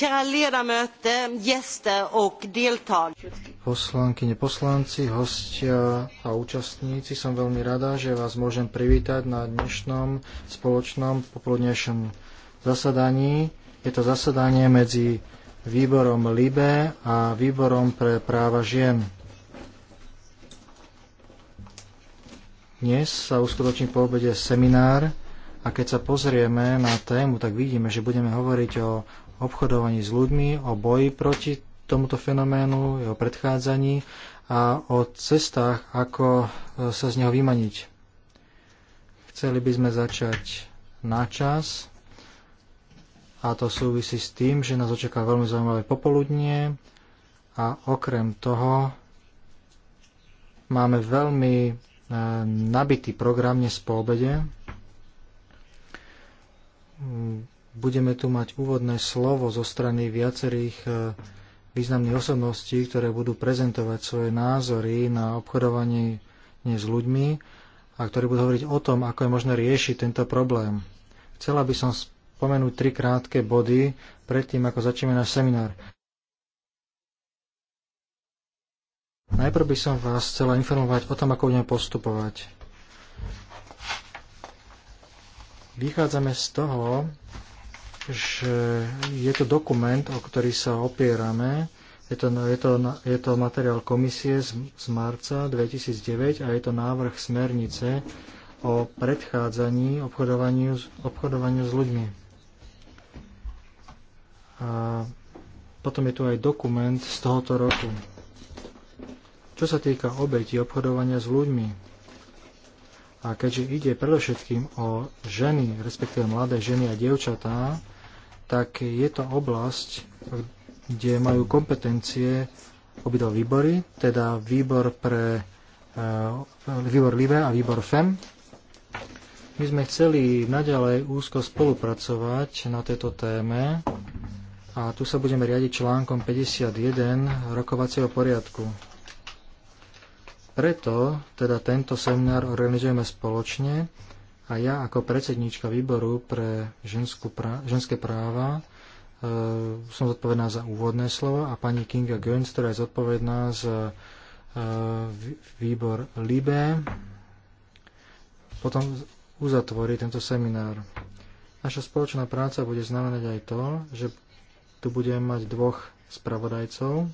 Kära och Poslankyne, poslanci, hostia a účastníci, som veľmi rada, že vás môžem privítať na dnešnom spoločnom popoludnejšom zasadaní. Je to zasadanie medzi výborom LIBE a výborom pre práva žien. Dnes sa uskutoční po obede seminár a keď sa pozrieme na tému, tak vidíme, že budeme hovoriť o obchodovaní s ľuďmi, o boji proti tomuto fenoménu, jeho predchádzaní a o cestách, ako e, sa z neho vymaniť. Chceli by sme začať na čas a to súvisí s tým, že nás očaká veľmi zaujímavé popoludnie a okrem toho máme veľmi e, nabitý program dnes po obede. Mm, budeme tu mať úvodné slovo zo strany viacerých e, významných osobností, ktoré budú prezentovať svoje názory na obchodovanie s ľuďmi a ktorí budú hovoriť o tom, ako je možné riešiť tento problém. Chcela by som spomenúť tri krátke body predtým, ako začneme náš seminár. Najprv by som vás chcela informovať o tom, ako budeme postupovať. Vychádzame z toho, že eh, je to dokument, o ktorý sa opierame. Je to, je to, je to materiál komisie z, z marca 2009 a je to návrh smernice o predchádzaní obchodovaniu, obchodovaniu s ľuďmi. A potom je tu aj dokument z tohoto roku. Čo sa týka obetí obchodovania s ľuďmi, a keďže ide predovšetkým o ženy, respektíve mladé ženy a dievčatá, tak je to oblasť, kde majú kompetencie obidva výbory, teda výbor pre e, výbor LIVE a výbor FEM. My sme chceli naďalej úzko spolupracovať na tejto téme a tu sa budeme riadiť článkom 51 rokovacieho poriadku. Preto teda tento seminár organizujeme spoločne a ja ako predsedníčka výboru pre pra- ženské práva e, som zodpovedná za úvodné slovo a pani Kinga Gönz, ktorá je zodpovedná za e, výbor LIBE, potom uzatvorí tento seminár. Naša spoločná práca bude znamenať aj to, že tu budeme mať dvoch spravodajcov.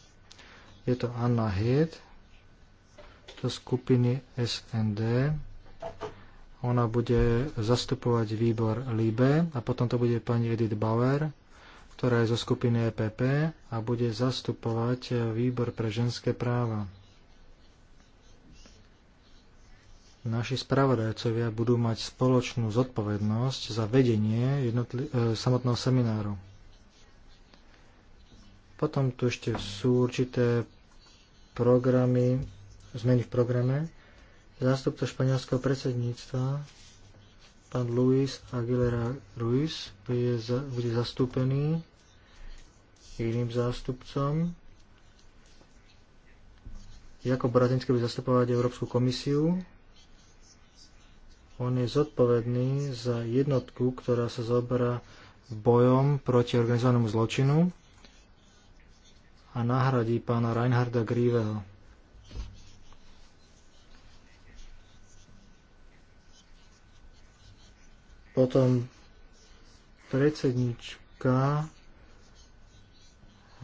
Je to Anna Hed, to skupiny SND, ona bude zastupovať výbor LIBE a potom to bude pani Edith Bauer, ktorá je zo skupiny EPP a bude zastupovať výbor pre ženské práva. Naši spravodajcovia budú mať spoločnú zodpovednosť za vedenie jednotli- e, samotného semináru. Potom tu ešte sú určité programy, zmeny v programe zástupca španielského predsedníctva, pán Luis Aguilera Ruiz, bude, bude zastúpený iným zástupcom. Jakob Bratinský bude zastupovať Európsku komisiu. On je zodpovedný za jednotku, ktorá sa zoberá bojom proti organizovanému zločinu a nahradí pána Reinharda Grievela. Potom predsednička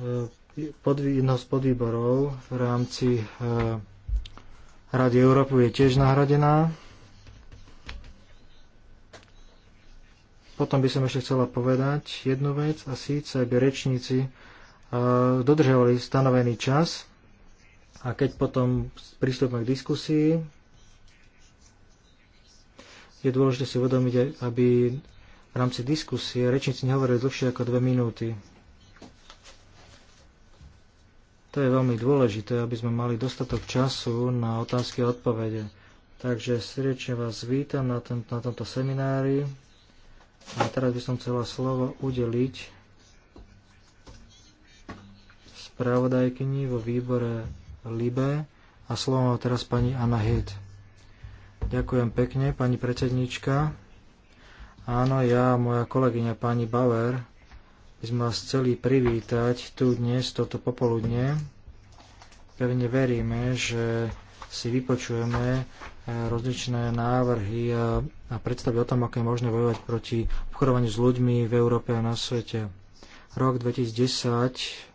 eh, pod, jedno z podvýborov v rámci eh, Rady Európy je tiež nahradená. Potom by som ešte chcela povedať jednu vec a síce by rečníci eh, dodržovali stanovený čas a keď potom pristúpime k diskusii, je dôležité si uvedomiť, aby v rámci diskusie rečníci nehovorili dlhšie ako dve minúty. To je veľmi dôležité, aby sme mali dostatok času na otázky a odpovede. Takže srdečne vás vítam na, ten, na tomto seminári. A teraz by som chcela slovo udeliť spravodajkyni vo výbore LIBE a slovo teraz pani Anna Hitt. Ďakujem pekne, pani predsednička. Áno, ja a moja kolegyňa pani Bauer by sme vás chceli privítať tu dnes, toto popoludne. Pevne veríme, že si vypočujeme eh, rozličné návrhy a, a predstavy o tom, ako je možné bojovať proti obchodovaniu s ľuďmi v Európe a na svete. Rok 2010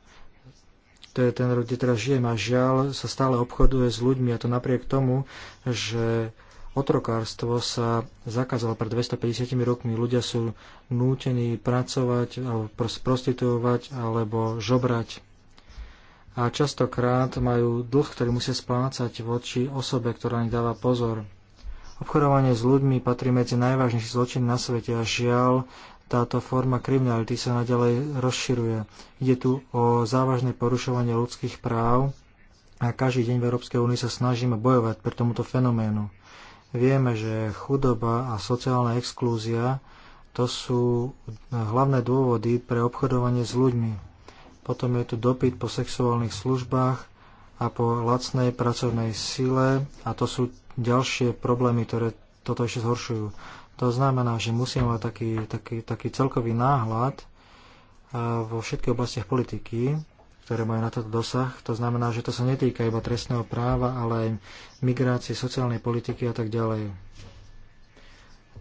to je ten rok, kde teraz žijem a žiaľ sa stále obchoduje s ľuďmi a to napriek tomu, že Otrokárstvo sa zakázalo pred 250 rokmi. Ľudia sú nútení pracovať, alebo prostituovať, alebo žobrať. A častokrát majú dlh, ktorý musia splácať voči osobe, ktorá im dáva pozor. Obchodovanie s ľuďmi patrí medzi najvážnejšie zločiny na svete a žiaľ, táto forma kriminality sa naďalej rozširuje. Ide tu o závažné porušovanie ľudských práv a každý deň v Európskej únii sa snažíme bojovať pre tomuto fenoménu. Vieme, že chudoba a sociálna exklúzia to sú hlavné dôvody pre obchodovanie s ľuďmi. Potom je tu dopyt po sexuálnych službách a po lacnej pracovnej sile a to sú ďalšie problémy, ktoré toto ešte zhoršujú. To znamená, že musíme mať taký, taký, taký celkový náhľad vo všetkých oblastiach politiky, ktoré majú na toto dosah. To znamená, že to sa netýka iba trestného práva, ale aj migrácie, sociálnej politiky a tak ďalej.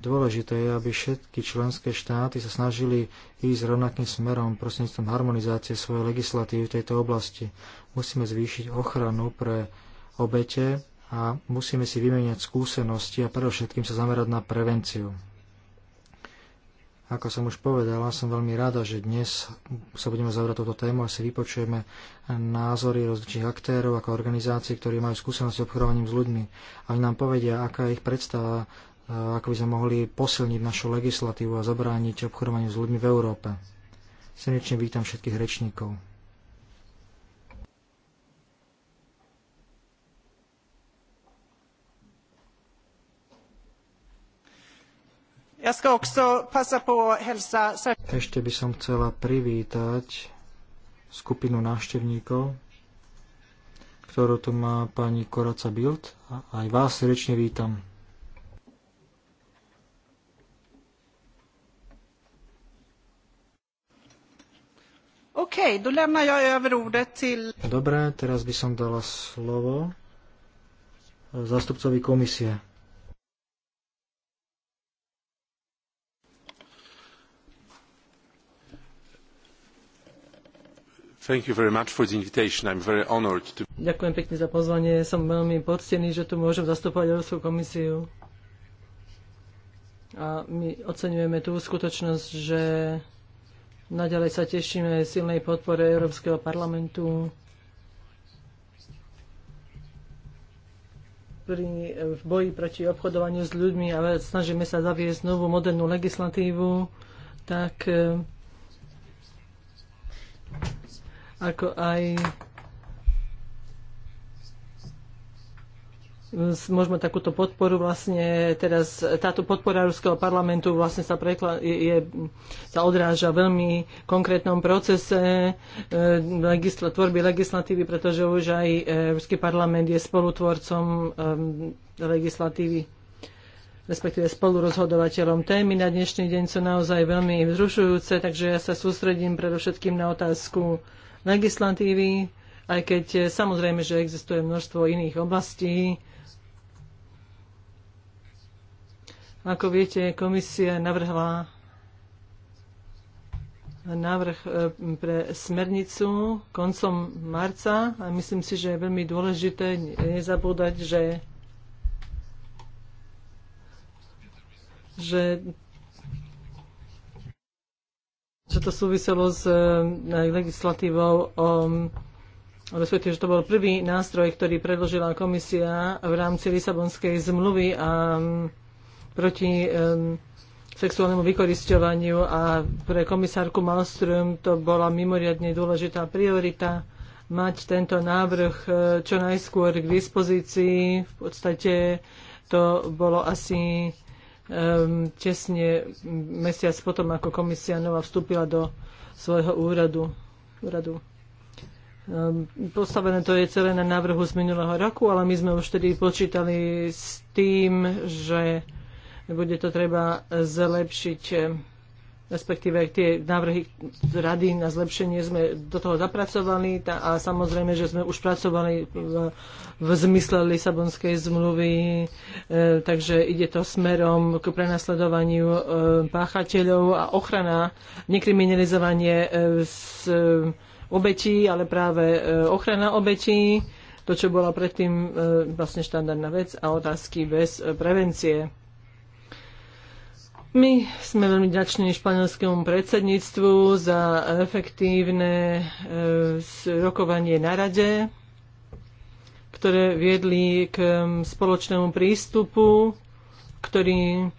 Dôležité je, aby všetky členské štáty sa snažili ísť rovnakým smerom prostredníctvom harmonizácie svojej legislatívy v tejto oblasti. Musíme zvýšiť ochranu pre obete a musíme si vymeniať skúsenosti a predovšetkým sa zamerať na prevenciu. Ako som už povedala, som veľmi rada, že dnes sa budeme zavrať toto tému a si vypočujeme názory rozličných aktérov ako organizácií, ktorí majú skúsenosti s obchodovaním s ľuďmi. A oni nám povedia, aká je ich predstava, ako by sme mohli posilniť našu legislatívu a zabrániť obchodovaniu s ľuďmi v Európe. Srdečne vítam všetkých rečníkov. Ešte by som chcela privítať skupinu návštevníkov, ktorú tu má pani Koraca Bild. A aj vás srdečne vítam. Dobre, teraz by som dala slovo zástupcovi komisie. Ďakujem pekne za pozvanie. Som veľmi poctený, že tu môžem zastupovať Európsku komisiu. A my oceňujeme tú skutočnosť, že naďalej sa tešíme silnej podpore Európskeho parlamentu pri, v boji proti obchodovaniu s ľuďmi a snažíme sa zaviesť novú modernú legislatívu, tak eh, ako aj môžeme takúto podporu vlastne teraz, táto podpora Ruského parlamentu vlastne sa, prekla, je, sa odráža v veľmi konkrétnom procese e, legisla, tvorby legislatívy, pretože už aj e, Ruský parlament je spolutvorcom e, legislatívy respektíve spolurozhodovateľom témy. Na dnešný deň sú naozaj veľmi vzrušujúce, takže ja sa sústredím predovšetkým na otázku legislatívy, aj keď e, samozrejme, že existuje množstvo iných oblastí. Ako viete, komisia navrhla návrh e, pre smernicu koncom marca a myslím si, že je veľmi dôležité nezabúdať, že že že to súviselo s eh, legislatívou o respektíve, že to bol prvý nástroj, ktorý predložila komisia v rámci Lisabonskej zmluvy a mm, proti eh, sexuálnemu vykorisťovaniu a pre komisárku Malström to bola mimoriadne dôležitá priorita mať tento návrh eh, čo najskôr k dispozícii. V podstate to bolo asi um, tesne mesiac potom, ako komisia nová vstúpila do svojho úradu. úradu. Um, postavené to je celé na návrhu z minulého roku, ale my sme už tedy počítali s tým, že bude to treba zlepšiť ehm, respektíve tie návrhy rady na zlepšenie sme do toho zapracovali a samozrejme, že sme už pracovali v, v zmysle Lisabonskej zmluvy, e, takže ide to smerom k prenasledovaniu e, páchateľov a ochrana, nekriminalizovanie e, z, e, obetí, ale práve e, ochrana obetí, to, čo bola predtým e, vlastne štandardná vec a otázky bez prevencie. My sme veľmi ďační španielskému predsedníctvu za efektívne e, rokovanie na rade, ktoré viedli k spoločnému prístupu, ktorý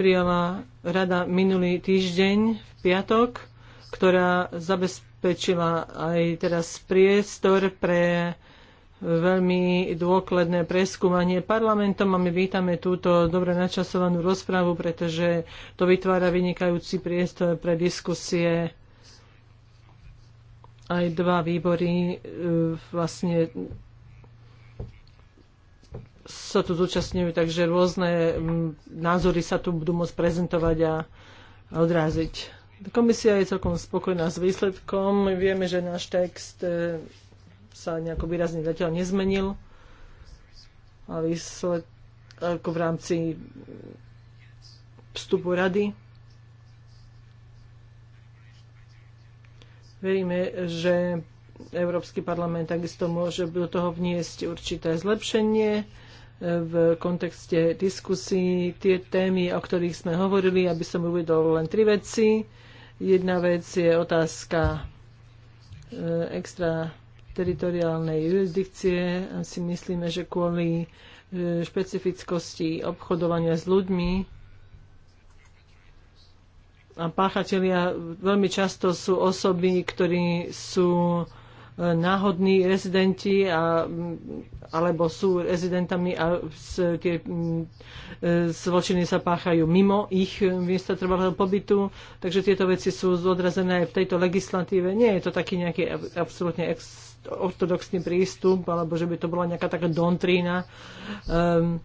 prijala rada minulý týždeň v piatok, ktorá zabezpečila aj teraz priestor pre veľmi dôkladné preskúmanie parlamentom a my vítame túto dobre načasovanú rozprávu, pretože to vytvára vynikajúci priestor pre diskusie. Aj dva výbory e, vlastne sa tu zúčastňujú, takže rôzne názory sa tu budú môcť prezentovať a odráziť. Komisia je celkom spokojná s výsledkom. Vieme, že náš text e, sa nejako výrazne zatiaľ nezmenil. A výsled, ako v rámci vstupu rady. Veríme, že Európsky parlament takisto môže do toho vniesť určité zlepšenie eh, v kontexte diskusí tie témy, o ktorých sme hovorili, aby som uvedol len tri veci. Jedna vec je otázka eh, extra teritoriálnej jurisdikcie. Si myslíme, že kvôli e, špecifickosti obchodovania s ľuďmi a páchatelia veľmi často sú osoby, ktorí sú e, náhodní rezidenti a, mm, alebo sú rezidentami a s, tie mm, e, zločiny sa páchajú mimo ich miesta trvalého pobytu. Takže tieto veci sú zodrazené aj v tejto legislatíve. Nie je to taký nejaký absolútne ex ortodoxný prístup, alebo že by to bola nejaká taká dontrína. Um,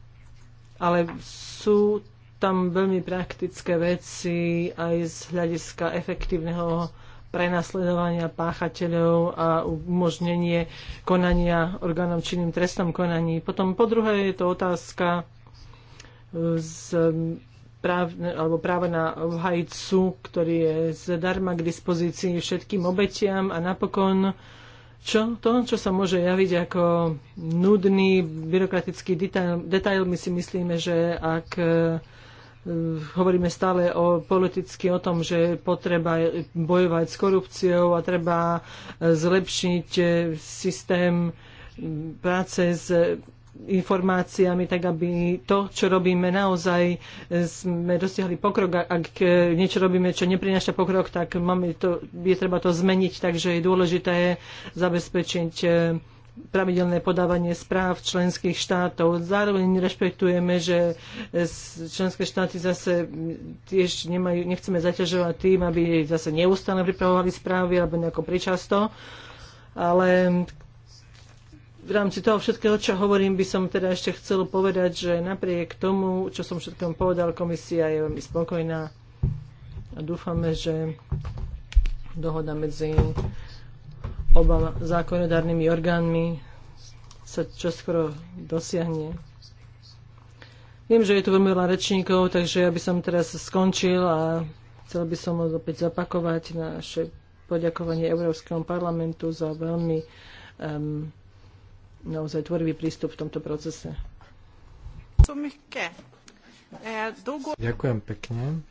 ale sú tam veľmi praktické veci aj z hľadiska efektívneho prenasledovania páchateľov a umožnenie konania orgánom činným trestom konaní. Potom po druhé je to otázka e, z práv, alebo práva na hajcu, ktorý je zdarma k dispozícii všetkým obetiam a napokon čo, to, čo sa môže javiť ako nudný byrokratický detail, detail my si myslíme, že ak e, hovoríme stále o politicky o tom, že potreba bojovať s korupciou a treba e, zlepšiť e, systém práce s informáciami, tak aby to, čo robíme, naozaj sme dosiahli pokrok. Ak niečo robíme, čo neprináša pokrok, tak máme to, je treba to zmeniť, takže je dôležité zabezpečiť eh, pravidelné podávanie správ členských štátov. Zároveň rešpektujeme, že členské štáty zase tiež nemajú, nechceme zaťažovať tým, aby zase neustále pripravovali správy alebo nejako pričasto, ale v rámci toho všetkého, čo hovorím, by som teda ešte chcel povedať, že napriek tomu, čo som všetkom povedal, komisia je veľmi spokojná a dúfame, že dohoda medzi obama zákonodárnymi orgánmi sa čoskoro dosiahne. Viem, že je tu veľmi veľa rečníkov, takže ja by som teraz skončil a chcel by som opäť zapakovať naše poďakovanie Európskeho parlamentu za veľmi um, naozaj tvorivý prístup v tomto procese. E, Ďakujem pekne.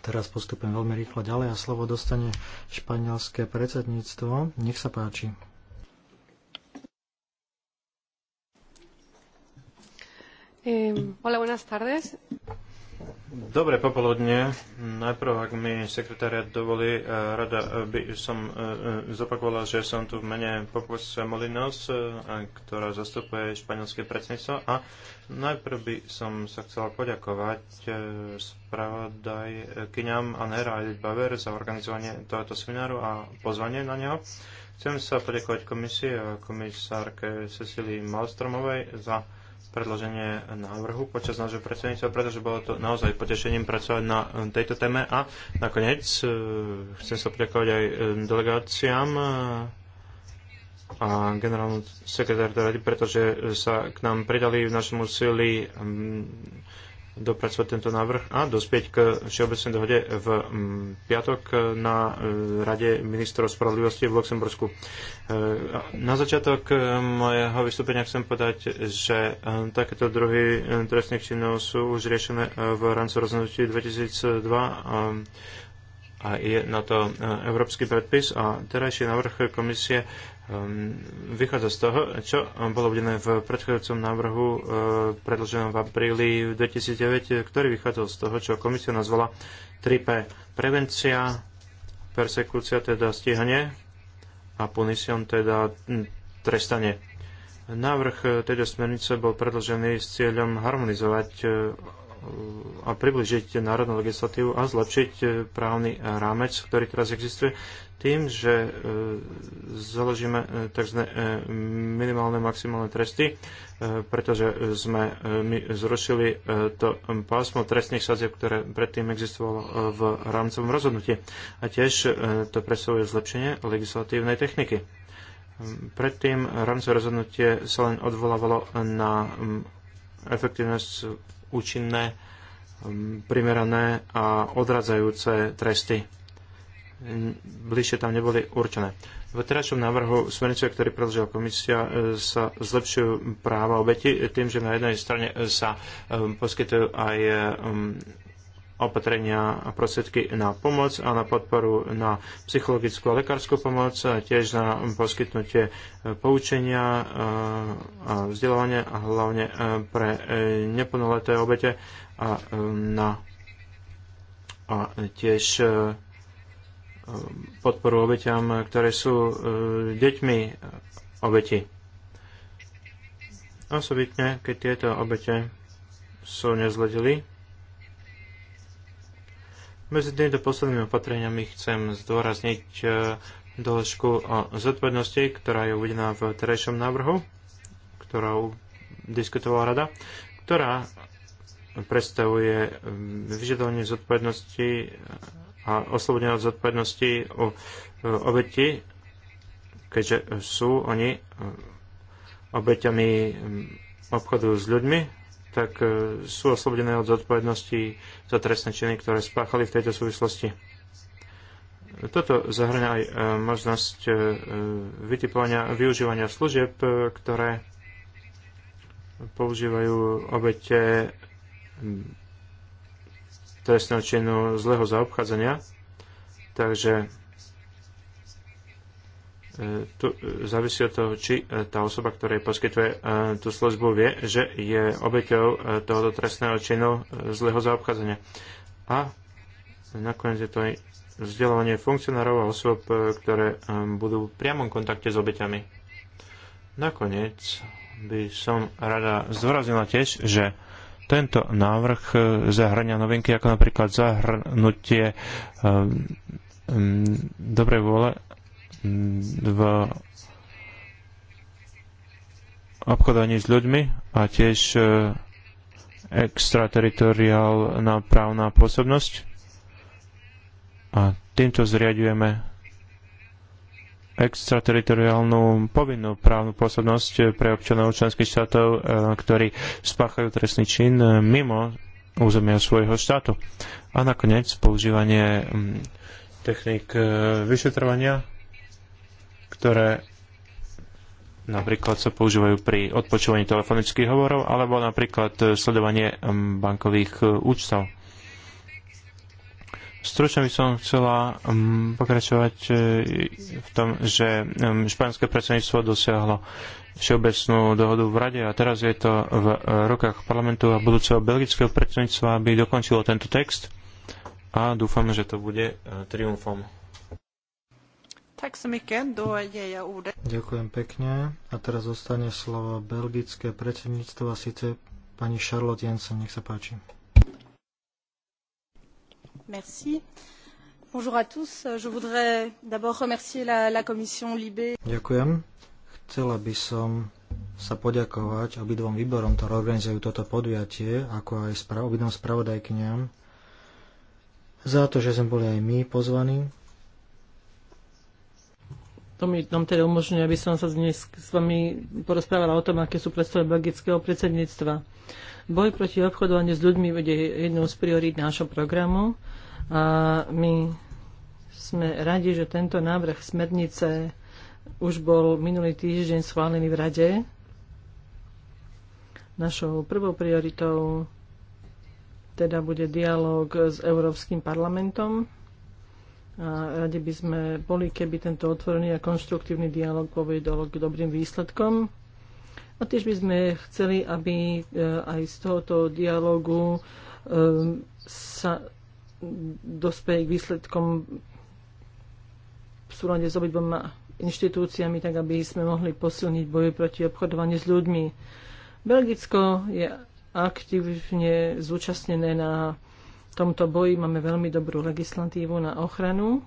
Teraz postupujem veľmi rýchlo ďalej a slovo dostane španielské predsedníctvo. Nech sa páči. Eh, hola, buenas tardes. Dobre popoludne. Najprv, ak mi sekretariat dovolí, eh, rada eh, by som eh, zopakovala, že som tu v mene Popuse Molinos, ktorá zastupuje španielské predsedníctvo. A najprv by som sa chcela poďakovať spravodajkyňam Anhera Edith Baver za organizovanie tohoto semináru a pozvanie na neho. Chcem sa poďakovať komisii a komisárke Cecilii Malstromovej za predloženie návrhu počas nášho predsedníctva, pretože bolo to naozaj potešením pracovať na eh, tejto téme. A nakoniec eh, chcem sa poďakovať aj eh, delegáciám a generálnu sekretár rady, pretože sa k nám pridali v našom úsilí mm, dopracovať tento návrh a dospieť k všeobecnej dohode v mm, piatok na e, Rade ministrov spravodlivosti v Luxembursku. E, na začiatok e, mojho vystúpenia chcem podať, že takéto druhy trestných činov sú už riešené v rámci rozhodnutí 2002 a je na to európsky predpis a terajší návrh komisie Ehm, vychádza z toho, čo bolo uvedené v predchádzajúcom návrhu e, predloženom v apríli 2009, ktorý vychádzal z toho, čo komisia nazvala 3P. E. Prevencia, persekúcia, teda stíhanie a punition, teda trestanie. Návrh tejto smernice bol predložený s cieľom harmonizovať e, a približiť národnú legislatívu a zlepšiť e, právny rámec, ktorý teraz existuje, tým, že e, založíme e, tzv. minimálne maximálne tresty, pretože sme my zrušili to pásmo trestných sadzieb, ktoré predtým existovalo v rámcovom rozhodnutí. A tiež to predstavuje zlepšenie legislatívnej techniky. Predtým rámcové rozhodnutie sa len odvolávalo na efektivnosť účinné, um, primerané a odradzajúce tresty. Bližšie tam neboli určené. V terajšom návrhu smernice, ktorý predložila komisia, e, sa zlepšujú práva obeti tým, že na jednej strane sa e, poskytujú aj e, opatrenia a prostriedky na pomoc a na podporu na psychologickú a lekárskú pomoc, a tiež na poskytnutie e, poučenia e, a vzdelávania a hlavne e, pre neplnoleté obete a na a tiež podporu obeťam, ktoré sú deťmi obeti. Osobitne, keď tieto obete sú nezledili, medzi týmito poslednými opatreniami chcem zdôrazniť e, dĺžku o zodpovednosti, ktorá je uvedená v terajšom návrhu, ktorou diskutovala rada, ktorá predstavuje mm, vyžadovanie zodpovednosti a oslobodenie od zodpovednosti u e, obeti, keďže sú oni e, obeťami mm, obchodu s ľuďmi tak e, sú oslobodené od zodpovednosti za trestné činy, ktoré spáchali v tejto súvislosti. Toto zahrňa aj e, možnosť e, vytipovania, využívania služieb, ktoré používajú obete trestného činu zlého zaobchádzania. Takže tu závisí od toho, či e, tá osoba, ktorej poskytuje e, tú službu, vie, že je obeťou e, tohoto trestného činu zlého zaobchádzania. A nakoniec je to aj vzdelávanie funkcionárov a osôb, ktoré budú v priamom kontakte s obeťami. Nakoniec by som rada zdôraznila tiež, že tento návrh zahrania novinky, ako napríklad zahrnutie dobrej vôle v obchodovaní s ľuďmi a tiež e, extrateritoriálna právna pôsobnosť. A týmto zriadujeme extrateritoriálnu povinnú právnu pôsobnosť pre občanov členských štátov, e, ktorí spáchajú trestný čin e, mimo územia svojho štátu. A nakoniec používanie technik vyšetrovania ktoré napríklad sa používajú pri odpočúvaní telefonických hovorov alebo napríklad e, sledovanie bankových e, účtov. Stručne by som chcela pokračovať e, v tom, že španielské predsedníctvo dosiahlo všeobecnú dohodu v Rade a teraz je to v rukách parlamentu a budúceho belgického predsedníctva, aby dokončilo tento text a dúfam, že to bude triumfom. Ďakujem pekne. A teraz zostane slovo belgické predsedníctvo a síce pani Charlotte Jensen. Nech sa páči. Merci. Bonjour à tous. Je voudrais d'abord remercier la, la commission Libé. Ďakujem. Chcela by som sa poďakovať obidvom výborom, ktoré organizujú toto podujatie, ako aj spra- obidvom spravodajkyniam, za to, že sme boli aj my pozvaní to mi nám teda umožňuje, aby som sa dnes s vami porozprávala o tom, aké sú predstavy belgického predsedníctva. Boj proti obchodovaniu s ľuďmi bude jednou z priorít nášho programu a my sme radi, že tento návrh smernice už bol minulý týždeň schválený v Rade. Našou prvou prioritou teda bude dialog s Európskym parlamentom a radi by sme boli, keby tento otvorený a konštruktívny dialog povedol k dobrým výsledkom. A tiež by sme chceli, aby e, aj z tohoto dialogu e, sa dospeje k výsledkom v súlade s obidvoma inštitúciami, tak aby sme mohli posilniť boj proti obchodovaniu s ľuďmi. Belgicko je aktívne zúčastnené na tomto boji máme veľmi dobrú legislatívu na ochranu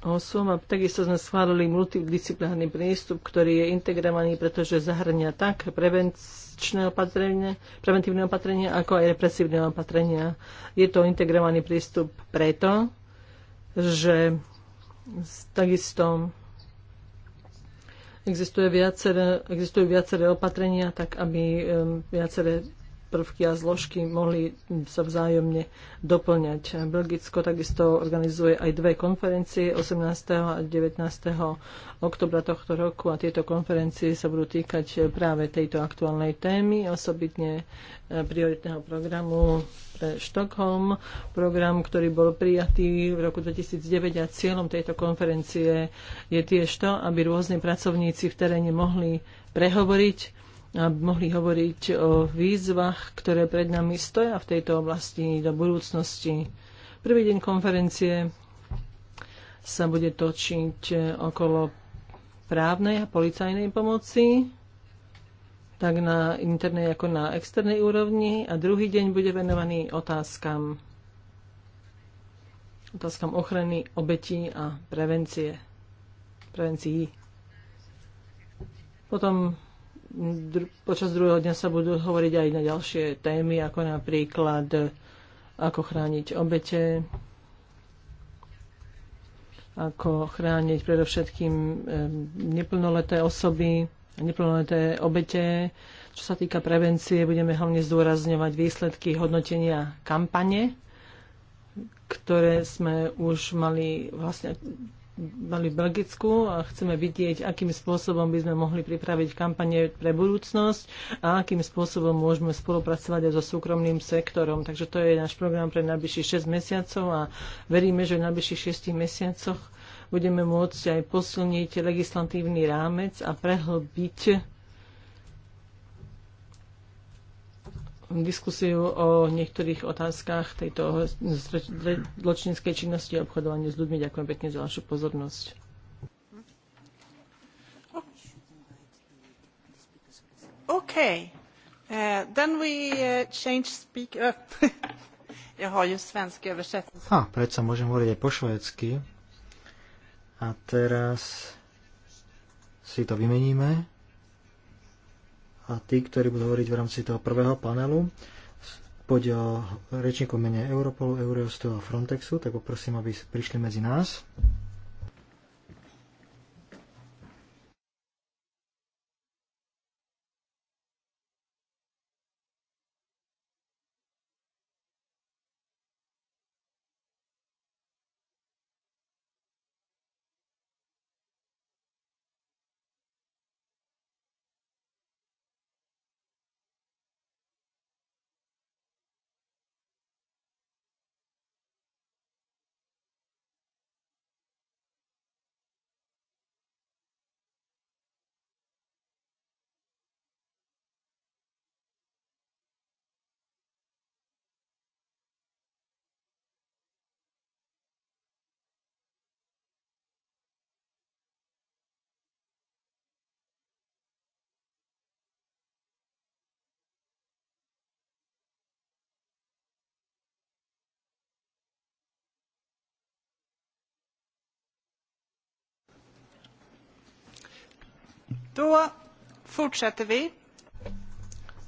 osôb a takisto sme schválili multidisciplinárny prístup, ktorý je integrovaný, pretože zahrania tak prevenčné opatrenie, preventívne opatrenia, ako aj represívne opatrenia. Je to integrovaný prístup preto, že takisto existuje viacere, existujú viaceré opatrenia, tak aby viaceré prvky a zložky mohli sa vzájomne doplňať. Belgicko takisto organizuje aj dve konferencie 18. a 19. oktobra tohto roku a tieto konferencie sa budú týkať práve tejto aktuálnej témy, osobitne e, prioritného programu pre Štokholm, program, ktorý bol prijatý v roku 2009 a cieľom tejto konferencie je tiež to, aby rôzni pracovníci v teréne mohli prehovoriť a mohli hovoriť o výzvach, ktoré pred nami stoja v tejto oblasti do budúcnosti. Prvý deň konferencie sa bude točiť okolo právnej a policajnej pomoci, tak na internej ako na externej úrovni a druhý deň bude venovaný otázkam otázkam ochrany obetí a prevencie. Prevencií. Potom počas druhého dňa sa budú hovoriť aj na ďalšie témy, ako napríklad ako chrániť obete, ako chrániť predovšetkým neplnoleté osoby, neplnoleté obete. Čo sa týka prevencie, budeme hlavne zdôrazňovať výsledky hodnotenia kampane, ktoré sme už mali vlastne mali v Belgicku a chceme vidieť, akým spôsobom by sme mohli pripraviť kampane pre budúcnosť a akým spôsobom môžeme spolupracovať aj so súkromným sektorom. Takže to je náš program pre najbližších 6 mesiacov a veríme, že v najbližších 6 mesiacoch budeme môcť aj posilniť legislatívny rámec a prehlbiť diskusiu o niektorých otázkach tejto zločinskej činnosti a obchodovania s ľuďmi. Ďakujem pekne za vašu pozornosť. OK. Uh, then we uh, change speaker. Eh, ja har svenský svensk Ha, Ah, predsa môžem hovoriť aj po švédsky. A teraz si to vymeníme a tí, ktorí budú hovoriť v rámci toho prvého panelu, poď o rečníku mene Europolu, Eurostu a Frontexu, tak poprosím, aby prišli medzi nás.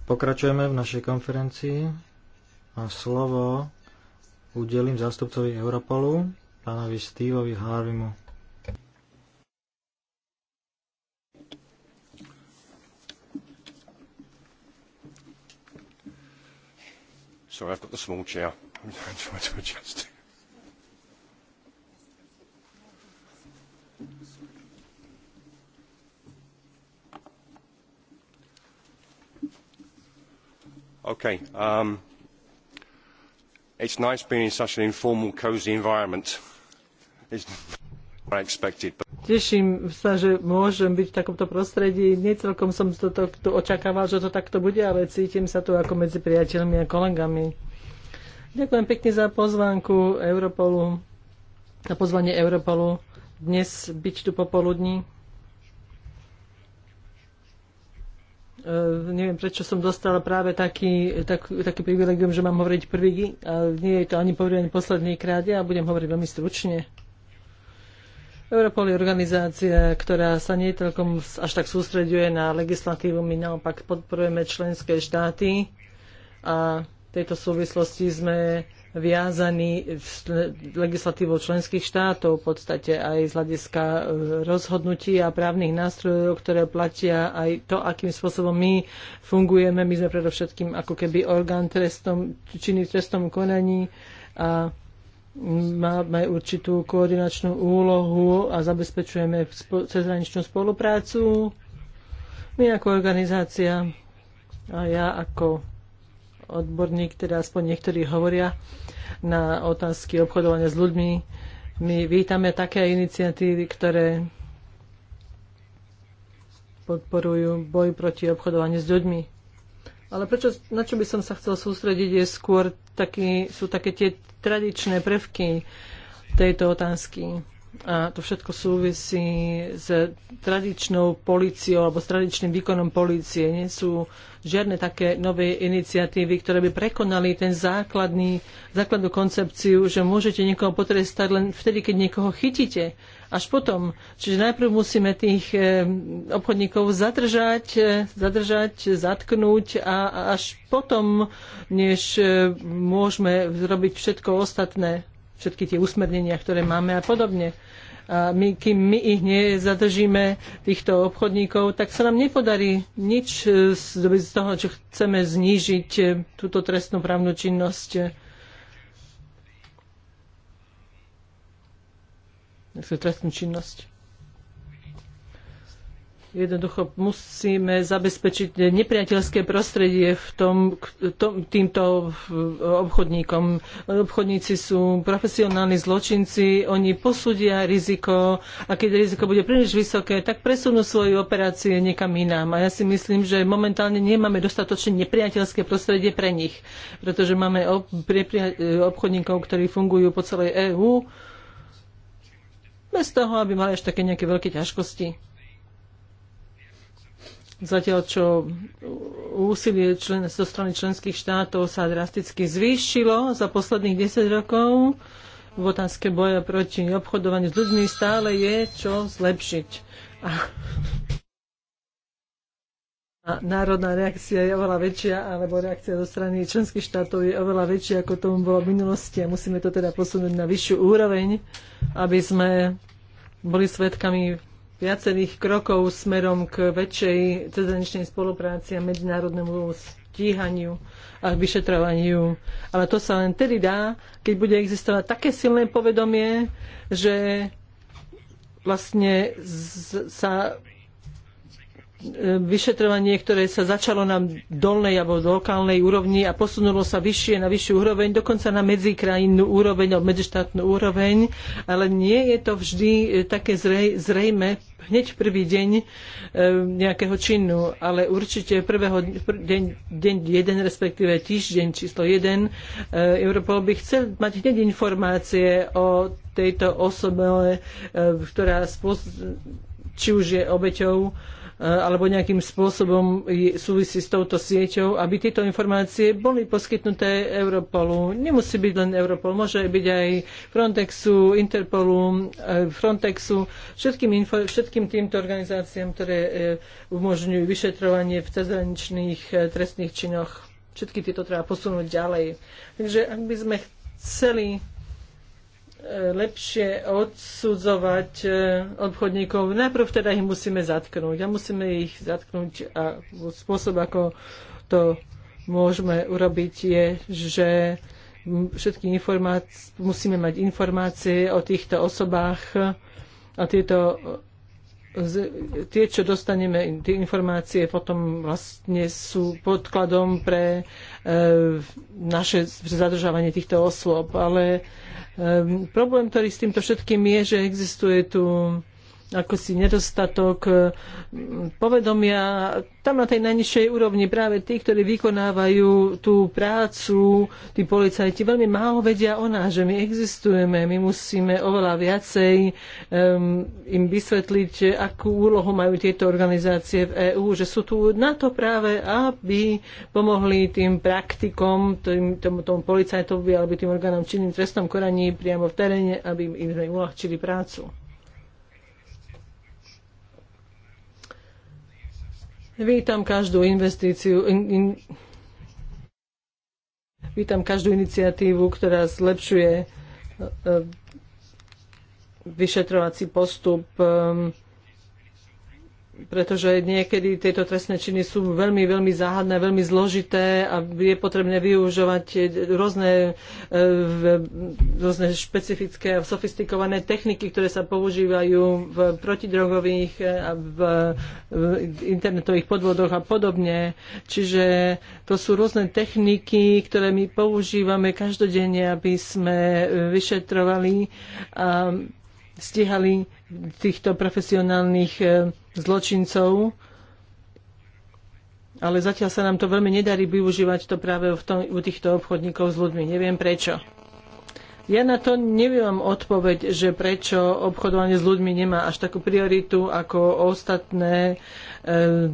Pokračujeme v našej konferencii a slovo udelím zástupcovi Europolu, pánovi Steveovi Harvimu. Sorry, I've got the small chair. Okay. Um, it's nice being in such an informal, cozy environment. It's I expected. But... Teším sa, že môžem byť v takomto prostredí. Necelkom som to, to, to očakával, že to takto bude, ale cítim sa tu ako medzi priateľmi a kolegami. Ďakujem pekne za pozvánku Europolu, za pozvanie Europolu dnes byť tu popoludní. E, neviem, prečo som dostala práve taký, tak, taký privilegium, že mám hovoriť prvý, a nie je to ani prvý, ani posledný krát, ja budem hovoriť veľmi stručne. Europol je organizácia, ktorá sa nie celkom až tak sústreďuje na legislatívu, my naopak podporujeme členské štáty a v tejto súvislosti sme viazaní legislatívou členských štátov v podstate aj z hľadiska e, rozhodnutí a právnych nástrojov, ktoré platia aj to, akým spôsobom my fungujeme. My sme predovšetkým ako keby orgán trestom, činný v trestnom konaní a máme určitú koordinačnú úlohu a zabezpečujeme cezhraničnú spoluprácu. My ako organizácia a ja ako odborník, teda aspoň niektorí hovoria na otázky obchodovania s ľuďmi. My vítame také iniciatívy, ktoré podporujú boj proti obchodovaniu s ľuďmi. Ale prečo, na čo by som sa chcel sústrediť, je skôr taký, sú také tie tradičné prvky tejto otázky a to všetko súvisí s tradičnou políciou alebo s tradičným výkonom polície. Nie sú žiadne také nové iniciatívy, ktoré by prekonali ten základný, základnú koncepciu, že môžete niekoho potrestať len vtedy, keď niekoho chytíte. Až potom. Čiže najprv musíme tých eh, obchodníkov zadržať, eh, zadržať, zatknúť a až potom, než eh, môžeme robiť všetko ostatné všetky tie usmernenia, ktoré máme a podobne. A my, kým my ich nezadržíme, týchto obchodníkov, tak sa nám nepodarí nič e, z toho, čo chceme znížiť e, túto trestnú právnu činnosť. trestnú činnosť. Jednoducho musíme zabezpečiť nepriateľské prostredie v tom, tom, týmto obchodníkom. Obchodníci sú profesionálni zločinci, oni posúdia riziko a keď riziko bude príliš vysoké, tak presunú svoje operácie niekam inám. A ja si myslím, že momentálne nemáme dostatočne nepriateľské prostredie pre nich, pretože máme obchodníkov, ktorí fungujú po celej EÚ bez toho, aby mali až také nejaké veľké ťažkosti. Zatiaľ, čo úsilie člen, zo strany členských štátov sa drasticky zvýšilo za posledných 10 rokov, v otázke boja proti obchodovaniu s ľuďmi stále je čo zlepšiť. A, a národná reakcia je oveľa väčšia, alebo reakcia zo strany členských štátov je oveľa väčšia, ako tomu bolo v minulosti a musíme to teda posunúť na vyššiu úroveň, aby sme boli svedkami viacerých krokov smerom k väčšej cezhraničnej spolupráci a medzinárodnému stíhaniu a vyšetrovaniu. Ale to sa len tedy dá, keď bude existovať také silné povedomie, že vlastne sa vyšetrovanie, ktoré sa začalo na dolnej alebo lokálnej úrovni a posunulo sa vyššie na vyššiu úroveň, dokonca na medzikrajinnú úroveň alebo medzištátnu úroveň, ale nie je to vždy e, také zrej, zrejme hneď prvý deň e, nejakého činu, ale určite prvého deň, deň jeden, respektíve týždeň číslo jeden, e, Europol by chcel mať hneď informácie o tejto osobe, e, ktorá či už je obeťou E, alebo nejakým spôsobom súvisí s touto sieťou, aby tieto informácie boli poskytnuté Europolu. Nemusí byť len Europol, môže byť aj Frontexu, Interpolu, e, Frontexu, všetkým, info, všetkým týmto organizáciám, ktoré e, umožňujú vyšetrovanie v cezhraničných trestných činoch. Všetky tieto treba posunúť ďalej. Takže ak by sme chceli lepšie odsudzovať e, obchodníkov. Najprv teda ich musíme zatknúť a musíme ich zatknúť a spôsob, ako to môžeme urobiť, je, že všetky informácie, musíme mať informácie o týchto osobách a tieto tie, čo dostaneme, tie informácie potom vlastne sú podkladom pre e, naše zadržávanie týchto osôb, ale Ehm, problém, ktorý s týmto všetkým je, že existuje tu ako si nedostatok eh, povedomia. Tam na tej najnižšej úrovni práve tí, ktorí vykonávajú tú prácu, tí policajti veľmi málo vedia o nás, že my existujeme, my musíme oveľa viacej um, im vysvetliť, akú úlohu majú tieto organizácie v EÚ, že sú tu na to práve, aby pomohli tým praktikom, tým, tomu, tomu policajtovi alebo tým orgánom činným trestnom koraní priamo v teréne, aby im, im uľahčili prácu. Vítam každú investíciu, in, in, vítam každú iniciatívu, ktorá zlepšuje eh, eh, vyšetrovací postup um, pretože niekedy tieto trestné činy sú veľmi, veľmi záhadné, veľmi zložité a je potrebné využovať rôzne, e, rôzne špecifické a sofistikované techniky, ktoré sa používajú v protidrogových e, a v, internetových podvodoch a podobne. Čiže to sú rôzne techniky, ktoré my používame každodenne, aby sme vyšetrovali a stíhali týchto profesionálnych e, zločincov, ale zatiaľ sa nám to veľmi nedarí využívať to práve v tom, u týchto obchodníkov s ľuďmi. Neviem prečo. Ja na to neviem odpoveď, že prečo obchodovanie s ľuďmi nemá až takú prioritu ako ostatné e,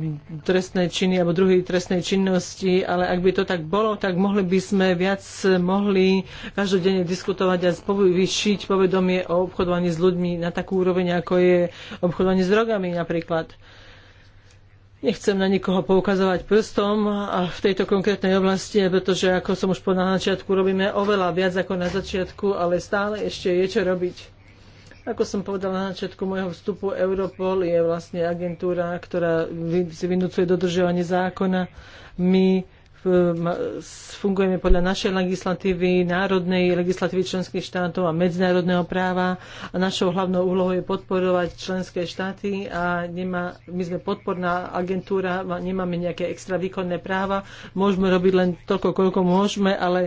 trestné činy alebo druhý trestnej činnosti, ale ak by to tak bolo, tak mohli by sme viac mohli každodenne diskutovať a vyšiť povedomie o obchodovaní s ľuďmi na takú úroveň, ako je obchodovanie s drogami napríklad. Nechcem na nikoho poukazovať prstom a v tejto konkrétnej oblasti, pretože ako som už po na začiatku, robíme oveľa viac ako na začiatku, ale stále ešte je čo robiť. Ako som povedal na začiatku môjho vstupu, Europol je vlastne agentúra, ktorá si vynúcuje dodržovanie zákona. My Ehm, fungujeme podľa našej legislatívy, národnej legislatívy členských štátov a medzinárodného práva a našou hlavnou úlohou je podporovať členské štáty a nemá, my sme podporná agentúra, nemáme nejaké extra výkonné práva, môžeme robiť len toľko, koľko môžeme, ale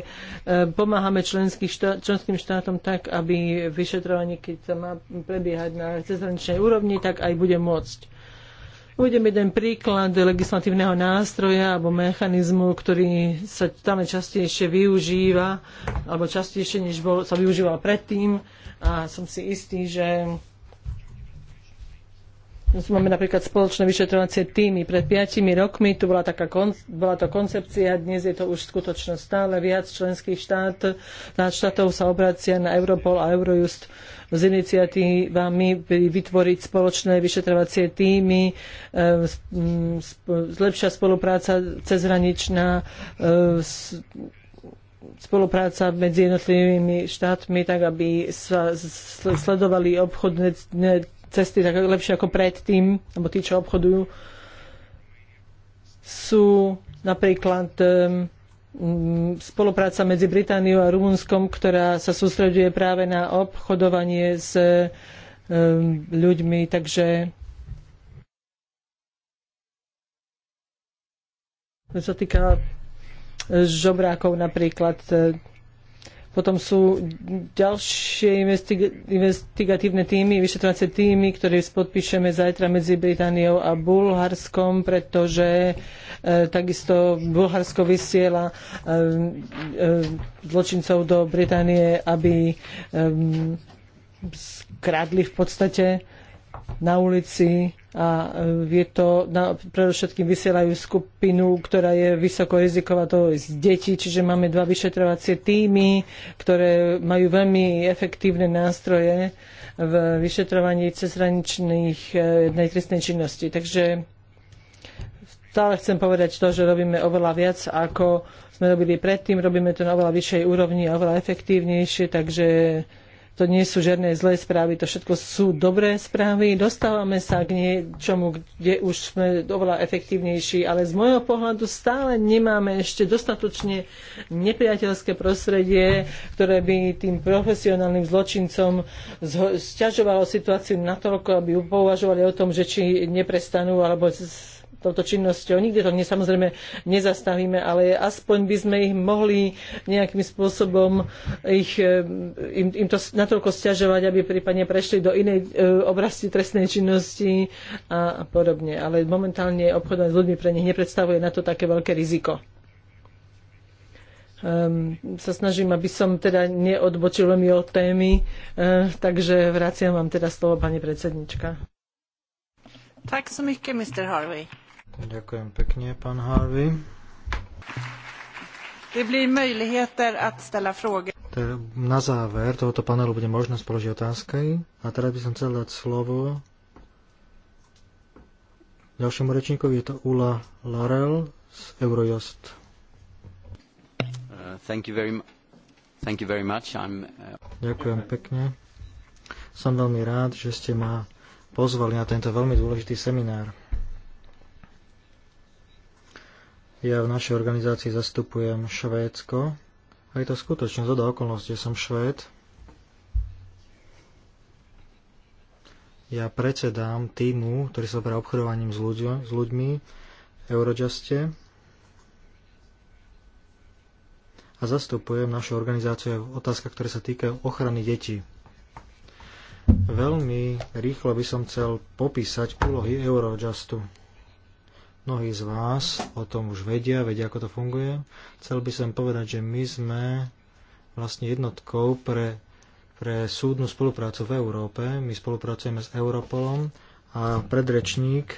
ehm, pomáhame štát, členským štátom tak, aby vyšetrovanie, keď sa má prebiehať na cezhraničnej úrovni, tak aj bude môcť. Uvedem jeden príklad legislatívneho nástroja alebo mechanizmu, ktorý sa tam častejšie využíva, alebo častejšie, než bol, sa využíval predtým. A som si istý, že Máme napríklad spoločné vyšetrovacie týmy. Pred piatimi rokmi tu bola, taká kon, bola to koncepcia, dnes je to už skutočnosť. Stále viac členských štát, štátov sa obracia na Europol a Eurojust s iniciatívami vytvoriť spoločné vyšetrovacie týmy, e, zlepšia spolupráca cezhraničná, e, spolupráca medzi jednotlivými štátmi, tak aby sa sledovali obchodné cesty tak lepšie ako predtým, alebo tí, čo obchodujú, sú napríklad mm, spolupráca medzi Britániou a Rumunskom, ktorá sa sústreďuje práve na obchodovanie s ľuďmi, takže čo sa týka eh, žobrákov napríklad, eh, potom sú ďalšie investigatívne týmy, vyšetrovacie týmy, ktoré podpíšeme zajtra medzi Britániou a Bulharskom, pretože e, takisto Bulharsko vysiela e, e, zločincov do Británie, aby e, skradli v podstate na ulici a je to, na, predovšetkým vysielajú skupinu, ktorá je vysoko riziková to z detí, čiže máme dva vyšetrovacie týmy, ktoré majú veľmi efektívne nástroje v vyšetrovaní cezhraničných e, jednej trestnej činnosti. Takže stále chcem povedať to, že robíme oveľa viac, ako sme robili predtým, robíme to na oveľa vyššej úrovni a oveľa efektívnejšie, takže to nie sú žiadne zlé správy, to všetko sú dobré správy. Dostávame sa k niečomu, kde už sme oveľa efektívnejší, ale z môjho pohľadu stále nemáme ešte dostatočne nepriateľské prostredie, ktoré by tým profesionálnym zločincom sťažovalo situáciu natoľko, aby považovali o tom, že či neprestanú alebo touto činnosťou. Nikde to samozrejme nezastavíme, ale aspoň by sme ich mohli nejakým spôsobom ich, e, im, im to natoľko stiažovať, aby prípadne prešli do inej e, oblasti trestnej činnosti a, a podobne. Ale momentálne obchodovať s ľuďmi pre nich nepredstavuje na to také veľké riziko. Um, sa snažím, aby som teda neodbočil mi od témy, uh, takže vraciam vám teda slovo, pani predsednička. Tak som ich ke, Mr. Harvey. Ďakujem pekne, pán Harvey. Det blir möjligheter att ställa frågor. Teda na záver tohoto panelu bude možnosť položiť otázky. A teraz by som chcel dať slovo ďalšiemu rečníkovi. Je to Ula Larel z Eurojust. Uh, thank you very, thank you very much. I'm, uh... Ďakujem pekne. Som veľmi rád, že ste ma pozvali na tento veľmi dôležitý seminár. Ja v našej organizácii zastupujem Švédsko a je to skutočne zhoda okolností, som Švéd. Ja predsedám týmu, ktorý sa pre obchodovaním s, ľuďo, s ľuďmi v Eurojuste a zastupujem našu organizáciu v otázkach, ktoré sa týkajú ochrany detí. Veľmi rýchlo by som chcel popísať úlohy Eurojustu. Mnohí z vás o tom už vedia, vedia, ako to funguje. Chcel by som povedať, že my sme vlastne jednotkou pre, pre súdnu spoluprácu v Európe. My spolupracujeme s Europolom a predrečník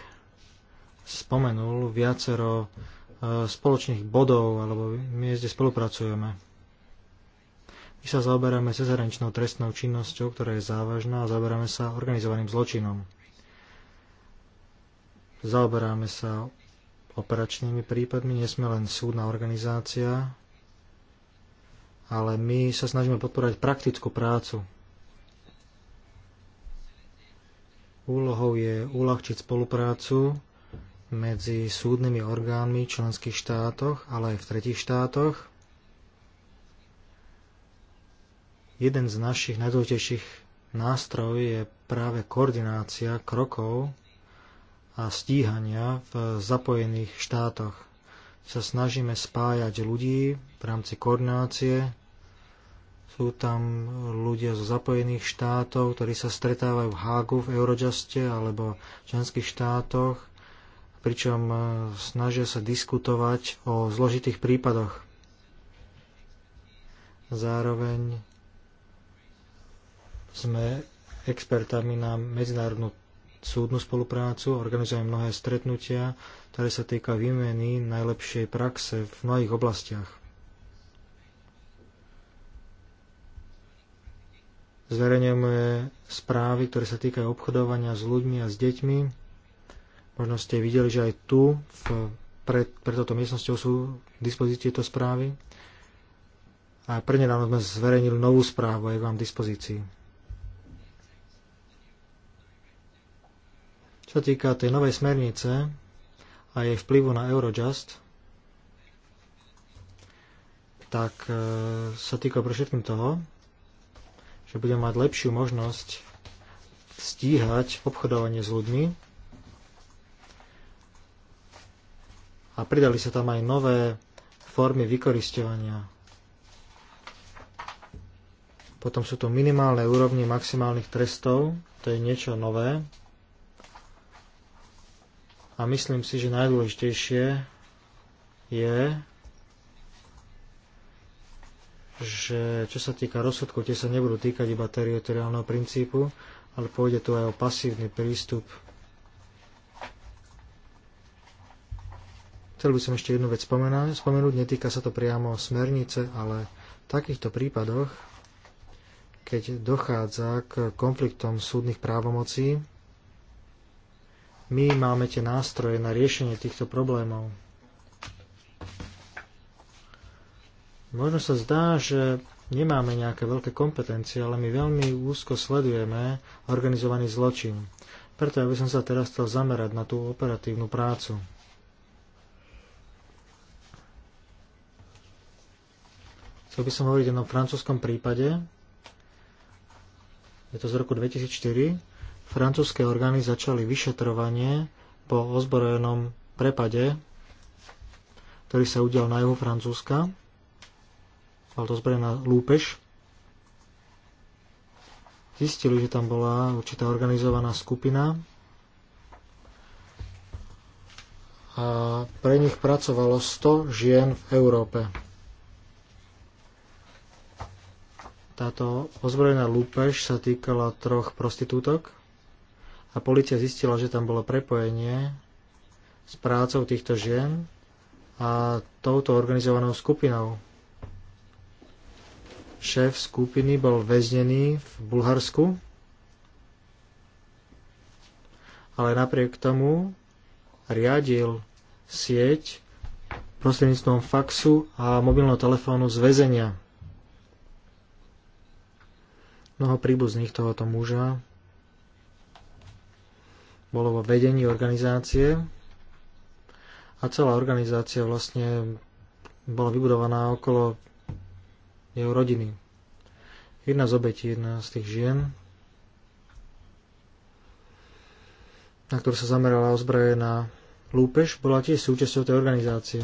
spomenul viacero e, spoločných bodov alebo miest, kde spolupracujeme. My sa zaoberáme cezhraničnou trestnou činnosťou, ktorá je závažná a zaoberáme sa organizovaným zločinom. Zaoberáme sa operačnými prípadmi, nie sme len súdna organizácia, ale my sa snažíme podporovať praktickú prácu. Úlohou je uľahčiť spoluprácu medzi súdnymi orgánmi v členských štátoch, ale aj v tretich štátoch. Jeden z našich najdôležitejších nástrojov je práve koordinácia krokov a stíhania v zapojených štátoch. Sa snažíme spájať ľudí v rámci koordinácie. Sú tam ľudia zo zapojených štátov, ktorí sa stretávajú v Hágu, v Eurojuste alebo v členských štátoch, pričom e, snažia sa diskutovať o zložitých prípadoch. Zároveň sme expertami na medzinárodnú súdnu spoluprácu, organizujeme mnohé stretnutia, ktoré sa týka výmeny najlepšej praxe v mnohých oblastiach. Zverejňujeme správy, ktoré sa týkajú obchodovania s ľuďmi a s deťmi. Možno ste videli, že aj tu v, pred, pred touto miestnosťou sú k dispozícii tieto správy. A nám sme zverejnili novú správu, aj vám k dispozícii. Čo týka tej novej smernice a jej vplyvu na Eurojust, tak e, sa týka pre všetkým toho, že budeme mať lepšiu možnosť stíhať obchodovanie s ľuďmi a pridali sa tam aj nové formy vykoristovania. Potom sú tu minimálne úrovni maximálnych trestov, to je niečo nové, a myslím si, že najdôležitejšie je, že čo sa týka rozsudkov, tie sa nebudú týkať iba teritoriálneho princípu, ale pôjde tu aj o pasívny prístup. Chcel by som ešte jednu vec spomenúť, netýka sa to priamo smernice, ale v takýchto prípadoch, keď dochádza k konfliktom súdnych právomocí, my máme tie nástroje na riešenie týchto problémov. Možno sa zdá, že nemáme nejaké veľké kompetencie, ale my veľmi úzko sledujeme organizovaný zločin. Preto ja by som sa teraz chcel zamerať na tú operatívnu prácu. Chcel by som hovoriť o francúzskom prípade. Je to z roku 2004 francúzske orgány začali vyšetrovanie po ozbrojenom prepade, ktorý sa udial na juhu Francúzska. Bol to zbrojená lúpež. Zistili, že tam bola určitá organizovaná skupina a pre nich pracovalo 100 žien v Európe. Táto ozbrojená lúpež sa týkala troch prostitútok, a policia zistila, že tam bolo prepojenie s prácou týchto žien a touto organizovanou skupinou. Šéf skupiny bol väznený v Bulharsku, ale napriek tomu riadil sieť prostredníctvom faxu a mobilného telefónu z väzenia. Mnoho príbuzných tohoto muža bolo vo vedení organizácie a celá organizácia vlastne bola vybudovaná okolo jeho rodiny. Jedna z obetí, jedna z tých žien, na ktorú sa zamerala ozbrojená lúpež, bola tiež súčasťou tej organizácie.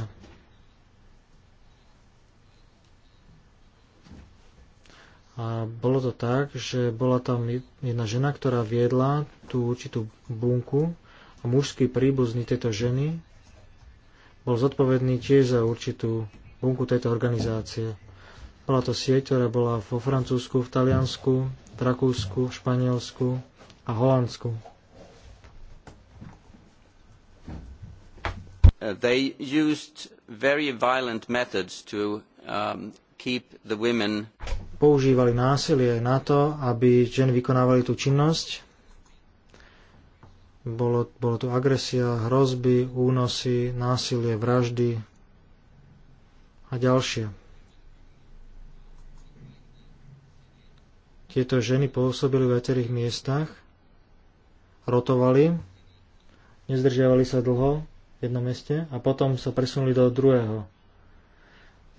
A bolo to tak, že bola tam jedna žena, ktorá viedla tú určitú bunku a mužský príbuzný tejto ženy bol zodpovedný tiež za určitú bunku tejto organizácie. Bola to sieť, ktorá bola vo Francúzsku, v Taliansku, v Rakúsku, v Španielsku a Holandsku. Uh, they used very violent methods to um, keep the women používali násilie na to, aby ženy vykonávali tú činnosť. Bolo, bolo tu agresia, hrozby, únosy, násilie, vraždy a ďalšie. Tieto ženy pôsobili v veterých miestach, rotovali, nezdržiavali sa dlho v jednom meste a potom sa presunuli do druhého.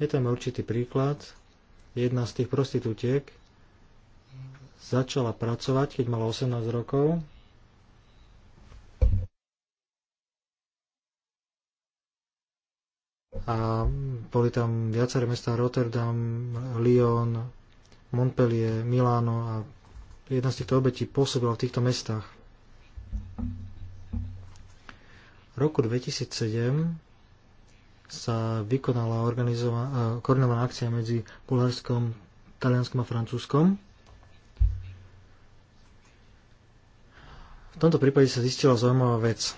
Je tam určitý príklad, jedna z tých prostitútiek, začala pracovať, keď mala 18 rokov. A boli tam viaceré mesta Rotterdam, Lyon, Montpellier, Miláno a jedna z týchto obetí pôsobila v týchto mestách. V roku 2007 sa vykonala e, koordinovaná akcia medzi Bulharskom, Talianskom a Francúzskom. V tomto prípade sa zistila zaujímavá vec.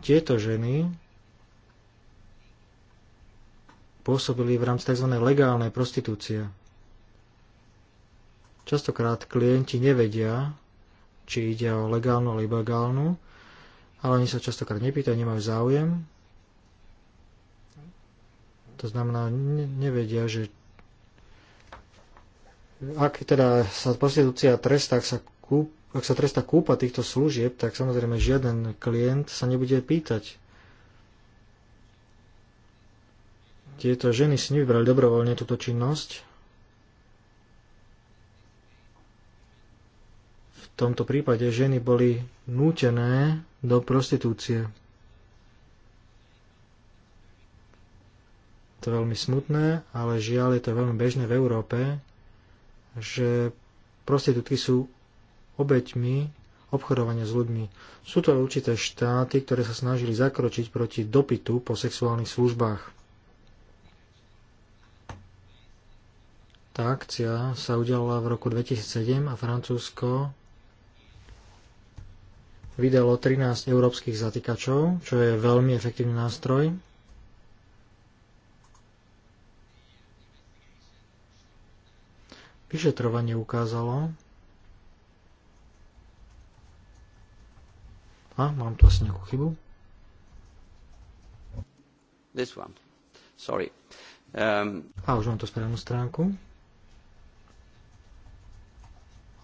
Tieto ženy pôsobili v rámci tzv. legálnej prostitúcie. Častokrát klienti nevedia, či ide o legálnu alebo ilegálnu, ale oni sa častokrát nepýtajú, nemajú záujem. To znamená, ne, nevedia, že ak teda sa prostitúcia trestá, ak sa, kúp, ak sa trestá kúpa týchto služieb, tak samozrejme žiaden klient sa nebude pýtať. Tieto ženy si nevybrali dobrovoľne túto činnosť, tomto prípade ženy boli nútené do prostitúcie. To je veľmi smutné, ale žiaľ je to veľmi bežné v Európe, že prostitútky sú obeťmi obchodovania s ľuďmi. Sú to určité štáty, ktoré sa snažili zakročiť proti dopytu po sexuálnych službách. Tá akcia sa udiala v roku 2007 a Francúzsko vydalo 13 európskych zatýkačov, čo je veľmi efektívny nástroj. Vyšetrovanie ukázalo, a mám tu asi nejakú chybu. This one. Sorry. Um... A už mám tu správnu stránku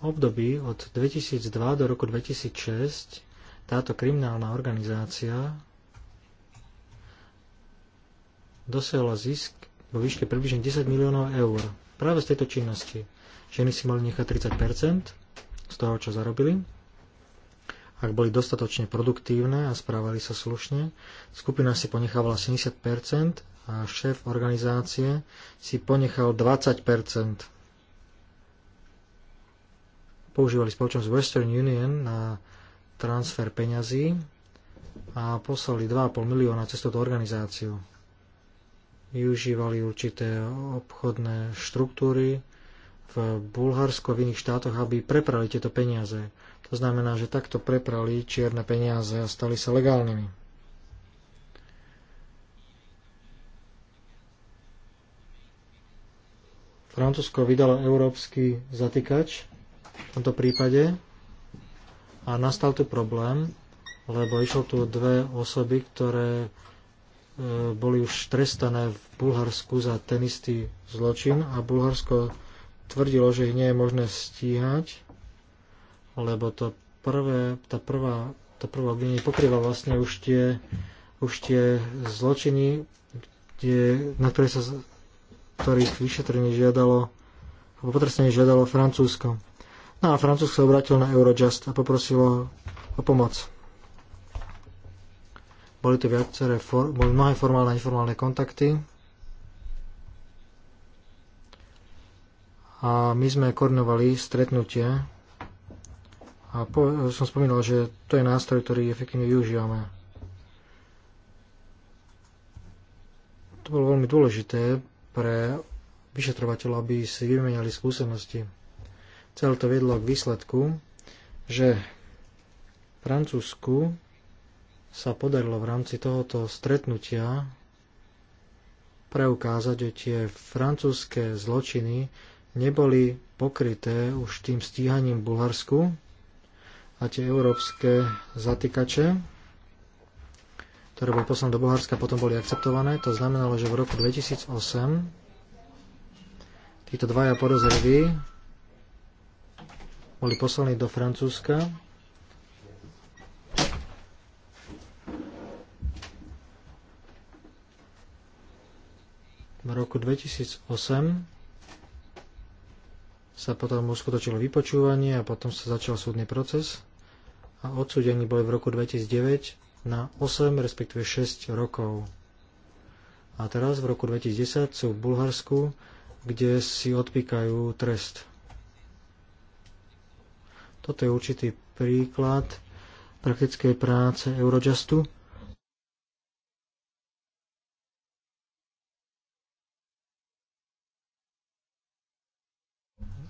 období od 2002 do roku 2006 táto kriminálna organizácia dosiahla zisk vo výške približne 10 miliónov eur práve z tejto činnosti. Ženy si mali nechať 30 z toho, čo zarobili. Ak boli dostatočne produktívne a správali sa slušne, skupina si ponechávala 70 a šéf organizácie si ponechal 20 Používali spoločnosť Western Union na transfer peňazí a poslali 2,5 milióna cez túto organizáciu. Využívali určité obchodné štruktúry v Bulharsku a v iných štátoch, aby preprali tieto peniaze. To znamená, že takto preprali čierne peniaze a stali sa legálnymi. Francúzsko vydalo európsky zatýkač v tomto prípade a nastal tu problém, lebo išlo tu dve osoby, ktoré e, boli už trestané v Bulharsku za ten istý zločin a Bulharsko tvrdilo, že ich nie je možné stíhať, lebo to prvé, tá prvá, to prvé obvinenie pokrýva vlastne už tie, už tie zločiny, kde, na ktoré sa ktorých vyšetrenie žiadalo, alebo potrestenie žiadalo Francúzsko. No a Francúz sa obrátil na Eurojust a poprosil o, o pomoc. Boli tu viaceré, for, boli mnohé formálne a informálne kontakty. A my sme koordinovali stretnutie a po, som spomínal, že to je nástroj, ktorý efektívne využívame. To bolo veľmi dôležité pre vyšetrovateľov, aby si vymenali skúsenosti. Celé to vedlo k výsledku, že Francúzsku sa podarilo v rámci tohoto stretnutia preukázať, že tie francúzske zločiny neboli pokryté už tým stíhaním v Bulharsku a tie európske zatýkače, ktoré boli poslané do Bulharska, potom boli akceptované. To znamenalo, že v roku 2008 títo dvaja podozriví boli poslaní do Francúzska. V roku 2008 sa potom uskutočilo vypočúvanie a potom sa začal súdny proces a odsúdení boli v roku 2009 na 8, respektíve 6 rokov. A teraz v roku 2010 sú v Bulharsku, kde si odpíkajú trest. Toto je určitý príklad praktickej práce Eurojustu.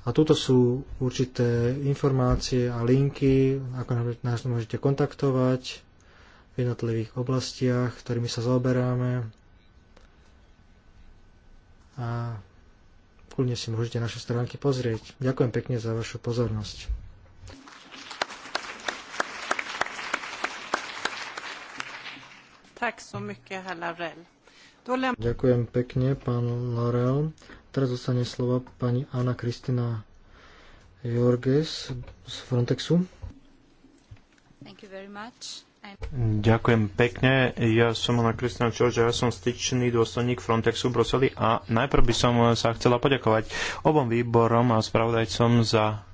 A tuto sú určité informácie a linky, ako nás môžete kontaktovať v jednotlivých oblastiach, ktorými sa zaoberáme. A kľudne si môžete naše stránky pozrieť. Ďakujem pekne za vašu pozornosť. Ďakujem pekne, pán Larel. Teraz zostane slova pani Anna Kristina Jorges z Frontexu. Ďakujem pekne. Ja som Anna Kristina Čorža, ja som styčný dôstojník Frontexu v Bruseli a najprv by som sa chcela poďakovať obom výborom a spravodajcom za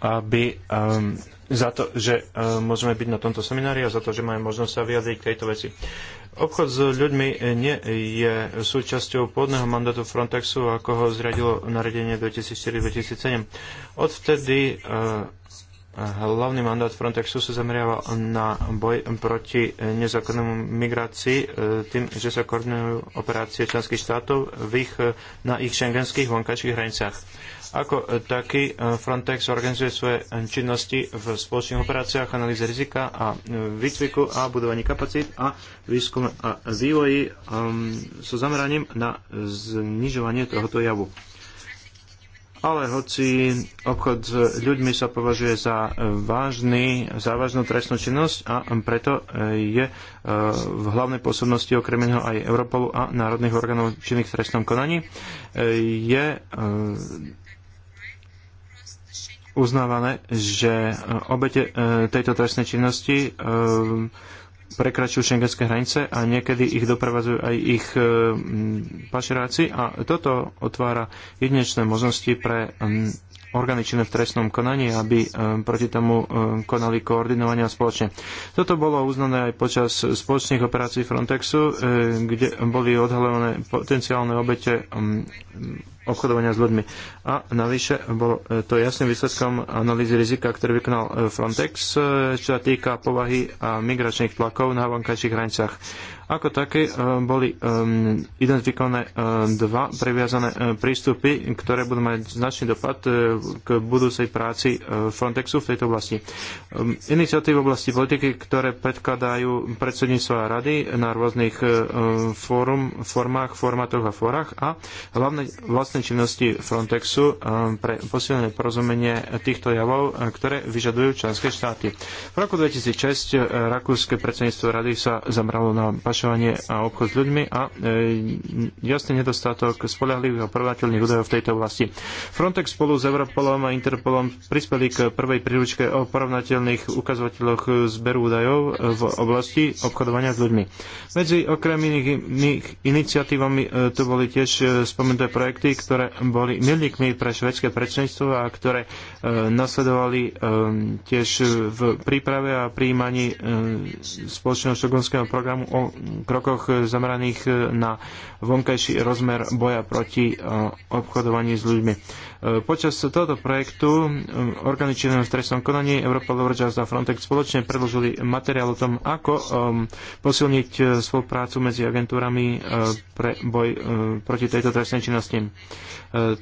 aby um, za to, že um, môžeme byť na tomto seminári a za to, že máme možnosť sa vyjadriť k tejto veci. Obchod s ľuďmi nie je súčasťou pôvodného mandátu Frontexu, ako ho zriadilo naredenie 2004-2007. Odvtedy uh, Hlavný mandát Frontexu sa zameriava na boj proti nezákonnému migrácii e, tým, že sa koordinujú operácie členských štátov v ich, na ich šengenských vonkajších hraniciach. Ako taký e, Frontex organizuje svoje činnosti v spoločných operáciách, analýze rizika a e, výcviku a budovaní kapacít a výskum a vývoji um, so zameraním na znižovanie tohoto javu. Ale hoci obchod s ľuďmi sa považuje za vážny, vážnu trestnú činnosť a preto je e, v hlavnej pôsobnosti okrem iného aj Europolu a národných orgánov činných v trestnom konaní, e, je e, uznávané, že obete tejto trestnej činnosti prekračujú šengenské hranice a niekedy ich doprevádzajú aj ich e, pašeráci a toto otvára jedinečné možnosti pre orgány činné v trestnom konaní, aby e, proti tomu e, konali koordinovania spoločne. Toto bolo uznané aj počas spoločných operácií Frontexu, e, kde boli odhalené potenciálne obete obchodovania s ľuďmi. A navyše bolo to jasným výsledkom analýzy rizika, ktorý vykonal Frontex, čo sa týka povahy a migračných tlakov na vonkajších hranicách. Ako také eh, boli ehm, identifikované eh, dva previazané eh, prístupy, ktoré budú mať značný dopad k budúcej práci Frontexu v tejto oblasti. Ehm, Iniciatívy v oblasti politiky, ktoré predkladajú predsedníctva rady na rôznych fórum, formách, formátoch a fórach a hlavne vlastné činnosti Frontexu pre posilné porozumenie týchto javov, ktoré vyžadujú členské štáty. V roku 2006 rakúske predsedníctvo rady sa zamralo na pašovanie pašovanie a obchod s ľuďmi a e, jasný nedostatok spolahlivých a prvateľných údajov v tejto oblasti. Frontex spolu s Europolom a Interpolom prispeli k prvej príručke o porovnateľných ukazovateľoch zberu údajov v oblasti obchodovania s ľuďmi. Medzi okrem iných, iniciatívami e, tu boli tiež e, spomenuté projekty, ktoré boli milníkmi pre švedské predsedníctvo a ktoré nasledovali tiež v príprave a príjmaní spoločného šogonského programu o krokoch zameraných e, na vonkajší rozmer boja proti e, obchodovaní s ľuďmi. E, počas tohoto projektu orgány činné v konaní Európa Lovrčas a Frontex spoločne predložili materiál o tom, ako posilniť spoluprácu medzi agentúrami pre boj proti tejto trestnej činnosti.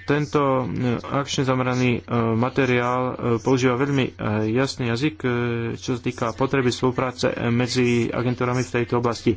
Tento akčne zameraný materiál používa veľmi jasný jazyk, čo sa týka potreby spolupráce medzi agentúrami v tejto oblasti.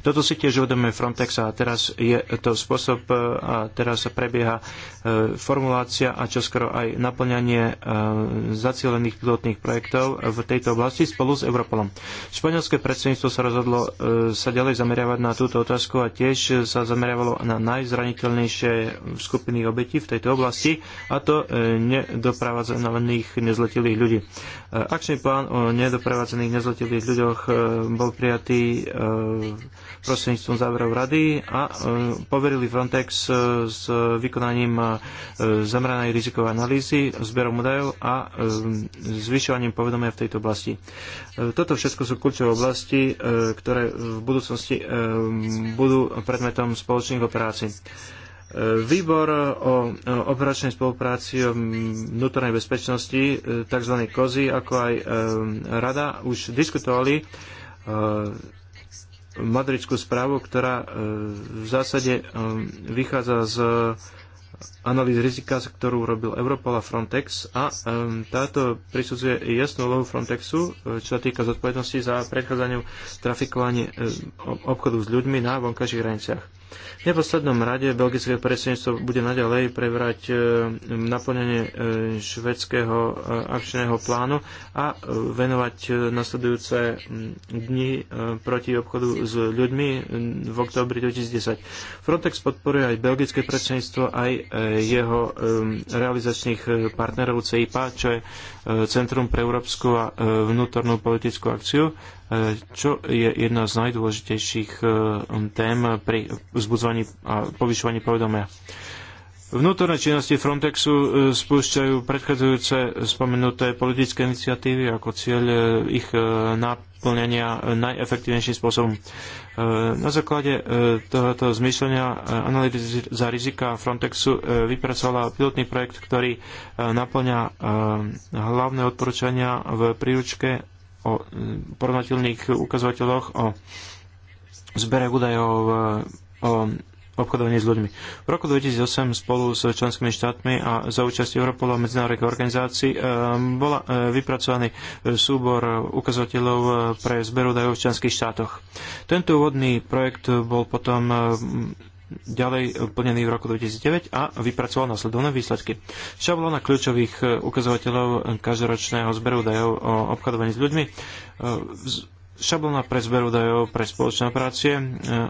Toto si tiež uvedomuje Frontex a teraz je to spôsob e, a teraz prebieha e, formulácia a čoskoro aj naplňanie e, zacielených pilotných projektov v tejto oblasti spolu s Europolom. Španielské predsedníctvo sa rozhodlo sa ďalej zameriavať na túto otázku a tiež sa zameriavalo na najzraniteľnejšie skupiny obetí v tejto oblasti a to nedopravadzených nezletilých ľudí. Akčný plán o nedopravadzených nezletilých ľuďoch bol prijatý prostredníctvom záverov rady a e, poverili Frontex e, s vykonaním e, zameranej rizikovej analýzy, zberom údajov a zvyšovaním povedomia v tejto oblasti. Toto všetko sú kľúčové oblasti, ktoré v budúcnosti budú predmetom spoločných operácií. Výbor o operačnej spolupráci o vnútornej bezpečnosti, tzv. kozy, ako aj rada, už diskutovali madridskú správu, ktorá e, v zásade e, vychádza z analýz rizika, ktorú robil Europol a Frontex a um, táto prisudzuje jasnú úlohu Frontexu, e, čo sa týka zodpovednosti za predchádzanie trafikovanie e, obchodu s ľuďmi na vonkajších hraniciach. V neposlednom rade belgické predsedníctvo bude naďalej prebrať e, naplňanie švedského akčného plánu a venovať nasledujúce dni proti obchodu s ľuďmi v oktobri 2010. Frontex podporuje aj belgické predsedníctvo, aj jeho ehm, realizačných eh, partnerov CIPA, čo je eh, Centrum pre európsku a eh, vnútornú politickú akciu, čo je jedna z najdôležitejších tém pri vzbudzovaní a povyšovaní povedomia. Vnútorné činnosti Frontexu e, spúšťajú predchádzajúce spomenuté politické iniciatívy ako cieľ e, ich e, naplnenia najefektívnejším spôsobom. Na základe tohoto zmyšľania analýzy za rizika Frontexu vypracovala pilotný projekt, ktorý naplňa hlavné odporúčania v príručke o porovnateľných ukazovateľoch o zbere údajov o obchodovanie s ľuďmi. V roku 2008 spolu s členskými štátmi a za účasti Europolu a medzinárodných organizácií eh, bola eh, vypracovaný eh, súbor ukazovateľov pre zberu údajov v členských štátoch. Tento úvodný projekt bol potom ďalej plnený v roku 2009 a vypracoval nasledovné výsledky. Šablona kľúčových ukazovateľov každoročného zberu údajov o obchodovaní s ľuďmi šablona pre zber údajov pre spoločné operácie, e,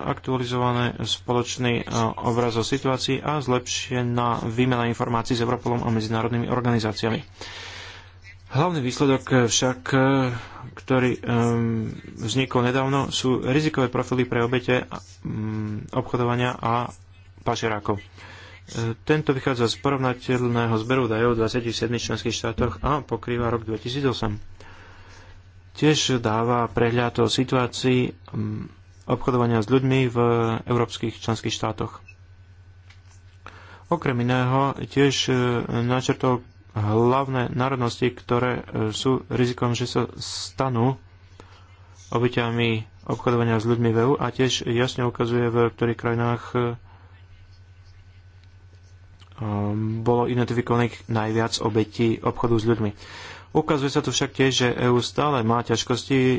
aktualizované spoločný e, obraz o situácii a zlepšená výmena informácií s Europolom a medzinárodnými organizáciami. Hlavný výsledok však, e, ktorý um, vznikol nedávno, sú rizikové profily pre obete um, obchodovania a pašerákov. Tento vychádza z porovnateľného zberu údajov v 27 členských štátoch a pokrýva rok 2008 tiež dáva prehľad o situácii mm, obchodovania s ľuďmi v európskych členských štátoch. Okrem iného tiež e, načrtol hlavné národnosti, ktoré e, sú rizikom, že sa stanú obyťami obchodovania s ľuďmi v EU a tiež jasne ukazuje, v ktorých krajinách e, bolo identifikovaných najviac obetí obchodu s ľuďmi. Ukazuje sa tu však tiež, že EÚ stále má ťažkosti e,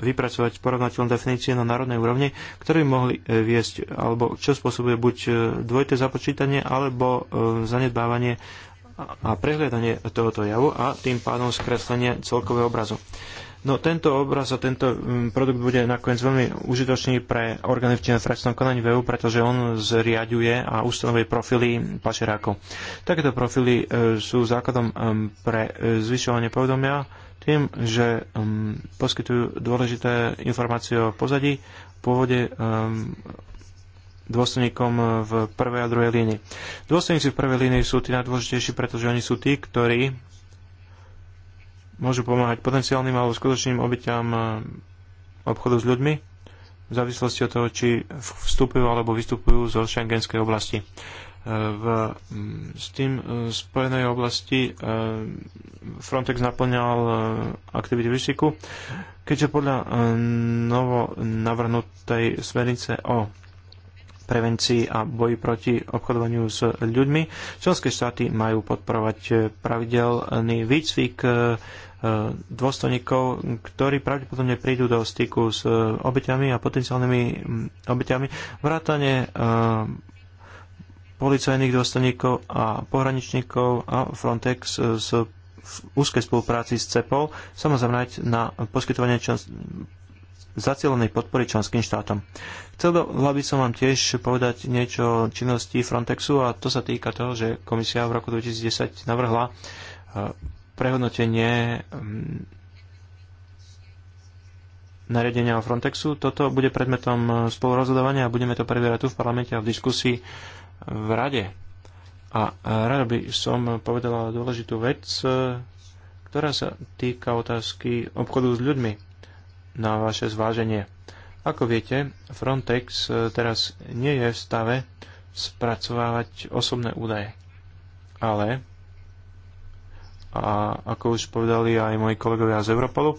vypracovať porovnateľné definície na národnej úrovni, ktoré by mohli e, viesť, alebo čo spôsobuje buď e, dvojité započítanie, alebo zanedbávanie a prehliadanie tohoto javu a tým pádom skreslenie celkového obrazu. No tento obraz a tento mm, produkt bude nakoniec veľmi užitočný pre orgány v činnom trestnom konaní VU, e pretože on zriaďuje a ustanovuje profily pašerákov. Takéto profily e, sú základom e, pre zvyšovanie povedomia tým, že poskytujú dôležité informácie o pozadí, pôvode dôstojníkom v prvej a druhej línii. Dôstojníci v prvej línii sú tí najdôležitejší, pretože oni sú tí, ktorí môžu pomáhať potenciálnym alebo skutočným obyťam eh, obchodu s ľuďmi v závislosti od toho, či vstupujú alebo vystupujú zo šengenskej oblasti. Eh, v, mm, s tým eh, spojenej oblasti Frontex naplňal aktivity výšiku, keďže podľa novo navrhnutej smernice o prevencii a boji proti obchodovaniu s ľuďmi. Členské štáty majú podporovať pravidelný výcvik E, dôstojníkov, ktorí pravdepodobne prídu do styku s e, obeťami a potenciálnymi obeťami, vrátane e, policajných dôstojníkov a pohraničníkov a Frontex s úzkej spolupráci s CEPOL sa na poskytovanie čas, zacielenej podpory členským štátom. Chcela by som vám tiež povedať niečo o činnosti Frontexu a to sa týka toho, že komisia v roku 2010 navrhla prehodnotenie mm, nariadenia o Frontexu. Toto bude predmetom e, spolurozhodovania a budeme to preberať tu v parlamente a v diskusii v rade. A e, rada by som povedala dôležitú vec, e, ktorá sa týka otázky obchodu s ľuďmi na vaše zváženie. Ako viete, Frontex teraz nie je v stave spracovávať osobné údaje. Ale a ako už povedali aj moji kolegovia z Europolu, o,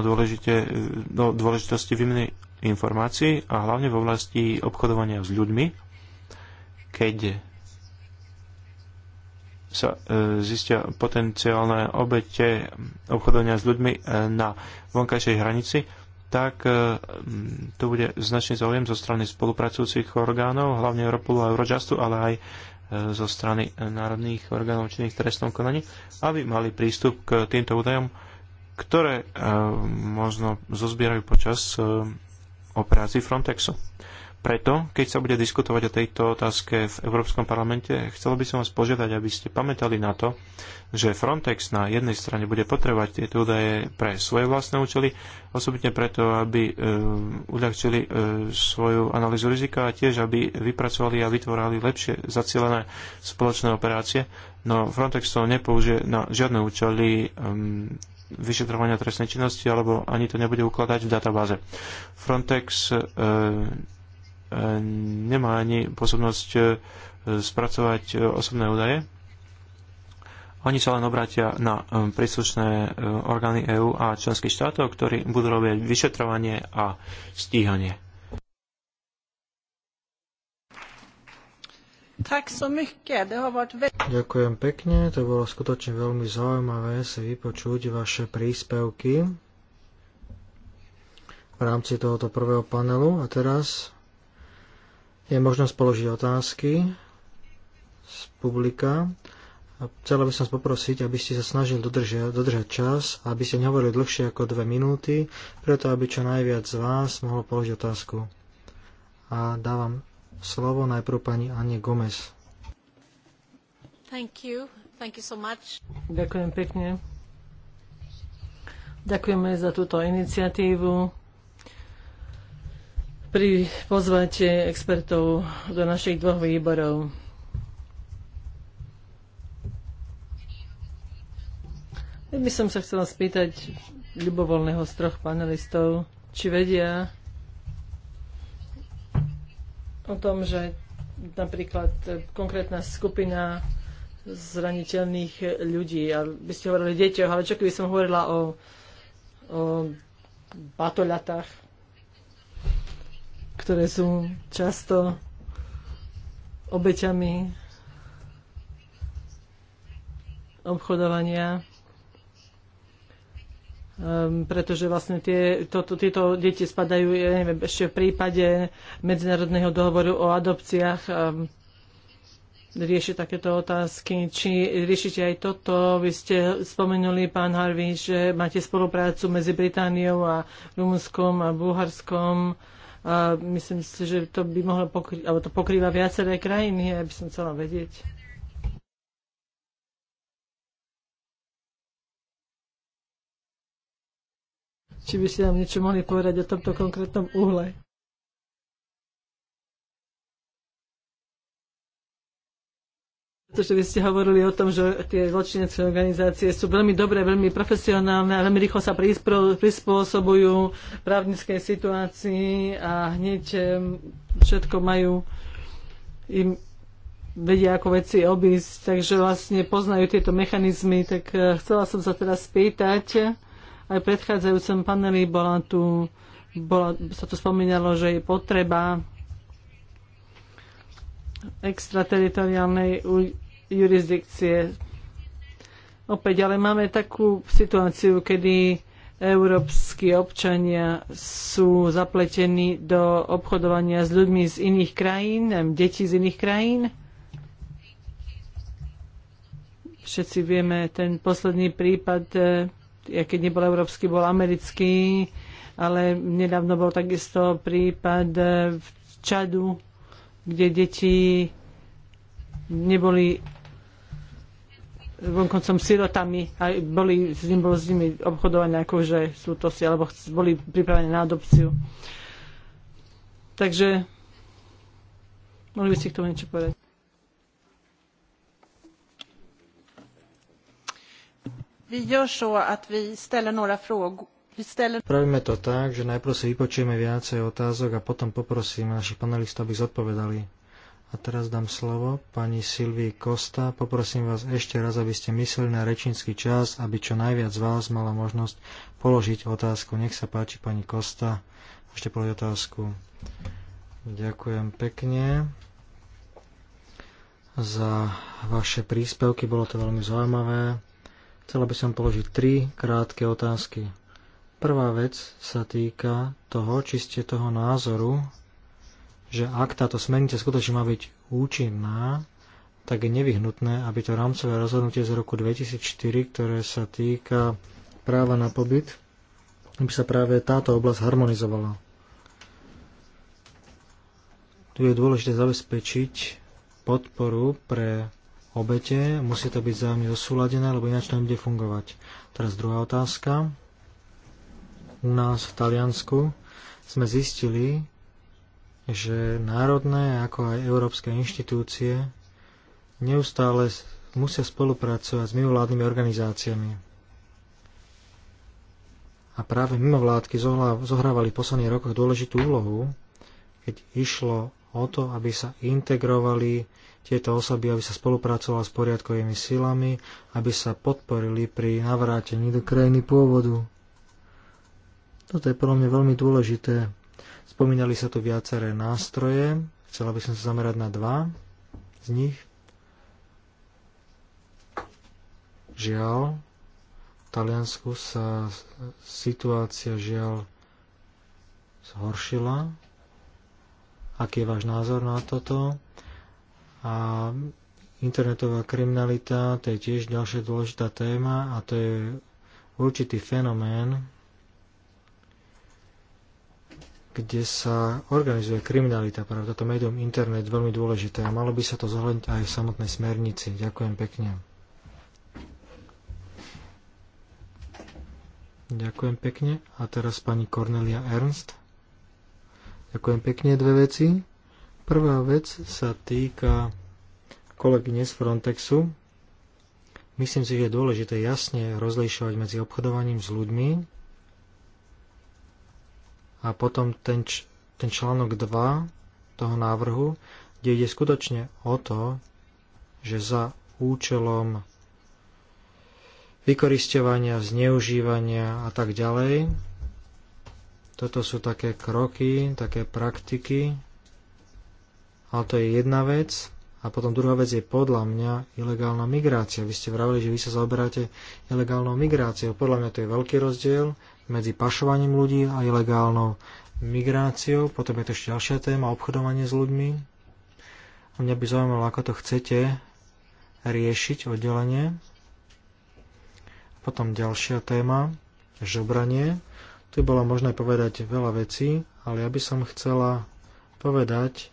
dôležite, do dôležitosti výmeny informácií a hlavne v oblasti obchodovania s ľuďmi, keď sa e, zistia potenciálne obete obchodovania s ľuďmi e, na vonkajšej hranici, tak e, to bude značný záujem zo strany spolupracujúcich orgánov, hlavne Europolu a Eurojustu, ale aj zo strany národných orgánov činných trestnom konaní, aby mali prístup k týmto údajom, ktoré eh, možno zozbierajú počas eh, operácií Frontexu. Preto, keď sa bude diskutovať o tejto otázke v Európskom parlamente, chcel by som vás požiadať, aby ste pamätali na to, že Frontex na jednej strane bude potrebovať tieto údaje pre svoje vlastné účely, osobitne preto, aby e, uľahčili e, svoju analýzu rizika a tiež, aby vypracovali a vytvorali lepšie zacielené spoločné operácie. No Frontex to nepoužije na žiadne účely e, vyšetrovania trestnej činnosti, alebo ani to nebude ukladať v databáze. Frontex e, nemá ani posobnosť e, spracovať e, osobné údaje. Oni sa len obrátia na e, príslušné orgány EÚ a členských štátov, ktorí budú robiť vyšetrovanie a stíhanie. Ďakujem pekne, to bolo skutočne veľmi zaujímavé si vypočuť vaše príspevky v rámci tohoto prvého panelu. A teraz je možnosť položiť otázky z publika. A chcela by som vás poprosiť, aby ste sa snažili dodržia, dodržať čas, aby ste nehovorili dlhšie ako dve minúty, preto aby čo najviac z vás mohlo položiť otázku. A dávam slovo najprv pani Anne Gomez. Thank you. Thank you so much. Ďakujem pekne. Ďakujeme za túto iniciatívu pri pozvate expertov do našich dvoch výborov. Ja by som sa chcela spýtať ľubovoľného z troch panelistov, či vedia o tom, že napríklad konkrétna skupina zraniteľných ľudí, a by ste hovorili deťoch, ale čo keby som hovorila o, o batoľatách, ktoré sú často obeťami obchodovania um, pretože vlastne tie, to, to, tieto deti spadajú, ja neviem, ešte v prípade Medzinárodného dohovoru o adopciách um, rieši takéto otázky. Či riešite aj toto? Vy ste spomenuli, pán Harvey, že máte spoluprácu medzi Britániou a Rumunskom a Bulharskom a myslím si, že to by mohlo pokryť, alebo to pokrýva viaceré krajiny, ja by som chcela vedieť. Či by ste nám niečo mohli povedať o tomto konkrétnom uhle? Pretože vy ste hovorili o tom, že tie zločinecké organizácie sú veľmi dobré, veľmi profesionálne a veľmi rýchlo sa prispôsobujú právnickej situácii a hneď všetko majú im vedia, ako veci obísť, takže vlastne poznajú tieto mechanizmy. Tak eh, chcela som sa teraz spýtať, aj v predchádzajúcom paneli bola tu, bola, sa tu spomínalo, že je potreba extrateritoriálnej jurisdikcie. Opäť, ale máme takú situáciu, kedy európski občania sú zapletení do obchodovania s ľuďmi z iných krajín, deti z iných krajín. Všetci vieme, ten posledný prípad, e, ja keď nebol európsky, bol americký, ale nedávno bol takisto prípad e, v Čadu, kde deti neboli vonkoncom sirotami a boli s nimi, bolo s nimi obchodované ako že sú to si, alebo boli pripravené na adopciu. Takže mohli by si k tomu niečo povedať. Vi gör så att vi ställer några frågor Spravíme to tak, že najprv si vypočujeme viacej otázok a potom poprosíme našich panelistov, aby zodpovedali. A teraz dám slovo pani Silvii Kosta. Poprosím vás ešte raz, aby ste mysleli na rečnícky čas, aby čo najviac z vás mala možnosť položiť otázku. Nech sa páči, pani Kosta, môžete položiť otázku. Ďakujem pekne za vaše príspevky, bolo to veľmi zaujímavé. Chcela by som položiť tri krátke otázky. Prvá vec sa týka toho, či ste toho názoru, že ak táto smernica skutočne má byť účinná, tak je nevyhnutné, aby to rámcové rozhodnutie z roku 2004, ktoré sa týka práva na pobyt, aby sa práve táto oblasť harmonizovala. Tu je dôležité zabezpečiť podporu pre obete, musí to byť zájomne osúladené, lebo ináč to nebude fungovať. Teraz druhá otázka u nás v Taliansku sme zistili, že národné ako aj európske inštitúcie neustále musia spolupracovať s mimovládnymi organizáciami. A práve mimovládky zohrávali v posledných rokoch dôležitú úlohu, keď išlo o to, aby sa integrovali tieto osoby, aby sa spolupracovala s poriadkovými silami, aby sa podporili pri navrátení do krajiny pôvodu. Toto je podľa mňa veľmi dôležité. Spomínali sa tu viaceré nástroje. Chcela by som sa zamerať na dva z nich. Žiaľ, v Taliansku sa situácia žiaľ zhoršila. Aký je váš názor na toto? A internetová kriminalita, to je tiež ďalšia dôležitá téma a to je určitý fenomén, kde sa organizuje kriminalita. Práve toto médium internet je veľmi dôležité a malo by sa to zohľadniť aj v samotnej smernici. Ďakujem pekne. Ďakujem pekne. A teraz pani Cornelia Ernst. Ďakujem pekne dve veci. Prvá vec sa týka kolegyne z Frontexu. Myslím si, že je dôležité jasne rozlišovať medzi obchodovaním s ľuďmi a potom ten, č- ten článok 2 toho návrhu, kde ide skutočne o to, že za účelom vykoristovania, zneužívania a tak ďalej. Toto sú také kroky, také praktiky, ale to je jedna vec. A potom druhá vec je podľa mňa ilegálna migrácia. Vy ste vravili, že vy sa zaoberáte ilegálnou migráciou. Podľa mňa to je veľký rozdiel medzi pašovaním ľudí a ilegálnou migráciou, potom je to ešte ďalšia téma, obchodovanie s ľuďmi. A mňa by zaujímalo, ako to chcete riešiť oddelenie. Potom ďalšia téma, žobranie. Tu bolo možné povedať veľa vecí, ale ja by som chcela povedať,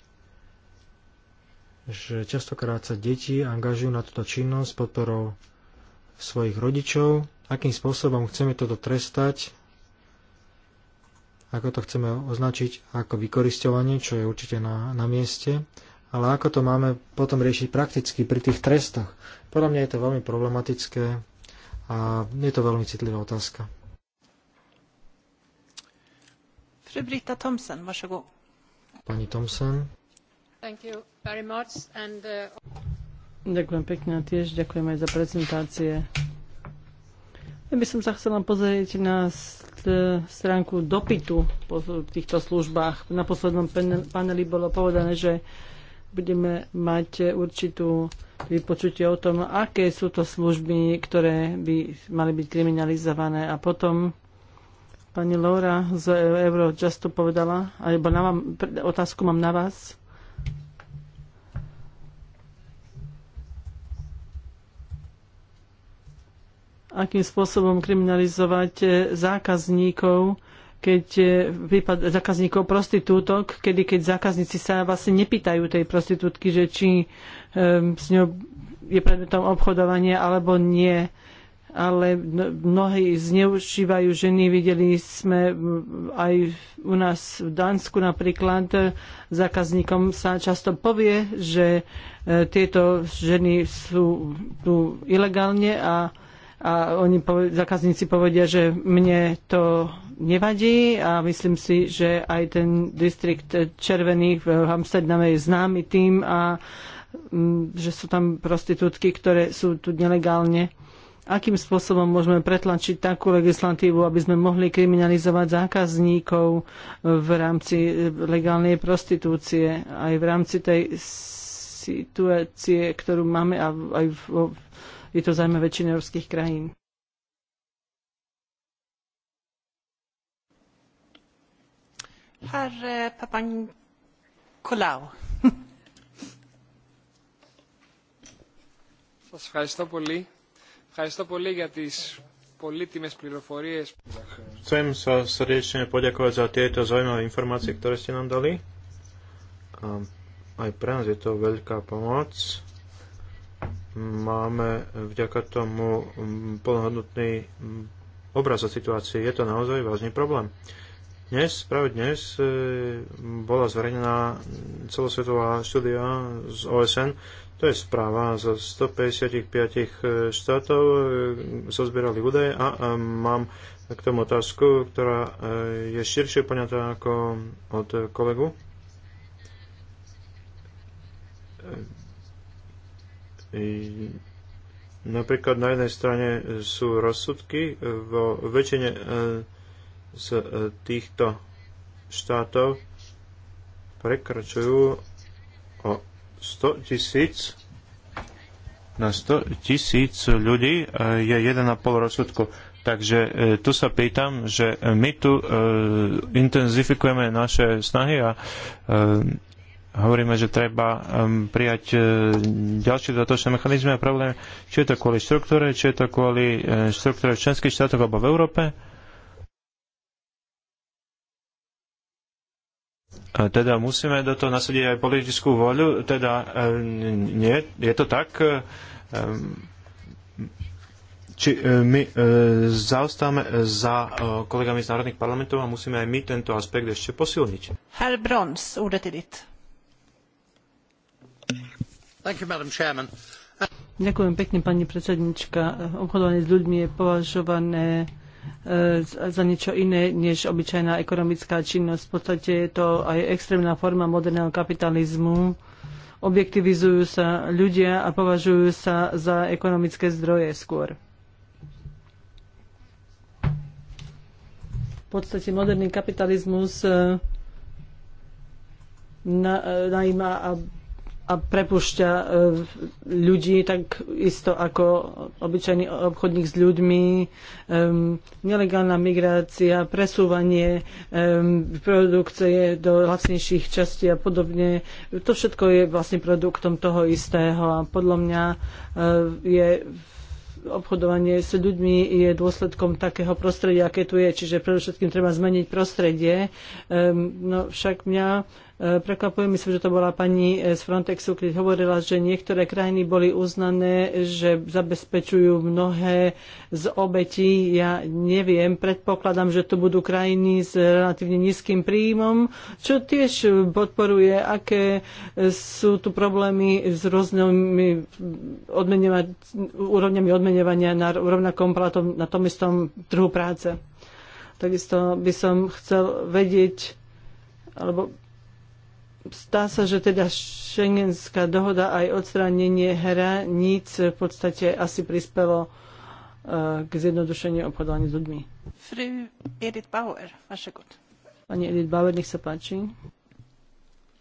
že častokrát sa deti angažujú na túto činnosť s podporou svojich rodičov. Akým spôsobom chceme toto trestať, ako to chceme označiť ako vykoristovanie, čo je určite na, na mieste, ale ako to máme potom riešiť prakticky pri tých trestoch. Podľa mňa je to veľmi problematické a je to veľmi citlivá otázka. Fribrita Thompson, vaša go. Pani Thompson. Thank you very much and, uh... Ďakujem pekne a tiež ďakujem aj za prezentácie. Ja by som sa chcela pozrieť na e, stránku dopytu po týchto službách. Na poslednom paneli bolo povedané, že budeme mať určitú vypočutie o tom, aké sú to služby, ktoré by mali byť kriminalizované. A potom pani Laura z Eurojustu povedala, alebo na vám, otázku mám na vás akým spôsobom kriminalizovať eh, zákazníkov, keď prípad eh, zákazníkov prostitútok, kedy keď zákazníci sa vlastne nepýtajú tej prostitútky, že či um, s ňou je predmetom obchodovania alebo nie. Ale mnohí zneužívajú ženy. Videli sme aj u nás v Dánsku napríklad, eh, zákazníkom sa často povie, že tieto ženy sú tu ilegálne a a oni zákazníci povedia, že mne to nevadí a myslím si, že aj ten distrikt červených v Amsterdame je známy tým a mm, že sú tam prostitútky, ktoré sú tu nelegálne. Akým spôsobom môžeme pretlačiť takú legislatívu, aby sme mohli kriminalizovať zákazníkov v rámci legálnej prostitúcie, aj v rámci tej situácie, ktorú máme a aj v je to zájme väčšiny európskych krajín. Herr eh, Kolau. Σας ευχαριστώ πολύ. Ευχαριστώ πολύ για τις πολύτιμες πληροφορίες. Chcem sa srdečne poďakovať za tieto zaujímavé informácie, ktoré ste nám dali. aj pre nás je to veľká pomoc máme vďaka tomu plnohodnotný obraz o situácii. Je to naozaj vážny problém. Dnes, práve dnes, e, bola zverejnená celosvetová štúdia z OSN. To je správa zo 155 štátov. E, Zozbierali údaje a e, mám k tomu otázku, ktorá je širšie poňatá ako od kolegu Napríklad na jednej strane sú rozsudky e, vo väčšine e, z e, týchto štátov prekračujú o 100 tisíc na 100 tisíc ľudí je 1,5 rozsudku. Takže tu sa pýtam, že my tu intenzifikujeme naše snahy a hovoríme, že treba prijať e, ďalšie dodatočné mechanizmy a problém. či je to kvôli štruktúre, či je to kvôli e, štruktúre v členských štátoch alebo v Európe. Teda musíme do toho nasadiť aj politickú voľu, teda nie, je to tak, či e, my zaostávame za kolegami z národných parlamentov a musíme aj my tento aspekt ešte posilniť. Herr Brons, ordet är ditt. Ďakujem pekne, pani Obchodovanie s ľuďmi je považované e, za niečo iné než obyčajná ekonomická činnosť. V podstate je to aj extrémna forma moderného kapitalizmu. Objektivizujú sa ľudia a považujú sa za ekonomické zdroje skôr. V podstate moderný kapitalizmus e, e, najíma a a prepušťa e, ľudí tak isto ako obyčajný obchodník s ľuďmi, um, nelegálna migrácia, presúvanie um, produkcie do lacnejších častí a podobne. To všetko je vlastne produktom toho istého a podľa mňa uh, je obchodovanie s ľuďmi je dôsledkom takého prostredia, aké tu je. Čiže predovšetkým treba zmeniť prostredie. Um, no však mňa Prekvapuje mi sa, že to bola pani z Frontexu, keď hovorila, že niektoré krajiny boli uznané, že zabezpečujú mnohé z obetí. Ja neviem, predpokladám, že to budú krajiny s relatívne nízkym príjmom, čo tiež podporuje, aké sú tu problémy s rôznymi odmeneva- úrovňami odmenovania na rovnakom platom, na tom istom trhu práce. Takisto by som chcel vedieť, alebo Stá sa, že teda šengenská dohoda aj odstránenie nic v podstate asi prispelo e, k zjednodušeniu obchodovania s ľuďmi. Fru Edith Bauer, vaše god. Pani Edith Bauer, nech sa páči.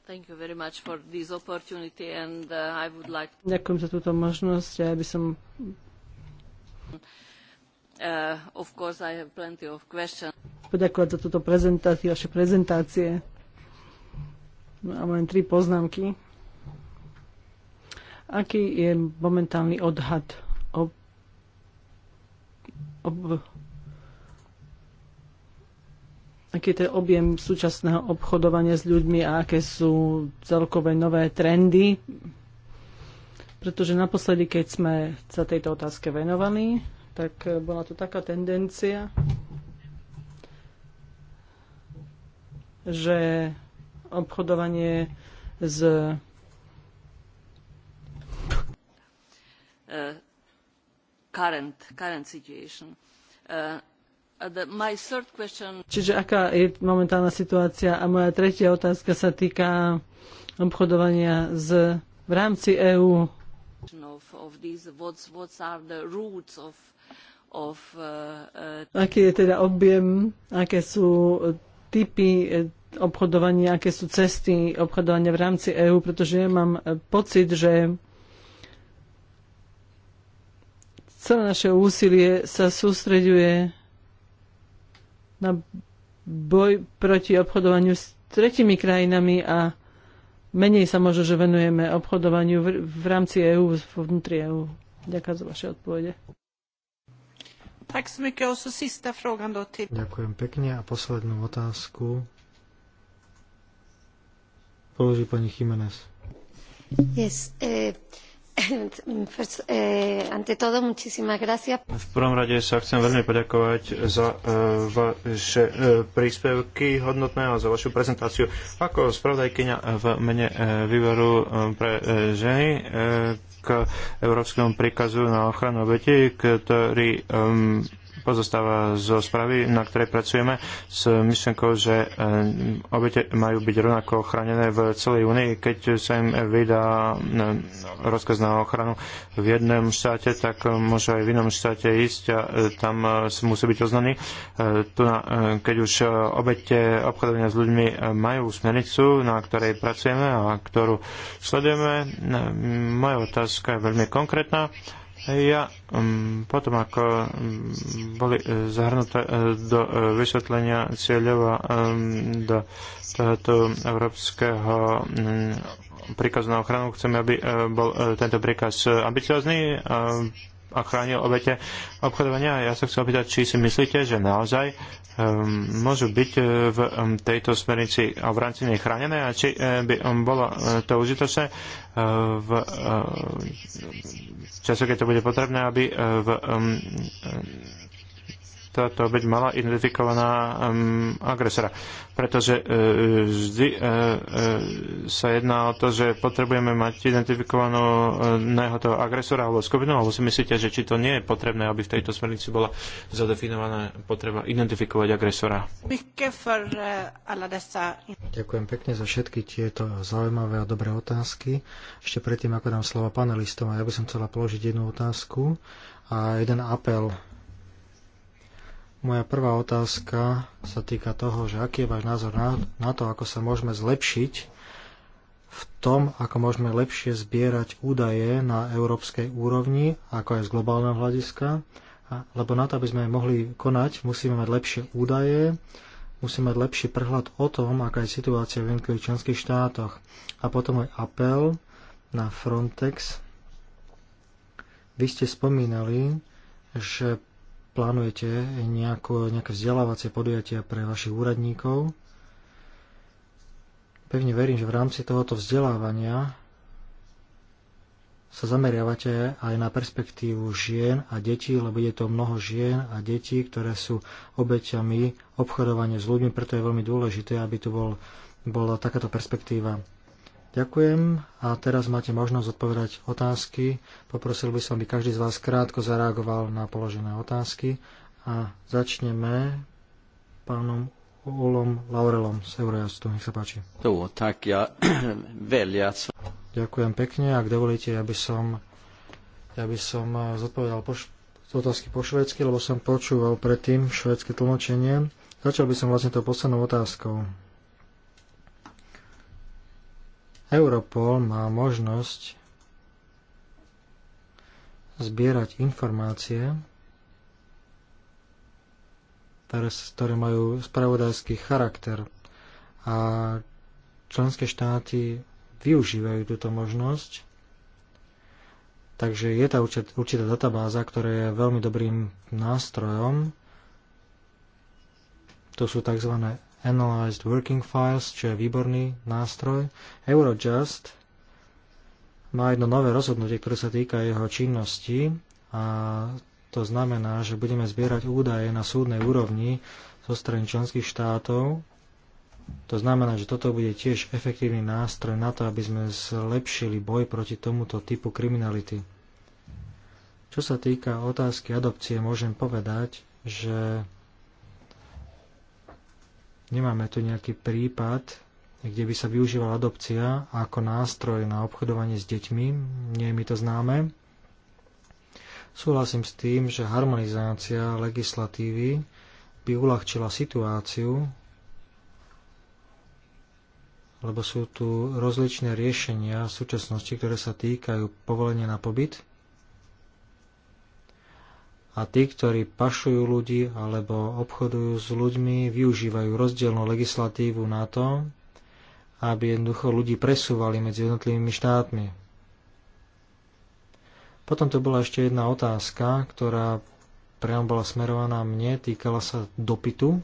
Thank you very much for this opportunity and uh, I would like... Ďakujem za túto možnosť. Ja by som... Uh, of course I have plenty of questions. Poďakovať za túto prezentáciu, vaše prezentácie. Mám len tri poznámky. Aký je momentálny odhad o, o, aký je ten objem súčasného obchodovania s ľuďmi a aké sú celkové nové trendy. Pretože naposledy, keď sme sa tejto otázke venovali, tak bola tu taká tendencia, že obchodovanie s uh, current, current situation. Uh, uh, the, my third question... Čiže aká je momentálna situácia? A moja tretia otázka sa týka obchodovania z, v rámci EÚ. Of, of what's, what's of, of, uh, uh... Aký je teda objem, aké sú typy eh, obchodovanie, aké sú cesty obchodovania v rámci EÚ, pretože ja mám e, pocit, že celé naše úsilie sa sústreďuje na boj proti obchodovaniu s tretimi krajinami a menej sa možno, že venujeme obchodovaniu v, rámci EÚ, vnútri EÚ. Ďakujem za vaše odpovede. Ďakujem pekne a poslednú otázku položí pani Jiménez. Yes, eh, eh v prvom rade sa chcem veľmi poďakovať za eh, vaše eh, príspevky hodnotné a za vašu prezentáciu. Ako spravodajkyňa v mene výboru pre ženy k Európskemu príkazu na ochranu obetí, ktorý um, pozostáva zo správy, na ktorej pracujeme s myšlenkou, že eh, obete majú byť rovnako ochránené v celej únii. Keď sa im vydá eh, rozkaz na ochranu v jednom štáte, tak môže aj v inom štáte ísť a eh, tam musí byť oznaný. Keď už obete obchodovania s ľuďmi majú smernicu, na ktorej pracujeme a ktorú sledujeme, moja otázka je veľmi konkrétna. Ja mm, potom, ako mm, boli e, zahrnuté e, do e, vysvetlenia cieľov a mm, do tohoto európskeho príkazu na ochranu, chceme, aby bol tento príkaz ambiciozný a chránil obete obchodovania. Ja sa chcem opýtať, či si myslíte, že naozaj ehm, môžu byť e, v ehm, tejto smernici a v rámci chránené a či e, by ehm, bolo e, to užitočné v čase, keď to bude potrebné, aby v táto obeď mala identifikovaná um, agresora. Pretože uh, vždy uh, uh, sa jedná o to, že potrebujeme mať identifikovaného toho agresora alebo skupinu, alebo si myslíte, že či to nie je potrebné, aby v tejto smernici bola zadefinovaná potreba identifikovať agresora. Ďakujem pekne za všetky tieto zaujímavé a dobré otázky. Ešte predtým, ako dám slova panelistom, ja by som chcela položiť jednu otázku a jeden apel moja prvá otázka sa týka toho, že aký je váš názor na, na to, ako sa môžeme zlepšiť v tom, ako môžeme lepšie zbierať údaje na európskej úrovni, ako aj z globálneho hľadiska, lebo na to, aby sme mohli konať, musíme mať lepšie údaje, musíme mať lepší prehľad o tom, aká je situácia v jednotlivých členských štátoch. A potom aj apel na Frontex. Vy ste spomínali, že plánujete nejako, nejaké vzdelávacie podujatia pre vašich úradníkov. Pevne verím, že v rámci tohoto vzdelávania sa zameriavate aj na perspektívu žien a detí, lebo je to mnoho žien a detí, ktoré sú obeťami obchodovania s ľuďmi, preto je veľmi dôležité, aby tu bol, bola takáto perspektíva Ďakujem a teraz máte možnosť odpovedať otázky. Poprosil by som, aby každý z vás krátko zareagoval na položené otázky a začneme pánom Ulom Laurelom z Eurojastu. Nech sa páči. To, tak ja veliac. Ďakujem pekne. Ak dovolíte, ja by som, ja by som eh, zodpovedal po, otázky po švedsky, lebo som počúval predtým švedské tlmočenie. Začal by som vlastne tou poslednou otázkou. Europol má možnosť zbierať informácie, ktoré majú spravodajský charakter. A členské štáty využívajú túto možnosť. Takže je tá určitá databáza, ktorá je veľmi dobrým nástrojom. To sú tzv. Analyzed Working Files, čo je výborný nástroj. Eurojust má jedno nové rozhodnutie, ktoré sa týka jeho činnosti a to znamená, že budeme zbierať údaje na súdnej úrovni zo strany členských štátov. To znamená, že toto bude tiež efektívny nástroj na to, aby sme zlepšili boj proti tomuto typu kriminality. Čo sa týka otázky adopcie, môžem povedať, že Nemáme tu nejaký prípad, kde by sa využívala adopcia ako nástroj na obchodovanie s deťmi. Nie je mi to známe. Súhlasím s tým, že harmonizácia legislatívy by uľahčila situáciu, lebo sú tu rozličné riešenia v súčasnosti, ktoré sa týkajú povolenia na pobyt a tí, ktorí pašujú ľudí alebo obchodujú s ľuďmi, využívajú rozdielnú legislatívu na to, aby jednoducho ľudí presúvali medzi jednotlivými štátmi. Potom tu bola ešte jedna otázka, ktorá priamo bola smerovaná mne, týkala sa dopytu.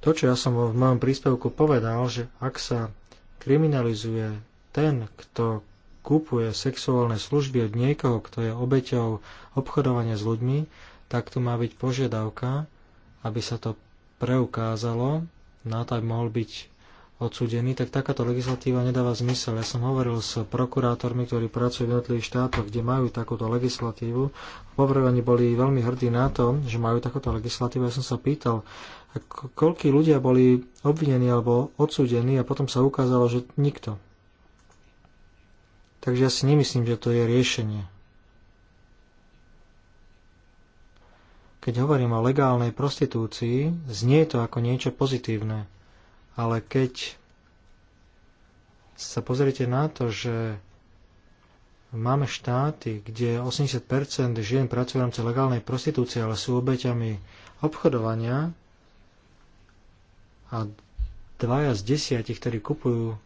To, čo ja som v mojom príspevku povedal, že ak sa kriminalizuje ten, kto kupuje sexuálne služby od niekoho, kto je obeťou obchodovania s ľuďmi, tak tu má byť požiadavka, aby sa to preukázalo, na to, aby mohol byť odsudený, tak takáto legislatíva nedáva zmysel. Ja som hovoril s prokurátormi, ktorí pracujú v jednotlivých štátoch, kde majú takúto legislatívu. Poprvé boli veľmi hrdí na to, že majú takúto legislatívu. Ja som sa pýtal, koľkí ľudia boli obvinení alebo odsudení a potom sa ukázalo, že nikto. Takže ja si nemyslím, že to je riešenie. Keď hovorím o legálnej prostitúcii, znie to ako niečo pozitívne. Ale keď sa pozrite na to, že máme štáty, kde 80% žien pracujú v rámci legálnej prostitúcie, ale sú obeťami obchodovania a dvaja z desiatich, ktorí kupujú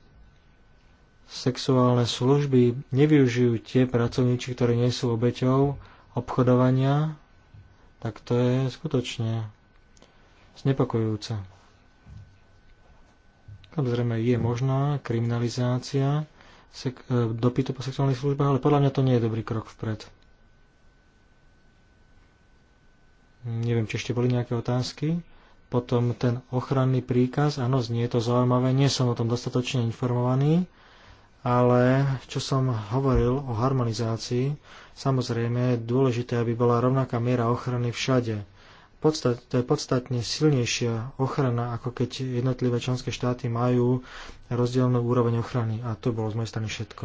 sexuálne služby nevyužijú tie pracovníci, ktorí nie sú obeťou obchodovania, tak to je skutočne znepokojujúce. Samozrejme je možná kriminalizácia e, dopytu po sexuálnych službách, ale podľa mňa to nie je dobrý krok vpred. Neviem, či ešte boli nejaké otázky. Potom ten ochranný príkaz, áno, znie to zaujímavé, nie som o tom dostatočne informovaný ale čo som hovoril o harmonizácii, samozrejme je dôležité, aby bola rovnaká miera ochrany všade. Podstat, to je podstatne silnejšia ochrana, ako keď jednotlivé členské štáty majú rozdielnú úroveň ochrany. A to bolo z mojej strany všetko.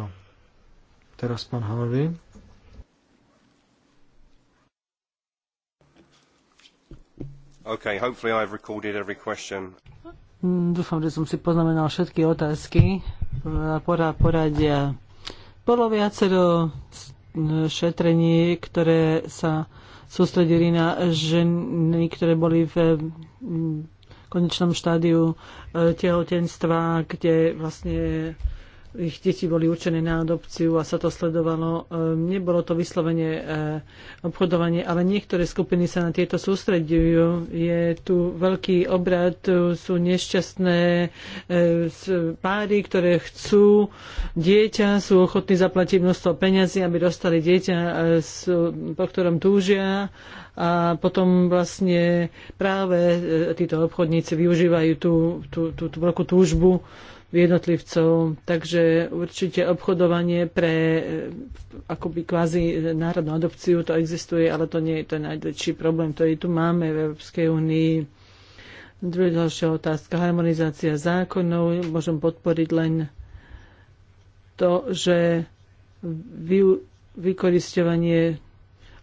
Teraz pán Harvey. Okay, hopefully I've recorded every question. Hm, dúfam, že som si poznamenal všetky otázky pora, poradia. Bolo viacero šetrení, ktoré sa sústredili na ženy, ktoré boli v konečnom štádiu e, tehotenstva, kde vlastne ich deti boli určené na adopciu a sa to sledovalo. Ehm, nebolo to vyslovene ehm, obchodovanie, ale niektoré skupiny sa na tieto sústredujú. Je tu veľký obrad, sú nešťastné ehm, páry, ktoré chcú dieťa, sú ochotní zaplatiť množstvo peňazí, aby dostali dieťa, e, po ktorom túžia a potom vlastne práve e, títo obchodníci využívajú tú, tú, tú, tú veľkú túžbu jednotlivcov. Takže určite obchodovanie pre eh, akoby kvázi národnú adopciu to existuje, ale to nie je ten najväčší problém, ktorý tu máme v Európskej únii. Druhá ďalšia otázka, harmonizácia zákonov. Môžem podporiť len to, že vy, vykoristovanie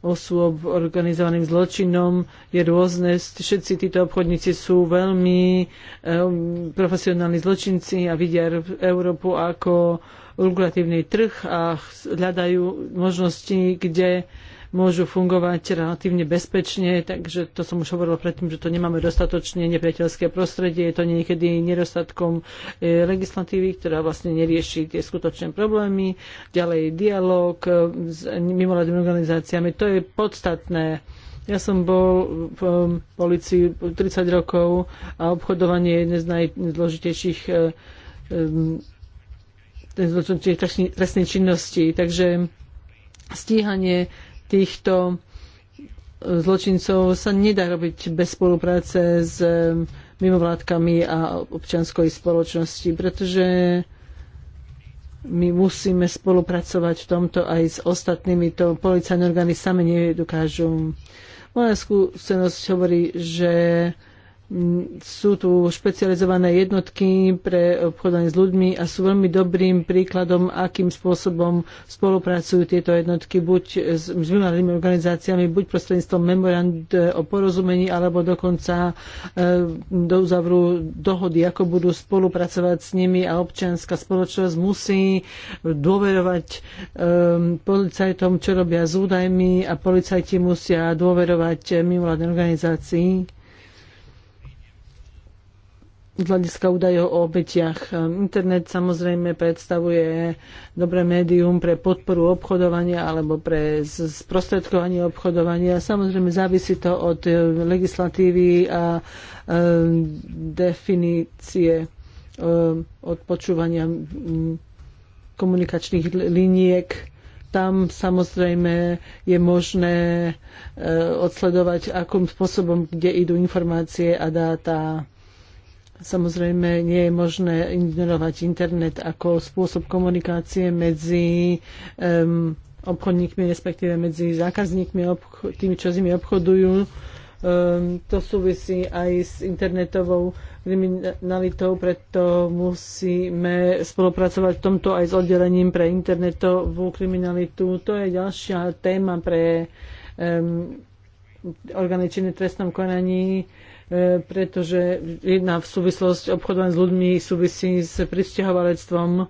osôb organizovaným zločinom je rôzne. Všetci títo obchodníci sú veľmi um, profesionálni zločinci a vidia Európu ako lukratívny trh a hľadajú možnosti, kde môžu fungovať relatívne bezpečne, takže to som už hovorila predtým, že to nemáme dostatočne nepriateľské prostredie, je to niekedy nedostatkom e, legislatívy, ktorá vlastne nerieši tie skutočné problémy, ďalej dialog e, s mimovládnymi organizáciami, to je podstatné. Ja som bol v um, policii 30 rokov a obchodovanie je jedné z najdôležitejších e, trestnej činnosti. Takže stíhanie týchto e, zločincov sa nedá robiť bez spolupráce s e, mimovládkami a občianskoj spoločnosti, pretože my musíme spolupracovať v tomto aj s ostatnými. To policajné orgány same nedokážu. Moja skúsenosť hovorí, že sú tu špecializované jednotky pre obchodovanie s ľuďmi a sú veľmi dobrým príkladom, akým spôsobom spolupracujú tieto jednotky buď s medzinárodnými organizáciami, buď prostredníctvom memorand eh, o porozumení, alebo dokonca eh, do uzavru dohody, ako budú spolupracovať s nimi a občianská spoločnosť musí dôverovať ehm, policajtom, čo robia s údajmi a policajti musia dôverovať eh, mimovládnej organizácii z hľadiska údajov o obetiach. Ehm, internet samozrejme predstavuje dobré médium pre podporu obchodovania alebo pre sprostredkovanie obchodovania. Samozrejme závisí to od e, legislatívy a e, definície e, od počúvania komunikačných liniek tam samozrejme je možné odsledovať, akým spôsobom, kde idú informácie a dáta. Samozrejme, nie je možné ignorovať internet ako spôsob komunikácie medzi um, obchodníkmi, respektíve medzi zákazníkmi, obch- tými, čo s nimi obchodujú. Um, to súvisí aj s internetovou kriminalitou, preto musíme spolupracovať v tomto aj s oddelením pre internetovú kriminalitu. To je ďalšia téma pre um, orgány činné trestnom konaní E, pretože jedna v súvislosti obchodovania s ľuďmi súvisí s pristahovalectvom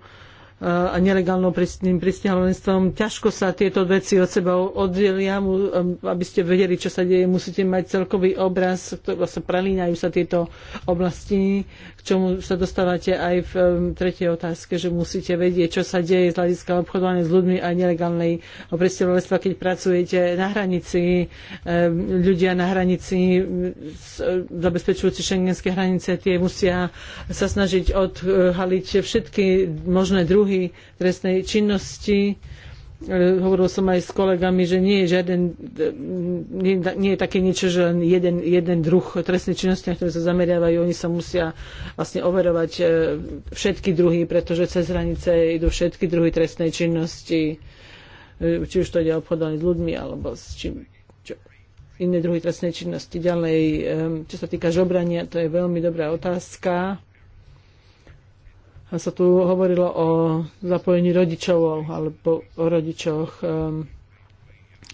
a nelegálnym pristahovalectvom. Ťažko sa tieto veci od seba oddelia. Um, aby ste vedeli, čo sa deje, musíte mať celkový obraz, ktorého sa prelínajú sa tieto oblasti, k čomu sa dostávate aj v um, tretej otázke, že musíte vedieť, čo sa deje z hľadiska obchodovania s ľuďmi a nelegálnej pristahovalectva, keď pracujete na hranici. Um, ľudia na hranici zabezpečujúci šengenské hranice, tie musia sa snažiť odhaliť všetky možné druhy druhy trestnej činnosti. E, hovoril som aj s kolegami, že nie je žiaden, e, nie, nie je také niečo, že len jeden, jeden druh trestnej činnosti, na ktoré sa zameriavajú, oni sa musia vlastne overovať e, všetky druhy, pretože cez hranice idú všetky druhy trestnej činnosti, či už to ide obchodovanie s ľuďmi alebo s čím iné druhy trestnej činnosti. Ďalej, čo sa týka žobrania, to je veľmi dobrá otázka. A sa tu hovorilo o zapojení rodičov alebo o rodičoch. Ehm,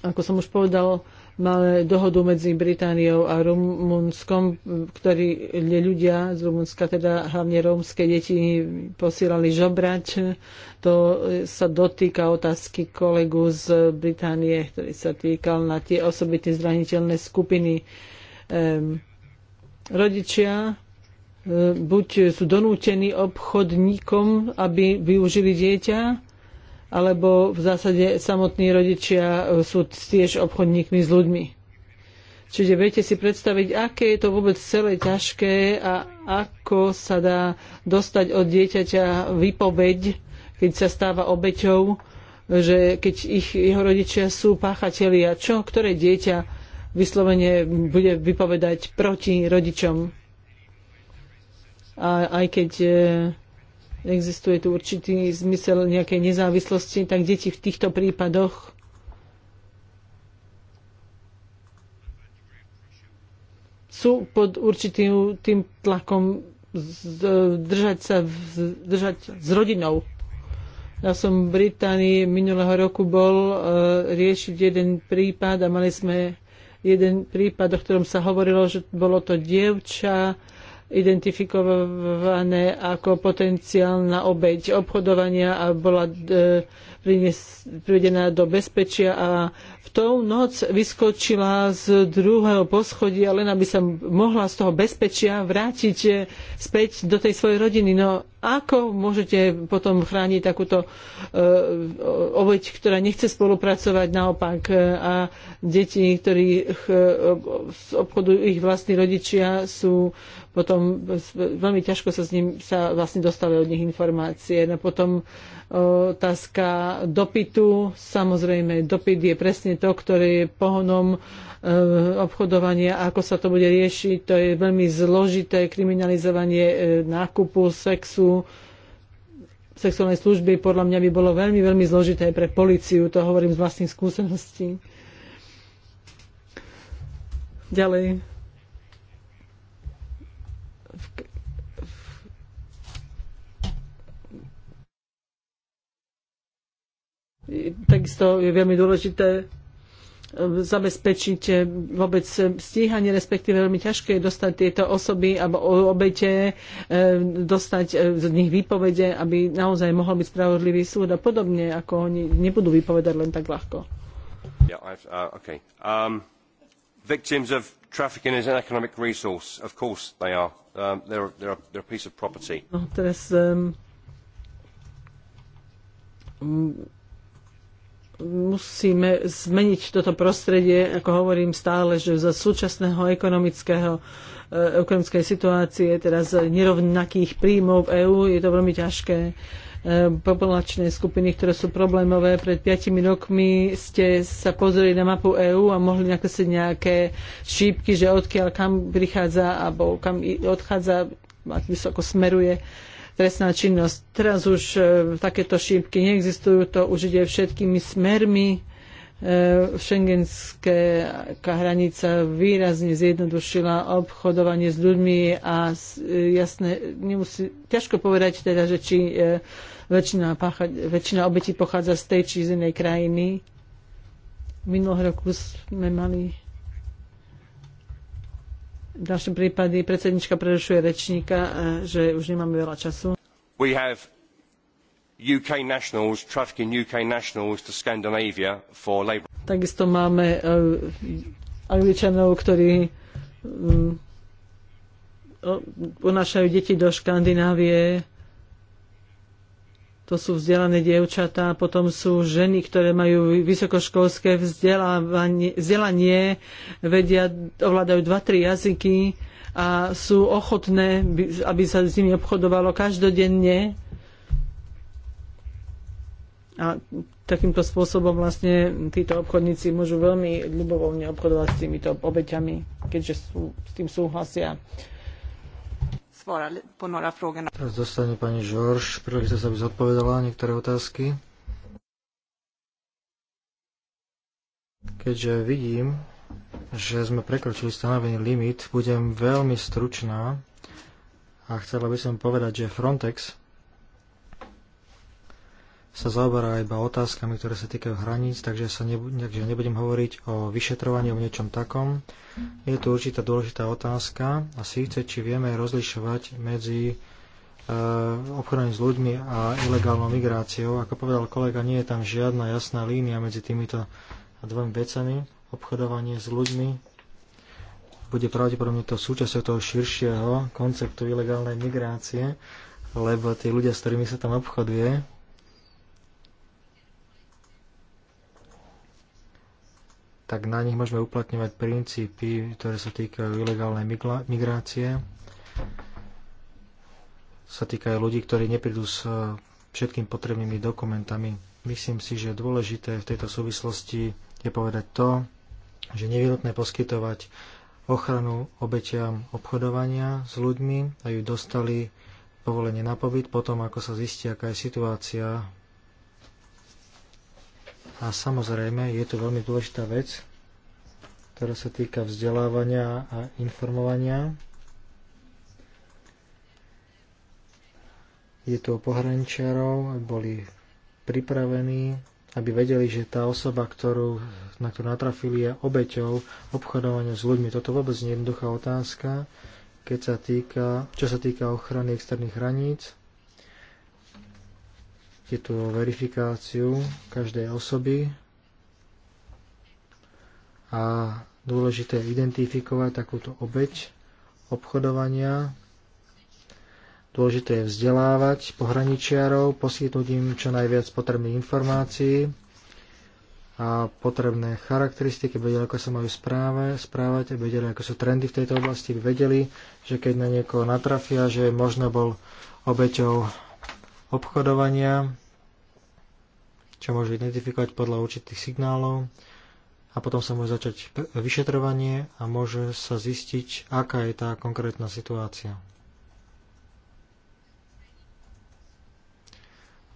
ako som už povedal, máme dohodu medzi Britániou a Rumunskom, ktorí ľudia z Rumunska, teda hlavne rómske deti, posielali žobrať. To sa dotýka otázky kolegu z Británie, ktorý sa týkal na tie osobitne zraniteľné skupiny. Um, rodičia buď sú donútení obchodníkom, aby využili dieťa, alebo v zásade samotní rodičia sú tiež obchodníkmi s ľuďmi. Čiže viete si predstaviť, aké je to vôbec celé ťažké a ako sa dá dostať od dieťaťa vypoveď, keď sa stáva obeťou, že keď ich, jeho rodičia sú páchatelia, čo, ktoré dieťa vyslovene bude vypovedať proti rodičom a aj keď e, existuje tu určitý zmysel nejakej nezávislosti, tak deti v týchto prípadoch sú pod určitým tým tlakom z, e, držať sa z, držať s rodinou. Ja som v Británii minulého roku bol e, riešiť jeden prípad a mali sme jeden prípad, o ktorom sa hovorilo, že bolo to dievča, identifikované ako potenciálna obeď obchodovania a bola e, privedená do bezpečia a v tou noc vyskočila z druhého poschodia, len aby sa mohla z toho bezpečia vrátiť eh, späť do tej svojej rodiny. No ako môžete potom chrániť takúto uh, eh, oveď, ktorá nechce spolupracovať naopak eh, a deti, ktorých uh, obchodujú ich vlastní rodičia, sú potom veľmi ťažko sa s ním sa vlastne dostávajú od nich informácie. No potom Otázka dopytu. Samozrejme, dopyt je presne to, ktoré je pohonom e, obchodovania. Ako sa to bude riešiť, to je veľmi zložité kriminalizovanie e, nákupu sexu sexuálnej služby podľa mňa by bolo veľmi, veľmi zložité aj pre policiu. To hovorím z vlastných skúseností. Ďalej Takisto je veľmi dôležité eh, zabezpečiť eh, vôbec eh, stíhanie, respektíve veľmi ťažké je dostať tieto osoby alebo obete, dostať z nich výpovede, aby naozaj mohol byť spravodlivý súd a podobne, ako oni nebudú vypovedať len tak ľahko. Yeah, uh, okay. um, victims of trafficking is an economic resource. Of course they are. Um, they're, they're, they're a piece of property. No, teraz, um, musíme zmeniť toto prostredie, ako hovorím stále, že za súčasného ekonomického eh, ekonomickej situácie, teraz nerovnakých príjmov v EÚ, je to veľmi ťažké eh, populačné skupiny, ktoré sú problémové. Pred piatimi rokmi ste sa pozreli na mapu EÚ a mohli nakresliť nejaké šípky, že odkiaľ kam prichádza alebo kam odchádza, ako smeruje trestná činnosť. Teraz už e, takéto šípky neexistujú, to už ide všetkými smermi. E, Schengenská hranica výrazne zjednodušila obchodovanie s ľuďmi a e, jasne, nemusí, ťažko povedať teda, že či e, väčšina, pacha, väčšina obetí pochádza z tej či z inej krajiny. Minulého roku sme mali v ďalšom prípade predsednička prerušuje rečníka, eh, že už nemáme veľa času. We have UK nationals trafficking UK nationals to Scandinavia for labor. Takisto máme uh, Angličanov, ktorí um, unášajú deti do Škandinávie to sú vzdelané dievčatá, potom sú ženy, ktoré majú vysokoškolské vzdelanie, vedia, ovládajú dva, tri jazyky a sú ochotné, aby sa s nimi obchodovalo každodenne. A takýmto spôsobom vlastne títo obchodníci môžu veľmi ľubovoľne obchodovať s týmito obeťami, keďže sú, s tým súhlasia svara på några frågorna. Teraz dostane pani Žorž príležitosť, aby zodpovedala niektoré otázky. Keďže vidím, že sme prekročili stanovený limit, budem veľmi stručná a chcela by som povedať, že Frontex sa zaoberá iba otázkami, ktoré sa týkajú hraníc, takže sa nebu- nebudem hovoriť o vyšetrovaní, o niečom takom. Je tu určitá dôležitá otázka a síce, či vieme rozlišovať medzi e, obchodom s ľuďmi a ilegálnou migráciou. Ako povedal kolega, nie je tam žiadna jasná línia medzi týmito dvomi vecami. Obchodovanie s ľuďmi bude pravdepodobne to súčasťou toho širšieho konceptu ilegálnej migrácie, lebo tí ľudia, s ktorými sa tam obchoduje, tak na nich môžeme uplatňovať princípy, ktoré sa týkajú ilegálnej migrácie. Sa týkajú ľudí, ktorí neprídu s e, všetkým potrebnými dokumentami. Myslím si, že dôležité v tejto súvislosti je povedať to, že nevyhnutné poskytovať ochranu obetiam obchodovania s ľuďmi a ju dostali povolenie na pobyt potom, ako sa zistí, aká je situácia a samozrejme, je to veľmi dôležitá vec, ktorá sa týka vzdelávania a informovania. Je to o pohraničiarov, boli pripravení, aby vedeli, že tá osoba, ktorú, na ktorú natrafili, je obeťou obchodovania s ľuďmi. Toto vôbec nie je jednoduchá otázka, keď sa týka, čo sa týka ochrany externých hraníc. Je tu o verifikáciu každej osoby a dôležité je identifikovať takúto obeď obchodovania. Dôležité je vzdelávať pohraničiarov, poskytnúť im čo najviac potrebných informácií a potrebné charakteristiky, vedeli, ako sa majú správe, správať, vedeli, ako sú trendy v tejto oblasti, vedeli, že keď na niekoho natrafia, že možno bol obeťou obchodovania, čo môže identifikovať podľa určitých signálov a potom sa môže začať vyšetrovanie a môže sa zistiť, aká je tá konkrétna situácia.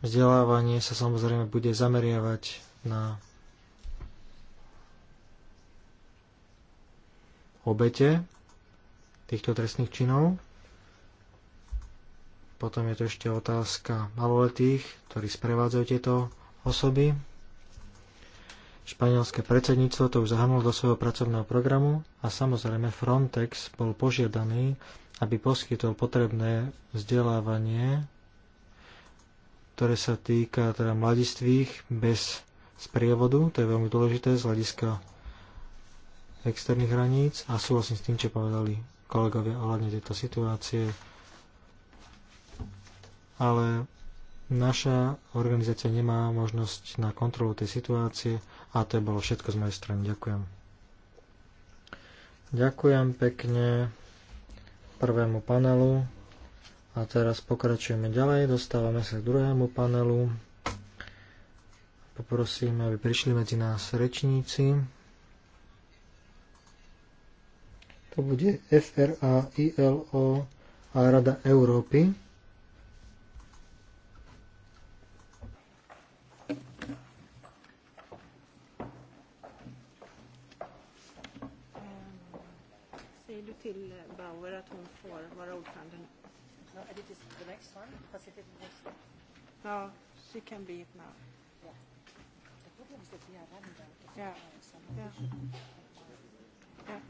Vzdelávanie sa samozrejme bude zameriavať na obete týchto trestných činov. Potom je to ešte otázka maloletých, ktorí sprevádzajú tieto osoby. Španielské predsedníctvo to už zahrnulo do svojho pracovného programu a samozrejme Frontex bol požiadaný, aby poskytol potrebné vzdelávanie, ktoré sa týka teda mladistvých bez sprievodu, to je veľmi dôležité z hľadiska externých hraníc a súhlasím s tým, čo povedali kolegovia ohľadne tejto situácie ale naša organizácia nemá možnosť na kontrolu tej situácie a to je bolo všetko z mojej strany. Ďakujem. Ďakujem pekne prvému panelu a teraz pokračujeme ďalej. Dostávame sa k druhému panelu. Poprosím, aby prišli medzi nás rečníci. To bude FRA, ILO a Rada Európy. one because it didn't work. No, she can be it now. Yeah. The problem is that we are running out of yeah. time, so yeah. yeah.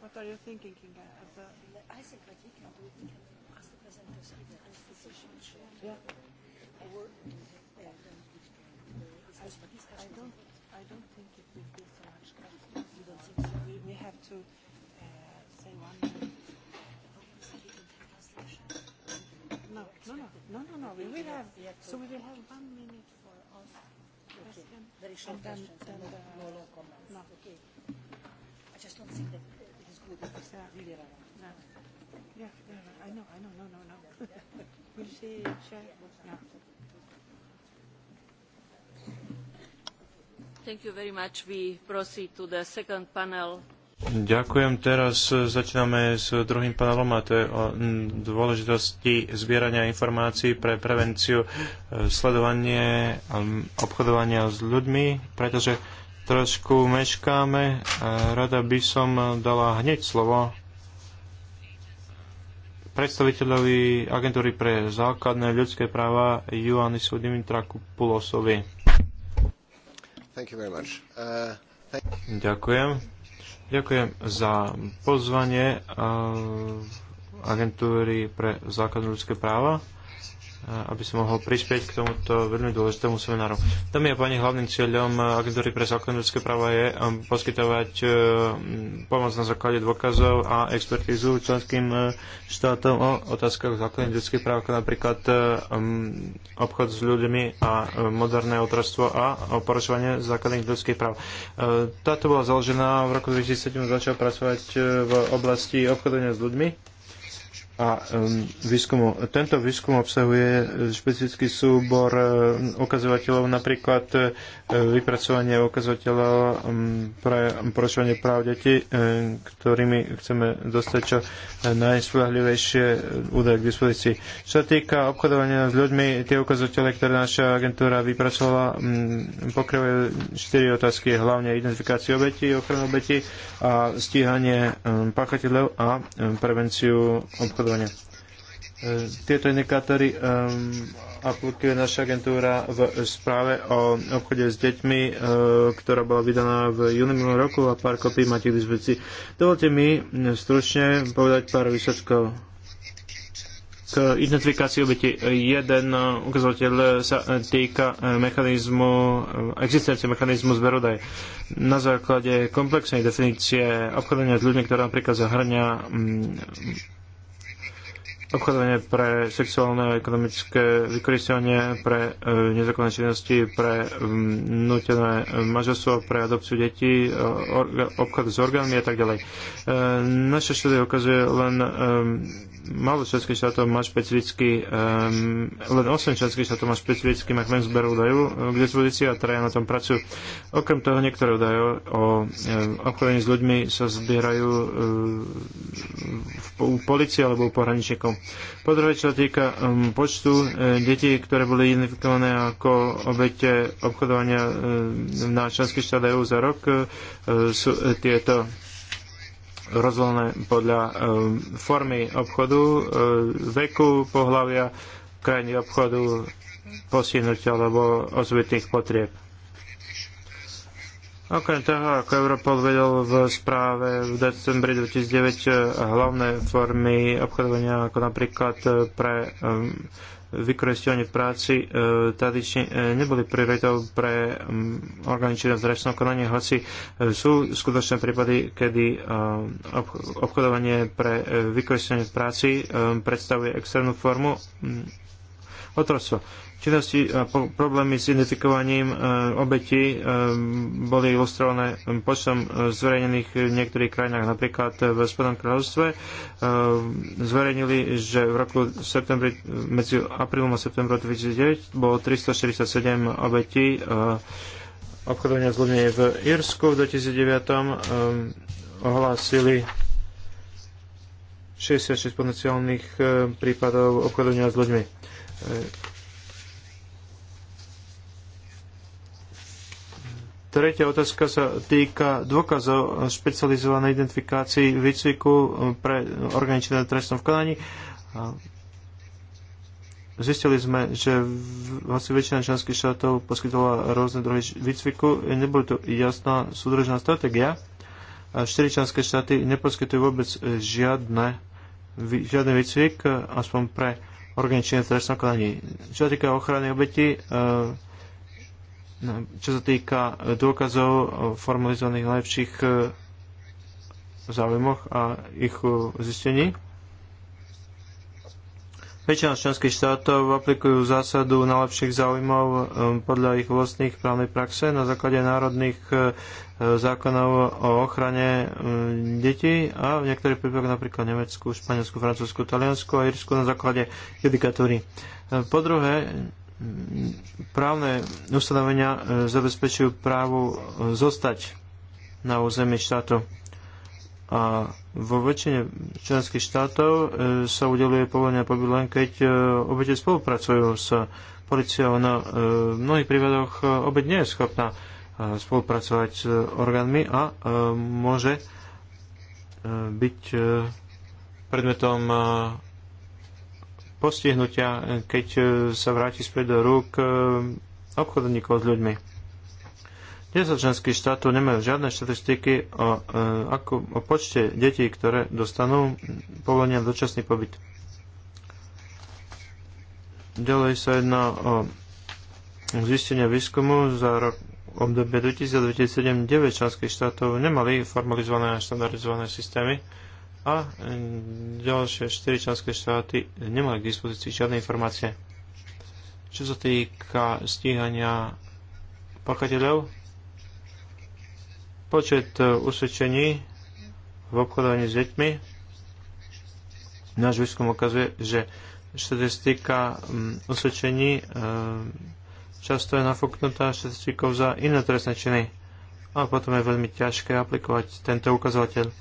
What are you thinking, Kinga? I think what we can do, we can ask the presenters either anesthesia yeah. or uh, I, I don't. I don't think it will be so much cut. You don't think so? We, have to uh, say one minute. No, no, no, no, no, no. We will have, so we will have one minute for us. Okay. Very short and then, questions and no, no long comments. No. Okay. I just don't think that it is good if it's yeah. really relevant. No. Yeah, yeah, I know, I know, no, no, no. will she share? Yeah. yeah. Ďakujem. Teraz e, začíname s druhým panelom a to je o dôležitosti zbierania informácií pre prevenciu, e, sledovanie obchodovania s ľuďmi, pretože trošku meškáme. E, rada by som dala hneď slovo predstaviteľovi agentúry pre základné ľudské práva Ioannisu Dimitra Pulosovi. Uh, Ďakujem. Ďakujem za pozvanie uh, agentúry pre základné ľudské práva aby som mohol prispieť k tomuto veľmi dôležitému semináru. Tam je pani hlavným cieľom agentúry pre základné ľudské práva je um, poskytovať uh, pomoc na základe dôkazov a expertizu členským uh, štátom o otázkach základných ľudských práv, ako napríklad uh, um, obchod s ľuďmi a moderné otroctvo a porušovanie základných ľudských práv. Táto bola založená v roku 2007, začal pracovať v oblasti obchodovania s ľuďmi a výskum, Tento výskum obsahuje e, špecifický súbor e, ukazovateľov, napríklad e, vypracovanie ukazovateľa mm, pre porušovanie práv detí, e, ktorými chceme dostať čo najspolahlivejšie údaje k dispozícii. Čo sa týka obchodovania s ľuďmi, tie ukazovatele, ktoré naša agentúra vypracovala, mm, pokrývajú štyri otázky, hlavne identifikáciu obetí, ochranu obetí a stíhanie e, páchateľov a e, prevenciu obchodovania. Tieto indikátory aplikuje naša agentúra v správe o obchode s deťmi, e, ktorá bola vydaná v júni minulého roku a pár kopí máte k dispozícii. Dovolte mi stručne povedať pár výsledkov k identifikácii obeti. Jeden ukazovateľ sa týka mechanizmu, existencie mechanizmu zberodaj. Na základe komplexnej definície obchodenia s ľuďmi, ktorá napríklad zahrňa mm, obchodovanie pre sexuálne a ekonomické vykoristovanie, pre e, nezákonné činnosti, pre nutené e, mažostvo, pre adopciu detí, obchod s orgánmi a tak ďalej. E, naše štúdia ukazuje len malo ehm, členských štátov má špecificky, um, len 8 členských štátov má špecificky mechanizmus zberu údajov eh, k dispozícii a traja na tom pracujú. Okrem toho niektoré údaje o um, eh, obchodení s ľuďmi sa zbierajú um, u policie alebo u pohraničníkov. Po druhé, čo sa týka um, počtu um, detí, ktoré boli identifikované ako obete obchodovania um, na členských štát EU za rok, um, sú tieto rozvolené podľa e, formy obchodu, e, veku, pohľavia, krajiny obchodu, postihnutia alebo osobitných potrieb. Okrem toho, ako Europol vedel v správe v decembri 2009, e, hlavné formy obchodovania, ako napríklad pre vykoresťovanie v práci e, tradične e, neboli prioritou pre orgány činné konanie, trestnom konaní, hoci e, sú skutočné prípady, kedy obchodovanie pre vykoresťovanie v práci predstavuje externú formu E, činnosti a problémy s identifikovaním e, obetí e, boli ilustrované počtom e, zverejnených v niektorých krajinách. Napríklad v Spodnom kráľovstve zverejnili, že v roku septembri, medzi aprílom a septembrom 2009 bolo 347 obetí obchodovania s ľuďmi v Irsku v 2009 ohlásili 66 potenciálnych prípadov obchodovania s ľuďmi Tretia otázka sa týka dôkazov špecializovanej identifikácii výcviku pre organičné trestnom v Konaní. Zistili sme, že asi väčšina členských štátov poskytovala rôzne druhy výcviku. Nebolo to jasná súdržná stratégia. A štyri členské štáty neposkytujú vôbec žiadne, žiadny výcvik, eh, aspoň pre organičné trestné konaní. Čo týka ochrany obeti, eh, No, čo sa týka e, dôkazov formalizovaných najlepších e, záujmoch a ich e, zistení. Väčšina členských štátov aplikujú zásadu najlepších záujmov podľa ich vlastných právnej praxe na základe národných zákonov o ochrane detí a v niektorých prípadoch napríklad Nemecku, Španielsku, Francúzsku, Taliansku a Irsku na základe judikatúry. Po druhé, právne ustanovenia e, zabezpečujú právo e, zostať na území štátu. A vo väčšine členských štátov e, sa udeluje povolenie pobyt len keď obete spolupracujú s policiou. No, v mnohých prípadoch obeď nie je schopná spolupracovať s orgánmi a môže byť predmetom postihnutia, keď e, sa vráti späť do rúk e, obchodníkov s ľuďmi. 10 členských štátov nemajú žiadne štatistiky o, e, ako, o počte detí, ktoré dostanú povolenia dočasný pobyt. Ďalej sa jedná o zistenie výskumu za rok obdobie 2007 2009 členských štátov nemali formalizované a štandardizované systémy a e, ďalšie 4 členské štáty nemali k dispozícii žiadne informácie. Čo sa týka stíhania pachateľov, počet e, usvedčení v obchodovaní s deťmi náš výskum ukazuje, že štatistika usvedčení e, často je nafúknutá štatistikou za iné trestné činy a potom je veľmi ťažké aplikovať tento ukazovateľ.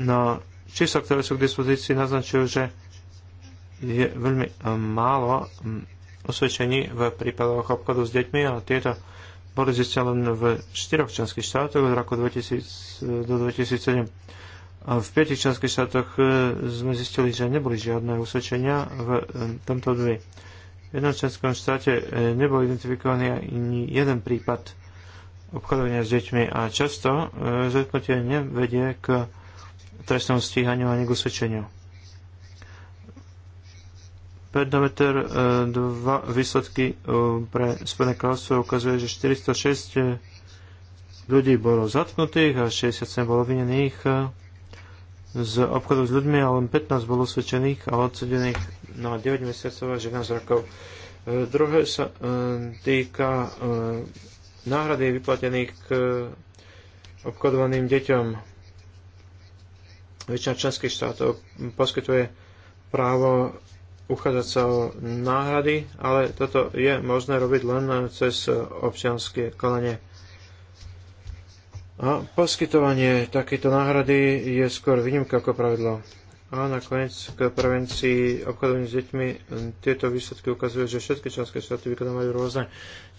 No Čísla, ktoré sú k dispozícii, naznačujú, že je veľmi eh, málo hm, osvedčení v prípadoch obchodu s deťmi a tieto boli zistené len v štyroch členských štátoch od roku 2000 do 2007. A v piatich členských štátoch eh, sme zistili, že neboli žiadne usvedčenia v hm, tomto dve. V jednom členskom štáte eh, nebol identifikovaný ani jeden prípad obchodovania s deťmi a často zatknutie nevedie k trestnom stíhaniu ani k usvedčeniu. Pedometer 2 e, výsledky e, pre Spojené kráľovstvo ukazuje, že 406 e, ľudí bolo zatknutých a 67 bolo vinených z obchodu s ľuďmi a len 15 bolo usvedčených a odsudených na 9 mesiacov a 11 rokov. Druhé sa týka náhrady vyplatených k obchodovaným deťom väčšina členských štátov poskytuje právo uchádzať sa o náhrady, ale toto je možné robiť len cez občianské kolenie. A poskytovanie takéto náhrady je skôr výnimka ako pravidlo. A nakoniec k prevencii obchodovania s deťmi tieto výsledky ukazujú, že všetky členské štáty vykonávajú rôzne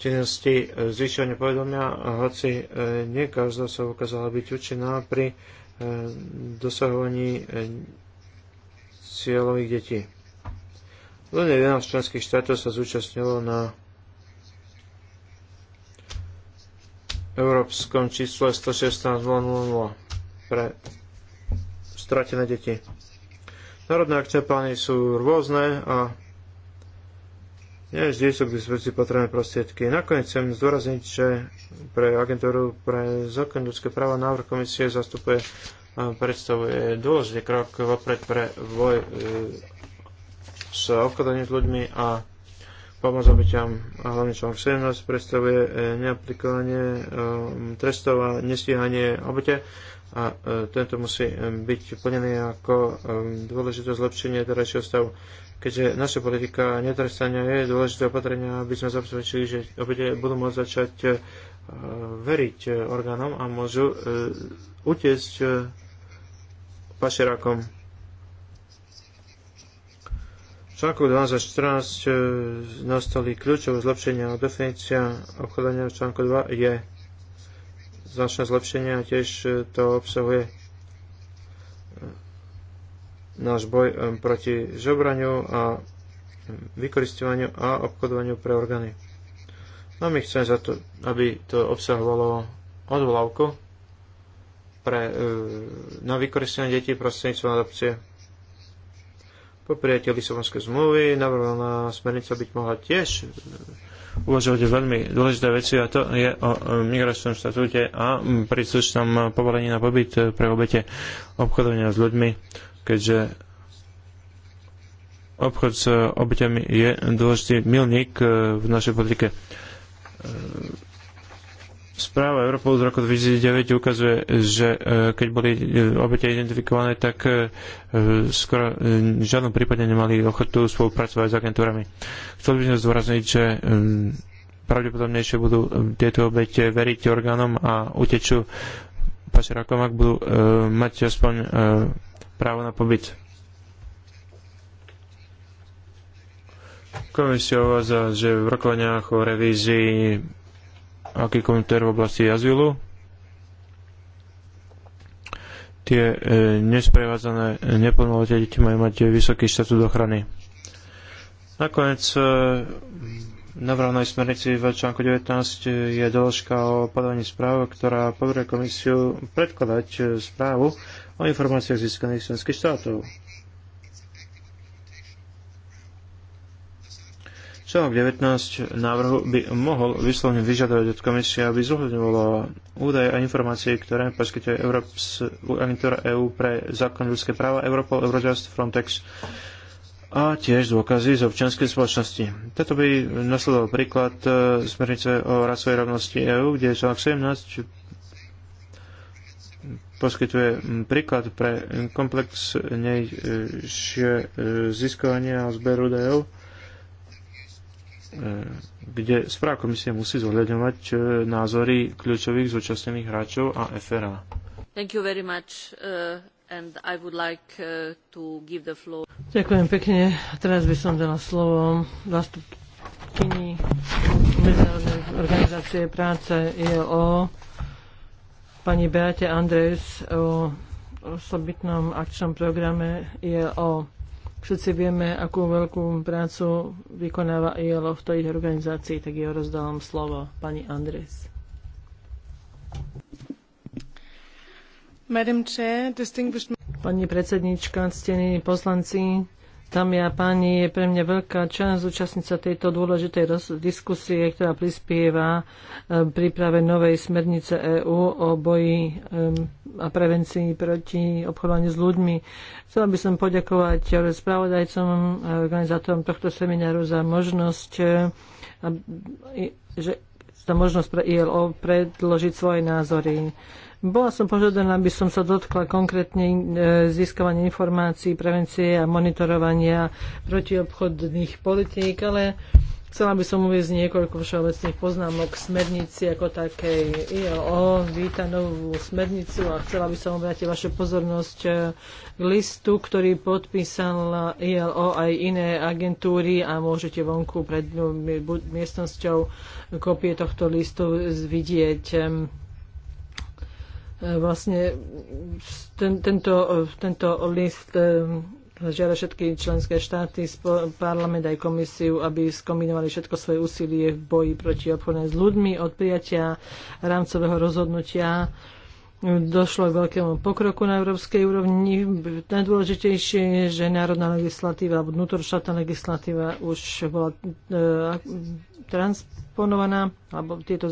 činnosti zvyšovania povedomia, hoci e, nie každá sa ukázala byť účinná pri E, dosahovaní e, cieľových detí. Len 11 členských štátov sa zúčastnilo na európskom čísle 116.000 pre stratené deti. Národné akčné plány sú rôzne a nie vždy sú k dispozícii potrebné prostriedky. Nakoniec chcem zdôrazniť, že pre agentúru pre zákon ľudské práva návrh komisie zastupuje a predstavuje dôležitý krok vopred pre e, s obchodaním s ľuďmi a pomoc obyťam a hlavne článok 17 predstavuje e, neaplikovanie e, trestov a nestíhanie obete a e, tento musí e, byť plnený ako e, dôležité zlepšenie terajšieho stavu. Keďže naša politika netrestania je dôležité opatrenia, aby sme zabezpečili, že obede budú môcť začať veriť orgánom a môžu utiecť pašerákom. V článku 12 a 14 nastali kľúčové zlepšenia a definícia obchodania v článku 2 je značné zlepšenie a tiež e, to obsahuje e, náš boj e, proti žobraniu a vykoristovaniu a obchodovaniu pre orgány. No my chceme za to, aby to obsahovalo odvolávku pre, na vykoristovanie detí prostredníctvom adopcie. Po prijatí Lisabonskej zmluvy navrhovaná smernica byť mohla tiež uvažovať veľmi dôležité veci a to je o e, migračnom štatúte a príslušnom povolení na pobyt pre obete obchodovania s ľuďmi, keďže obchod s obeťami je dôležitý milník e, v našej politike e, Správa Europol z roku 2009 ukazuje, že e, keď boli e, obete identifikované, tak e, skoro v žiadnom prípade nemali ochotu spolupracovať s agentúrami. Chcel by som zdôrazniť, že pravdepodobnejšie budú tieto obete veriť orgánom a utečú pašerákom, ak budú mať aspoň právo na pobyt. Komisia uvádza, že v rokovaniach o revízii aký komentár v oblasti azylu. Tie e, nesprevádzané neplnoleté deti majú mať vysoký štatút ochrany. Nakoniec e, navrhnej smernici v článku 19 je doložka o podávaní správ, ktorá poveruje komisiu predkladať e, správu o informáciách získaných členských štátov. Článok 19 návrhu by mohol vyslovne vyžadovať od komisie, aby zohľadňovala údaje a informácie, ktoré poskytuje Európs, agentúra EÚ pre zákon ľudské práva, Europol, Eurojust, Frontex a tiež dôkazy z občianskej spoločnosti. Toto by nasledoval príklad e, smernice o rasovej rovnosti EÚ, kde článok 17 poskytuje príklad pre komplexnejšie e, získovanie a zberu údajov E, kde správ komisie musí zohľadňovať e, názory kľúčových zúčastnených hráčov a FRA. Thank you very much. Uh, and I would like uh, to give the floor. Ďakujem pekne. Teraz by som dala slovo zastupkyni Medzinárodnej organizácie práce ILO, pani Beate Andres o osobitnom akčnom programe ILO. Všetci vieme, akú veľkú prácu vykonáva ILO v tej organizácii, tak jeho rozdávam slovo pani Andres. Pani predsednička, ctení poslanci, Dámy a páni, je pre mňa veľká časť zúčastniť sa tejto dôležitej diskusie, ktorá prispieva eh, príprave novej smernice EÚ o boji eh, a prevencii proti obchodovaniu s ľuďmi. Chcela by som poďakovať spravodajcom a eh, organizátorom tohto semináru za možnosť, že za možnosť pre ILO predložiť svoje názory. Bola som požiadaná, aby som sa dotkla konkrétne e, získavania informácií, prevencie a monitorovania protiobchodných politík, ale Chcela by som uvieť niekoľko všeobecných poznámok k smernici ako takej IOO, víta novú smernicu a chcela by som obrátiť vašu pozornosť e, k listu, ktorý podpísal ILO aj iné agentúry a môžete vonku pred no, miestnosťou kopie tohto listu vidieť E, vlastne ten, tento, tento list e, žiada všetky členské štáty, parlament aj komisiu, aby skombinovali všetko svoje úsilie v boji proti obchodné s ľuďmi od prijatia rámcového rozhodnutia došlo k veľkému pokroku na európskej úrovni. Najdôležitejšie je, že národná legislatíva alebo vnútroštátna legislatíva už bola e, transponovaná, alebo tieto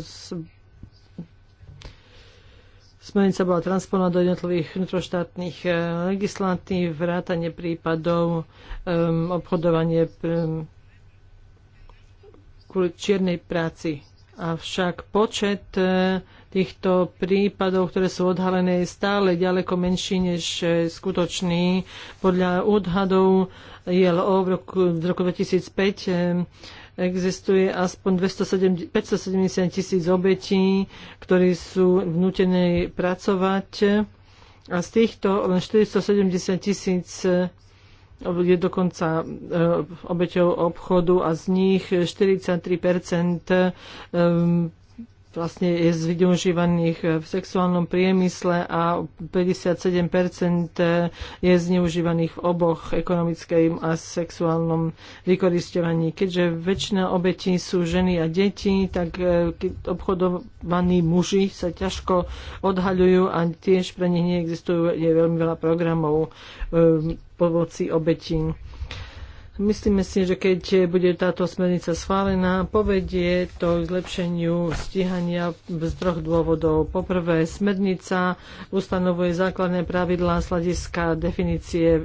Smernica bola transponovaná do jednotlivých vnútroštátnych eh, legislatív, vrátanie prípadov, um, obchodovanie um, kvôli čiernej práci. Avšak počet eh, týchto prípadov, ktoré sú odhalené, je stále ďaleko menší než eh, skutočný. Podľa odhadov LO v roku, v roku 2005 existuje aspoň 570 tisíc obetí, ktorí sú vnútené pracovať. A z týchto len 470 tisíc e, je dokonca e, obeťou obchodu a z nich 43% vlastne je z využívaných v sexuálnom priemysle a 57% je zneužívaných v oboch ekonomickom a sexuálnom vykoristovaní. Keďže väčšina obetí sú ženy a deti, tak e, obchodovaní muži sa ťažko odhaľujú a tiež pre nich neexistujú je veľmi veľa programov e, pomoci obetí. Myslíme si, že keď bude táto smernica schválená, povedie to k zlepšeniu stíhania z troch dôvodov. Poprvé, smernica ustanovuje základné pravidlá z hľadiska definície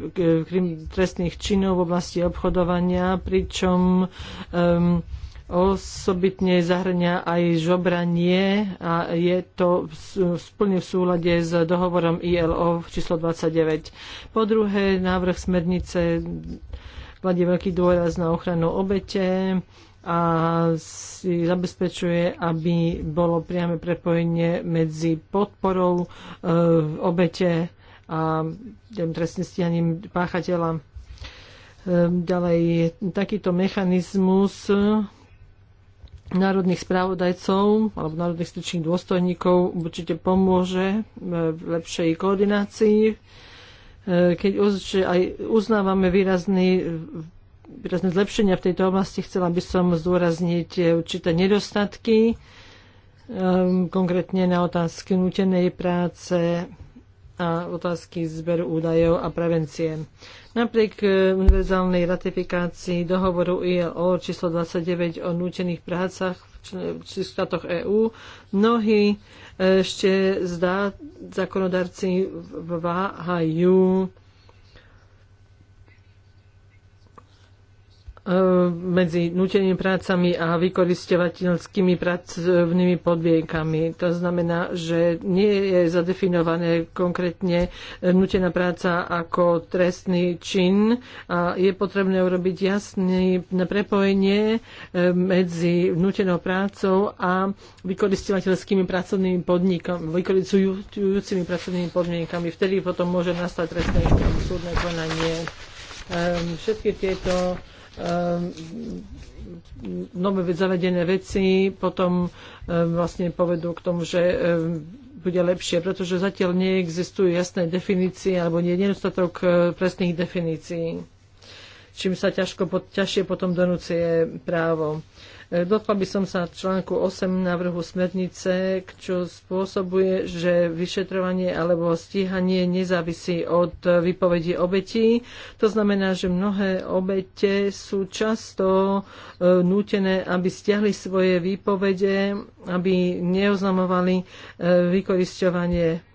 trestných činov v oblasti obchodovania, pričom um, osobitne zahrňa aj žobranie a je to splne v súlade s dohovorom ILO číslo 29. Po druhé, návrh smernice kladie veľký dôraz na ochranu obete a si zabezpečuje, aby bolo priame prepojenie medzi podporou e, obete a tým trestným stíhaním páchateľa. E, ďalej, takýto mechanizmus národných správodajcov alebo národných styčných dôstojníkov určite pomôže e, v lepšej koordinácii E, keď uz, aj uznávame výrazný výrazné zlepšenia v tejto oblasti. Chcela by som zdôrazniť e, určité nedostatky, um, konkrétne na otázky nutenej práce a otázky zberu údajov a prevencie. Napriek univerzálnej ratifikácii dohovoru ILO číslo 29 o nútených prácach v štátoch EÚ, mnohí ešte zdá, zákonodarci váhajú E, medzi nutenými prácami a vykoristovateľskými pracovnými podmienkami. To znamená, že nie je zadefinované konkrétne nutená práca ako trestný čin a je potrebné urobiť jasné prepojenie e, medzi nutenou prácou a vykoristovateľskými pracovnými podnikami, vykoristujúcimi pracovnými podmienkami. Vtedy potom môže nastať trestné súdne konanie. Ehm, všetky tieto Ehm, nové zavedené veci potom ehm, vlastne povedú k tomu, že ehm, bude lepšie, pretože zatiaľ neexistujú jasné definície alebo nie je nedostatok e, presných definícií, čím sa ťažko, ťažšie potom donúcie právo. E, dotkla by som sa článku 8 návrhu smernice, čo spôsobuje, že vyšetrovanie alebo stíhanie nezávisí od výpovedí obetí. To znamená, že mnohé obete sú často e, nútené, aby stiahli svoje výpovede, aby neoznamovali e, vykorisťovanie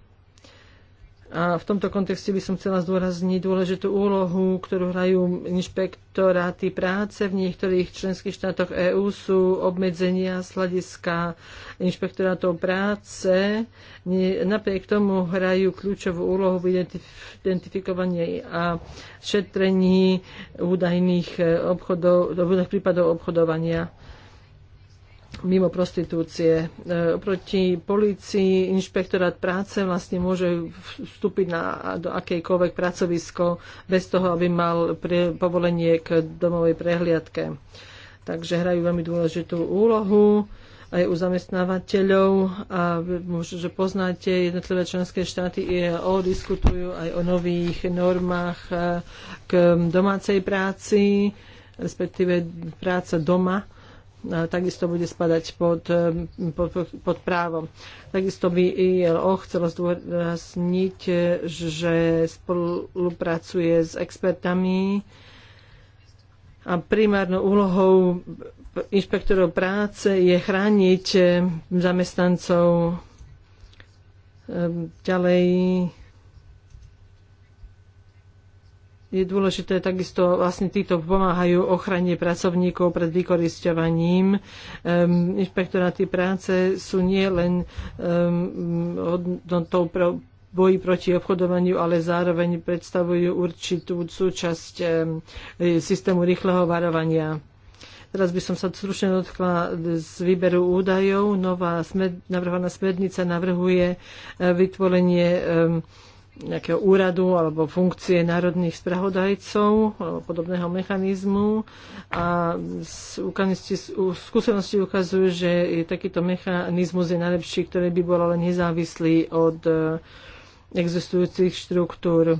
a v tomto kontexte by som chcela zdôrazniť dôležitú úlohu, ktorú hrajú inšpektoráty práce. V niektorých členských štátoch EÚ sú obmedzenia z hľadiska inšpektorátov práce. Napriek tomu hrajú kľúčovú úlohu v identifikovaní a šetrení údajných obchodov, prípadov obchodovania mimo prostitúcie. E, Proti policii inšpektorát práce vlastne môže vstúpiť na, do akejkoľvek pracovisko bez toho, aby mal pre, povolenie k domovej prehliadke. Takže hrajú veľmi dôležitú úlohu aj u zamestnávateľov a možno, že poznáte, jednotlivé členské štáty IEO diskutujú aj o nových normách e, k domácej práci, respektíve práca doma takisto bude spadať pod, pod, pod právom. Takisto by ILO chcelo zdôrazniť, že spolupracuje s expertami a primárnou úlohou inšpektorov práce je chrániť zamestnancov ďalej je dôležité takisto, vlastne títo pomáhajú ochrane pracovníkov pred vykoristovaním. Um, ehm, inšpektoráty práce sú nie len um, hodnotou pro boji proti obchodovaniu, ale zároveň predstavujú určitú súčasť um, systému rýchleho varovania. Teraz by som sa stručne dotkla z výberu údajov. Nová smer, navrhovaná smernica navrhuje eh, vytvorenie um, nejakého úradu alebo funkcie národných spravodajcov alebo podobného mechanizmu. A skúsenosti ukazujú, že takýto mechanizmus je najlepší, ktorý by bol ale nezávislý od eh, existujúcich štruktúr.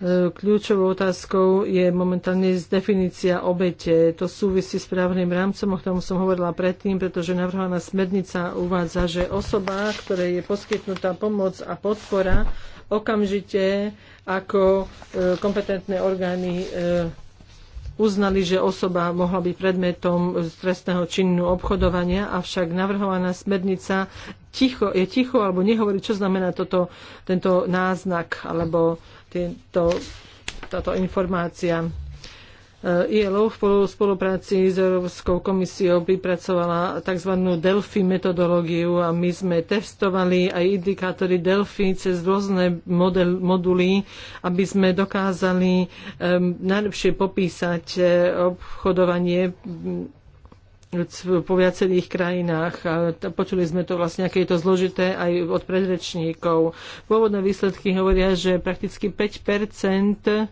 Kľúčovou otázkou je momentálne definícia obete. To súvisí s právnym rámcom, o ktorom som hovorila predtým, pretože navrhovaná smernica uvádza, že osoba, ktorej je poskytnutá pomoc a podpora, okamžite ako e, kompetentné orgány e, uznali, že osoba mohla byť predmetom trestného činu obchodovania, avšak navrhovaná smernica ticho, je ticho alebo nehovorí, čo znamená toto, tento náznak alebo tieto, táto informácia. E, ILO v spolupráci s Európskou komisiou vypracovala tzv. Delphi metodológiu a my sme testovali aj indikátory Delphi cez rôzne model, moduly, aby sme dokázali um, najlepšie popísať e, obchodovanie po viacerých krajinách. A počuli sme to vlastne, aké je to zložité aj od predrečníkov. Pôvodné výsledky hovoria, že prakticky 5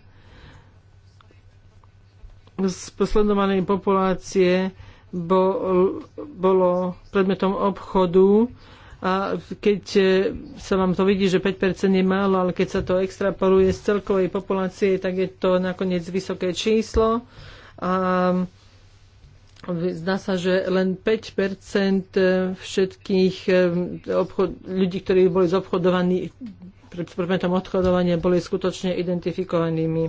z posledovanej populácie bol, bolo predmetom obchodu a keď e, sa vám to vidí, že 5% je málo, ale keď sa to extrapoluje z celkovej populácie, tak je to nakoniec vysoké číslo. A Zdá sa, že len 5 eh, všetkých eh, obchod, ľudí, ktorí boli zobchodovaní pred predmetom odchodovania, boli skutočne identifikovanými.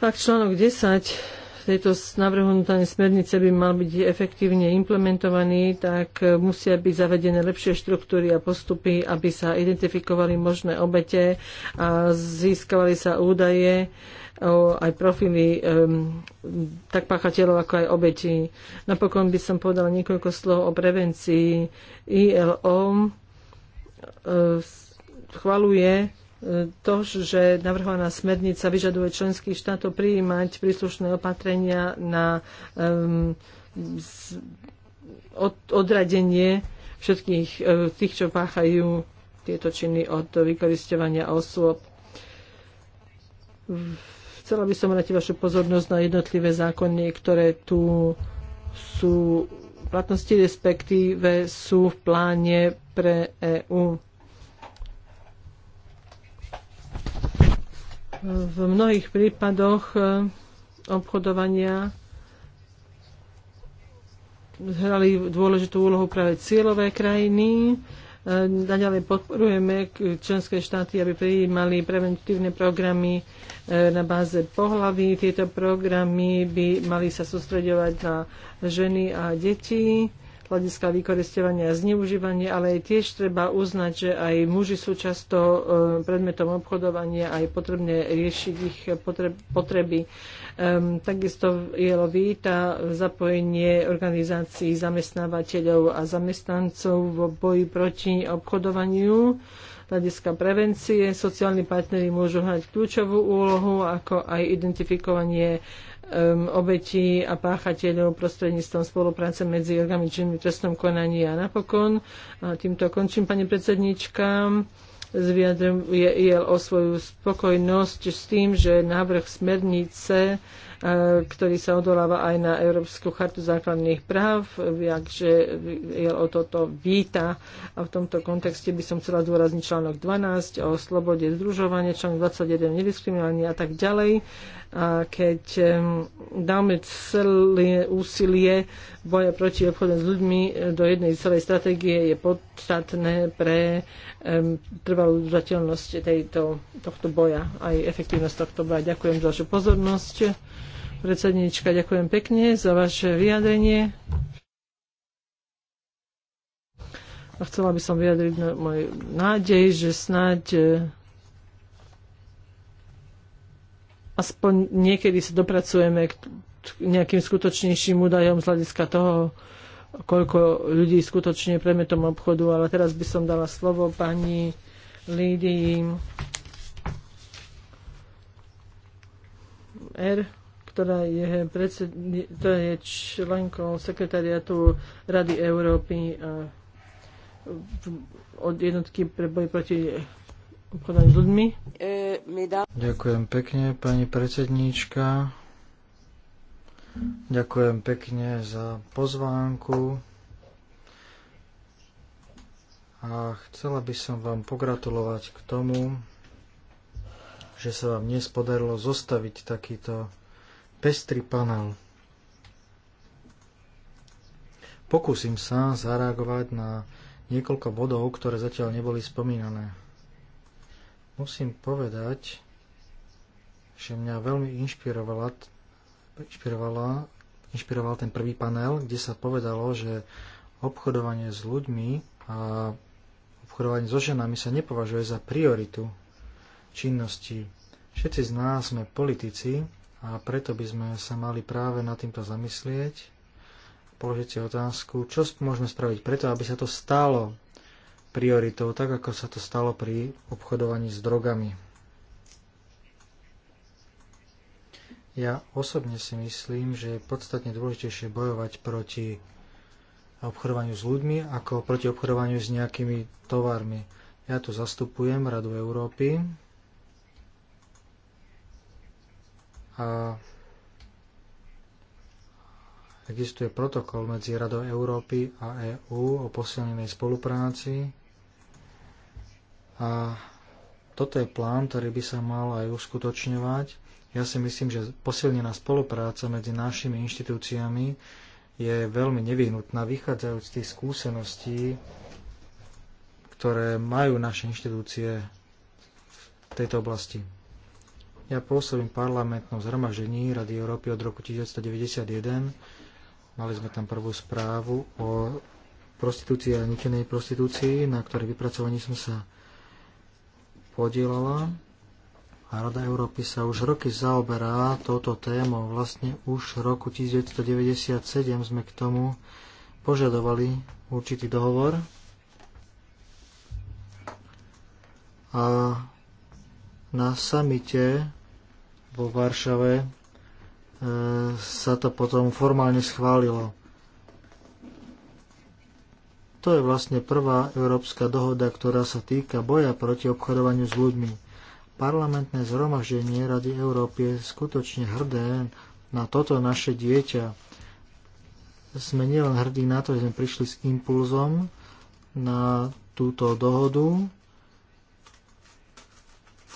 Fakt článok 10 tejto navrhnuté smernice by mal byť efektívne implementovaný, tak eh, musia byť zavedené lepšie štruktúry a postupy, aby sa identifikovali možné obete a získavali sa údaje aj profily tak páchateľov, ako aj obeti. Napokon by som povedala niekoľko slov o prevencii. ILO e, chvaluje e, to, že navrhovaná smernica vyžaduje členských štátov prijímať príslušné opatrenia na um, z, od, odradenie všetkých uh, tých, čo páchajú tieto činy od vykoristovania osôb. V, Chcela by som vrátiť vašu pozornosť na jednotlivé zákony, ktoré tu sú v platnosti, respektíve sú v pláne pre EÚ. V mnohých prípadoch e, obchodovania hrali dôležitú úlohu práve cieľové krajiny, E, naďalej podporujeme členské štáty, aby prijímali preventívne programy e, na báze pohlaví. Tieto programy by mali sa sústredovať na ženy a deti hľadiska vykoristovania a zneužívania, ale aj tiež treba uznať, že aj muži sú často e, predmetom obchodovania a je potrebné riešiť ich potreby. Um, takisto ILO víta zapojenie organizácií zamestnávateľov a zamestnancov v boji proti obchodovaniu hľadiska prevencie. Sociálni partnery môžu hrať kľúčovú úlohu, ako aj identifikovanie um, obetí a páchateľov prostredníctvom spolupráce medzi orgánmi trestnom konaní a napokon. A týmto končím, pani predsednička vyjadril o svoju spokojnosť s tým, že návrh smernice E, ktorý sa odoláva aj na Európsku chartu základných práv, takže o toto víta. A v tomto kontexte by som chcela zdôrazniť článok 12 o slobode združovania, článok 21 nediskriminovanie a tak ďalej. A keď dáme celé úsilie boja proti obchodu s ľuďmi e, do jednej celej stratégie, je podstatné pre um, trvalú udržateľnosť tejto, tohto boja, aj efektívnosť tohto boja. Ďakujem za vašu pozornosť. Predsedníčka, ďakujem pekne za vaše vyjadrenie. A chcela by som vyjadriť môj nádej, že snáď e, aspoň niekedy sa dopracujeme k nejakým skutočnejším údajom z hľadiska toho, koľko ľudí skutočne predmetom obchodu, ale teraz by som dala slovo pani Lídii R ktorá je, predsed, ktorá je členkou sekretariatu Rady Európy a od jednotky pre boj proti obchodovaniu s ľuďmi. Ďakujem pekne, pani predsedníčka. Ďakujem pekne za pozvánku. A chcela by som vám pogratulovať k tomu, že sa vám dnes podarilo zostaviť takýto pestrý panel. Pokúsim sa zareagovať na niekoľko bodov, ktoré zatiaľ neboli spomínané. Musím povedať, že mňa veľmi inšpirovala, inšpirovala, inšpiroval ten prvý panel, kde sa povedalo, že obchodovanie s ľuďmi a obchodovanie so ženami sa nepovažuje za prioritu činnosti. Všetci z nás sme politici a preto by sme sa mali práve nad týmto zamyslieť, položiť si otázku, čo môžeme spraviť preto, aby sa to stalo prioritou, tak ako sa to stalo pri obchodovaní s drogami. Ja osobne si myslím, že je podstatne dôležitejšie bojovať proti obchodovaniu s ľuďmi ako proti obchodovaniu s nejakými tovarmi. Ja tu zastupujem Radu Európy, a existuje protokol medzi Radou Európy a EÚ o posilnenej spolupráci a toto je plán, ktorý by sa mal aj uskutočňovať. Ja si myslím, že posilnená spolupráca medzi našimi inštitúciami je veľmi nevyhnutná, vychádzajúc z tých skúseností, ktoré majú naše inštitúcie v tejto oblasti. Ja pôsobím v parlamentnom zhromažení Rady Európy od roku 1991. Mali sme tam prvú správu o prostitúcii a nutenej prostitúcii, na ktorej vypracovaní som sa podielala. A Rada Európy sa už roky zaoberá touto témou. Vlastne už v roku 1997 sme k tomu požadovali určitý dohovor. A na samite vo Varšave e, sa to potom formálne schválilo. To je vlastne prvá európska dohoda, ktorá sa týka boja proti obchodovaniu s ľuďmi. Parlamentné zhromaždenie Rady Európy je skutočne hrdé na toto naše dieťa. Sme nielen hrdí na to, že sme prišli s impulzom na túto dohodu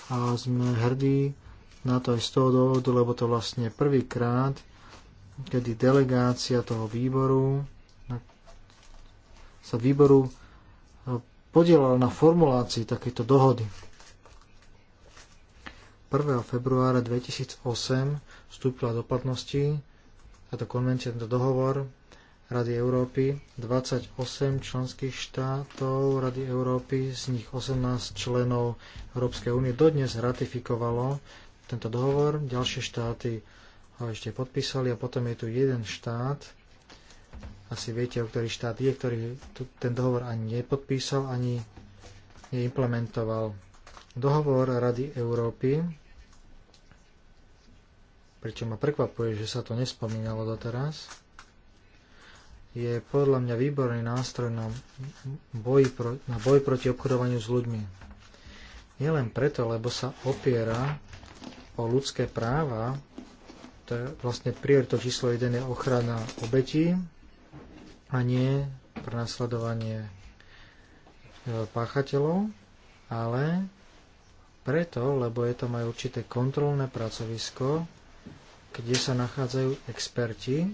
a sme hrdí na to aj z toho dôvodu, lebo to vlastne prvýkrát, kedy delegácia toho výboru sa výboru e, podielala na formulácii takéto dohody. 1. februára 2008 vstúpila do platnosti táto konvencia, tento dohovor Rady Európy, 28 členských štátov Rady Európy, z nich 18 členov Európskej únie dodnes ratifikovalo tento dohovor, ďalšie štáty ho ešte podpísali a potom je tu jeden štát, asi viete, o ktorý štát je, ktorý ten dohovor ani nepodpísal, ani neimplementoval. Dohovor Rady Európy, pričom ma prekvapuje, že sa to nespomínalo doteraz, je podľa mňa výborný nástroj na boj, pro, na boj proti obchodovaniu s ľuďmi. Nie len preto, lebo sa opiera o ľudské práva, to je vlastne priorito číslo 1 je ochrana obetí a nie prenasledovanie e, páchateľov, ale preto, lebo je tam aj určité kontrolné pracovisko, kde sa nachádzajú experti,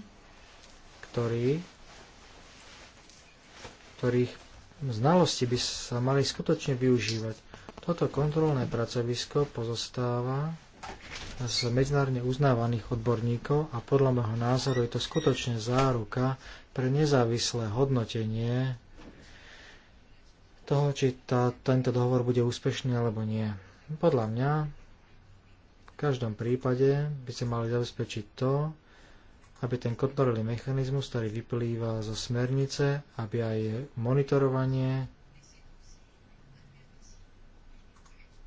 ktorí, ktorých znalosti by sa mali skutočne využívať. Toto kontrolné pracovisko pozostáva z medzinárodne uznávaných odborníkov a podľa môjho názoru je to skutočne záruka pre nezávislé hodnotenie toho, či tá, tento dohovor bude úspešný alebo nie. Podľa mňa v každom prípade by sme mali zabezpečiť to, aby ten kontrolný mechanizmus, ktorý vyplýva zo smernice, aby aj monitorovanie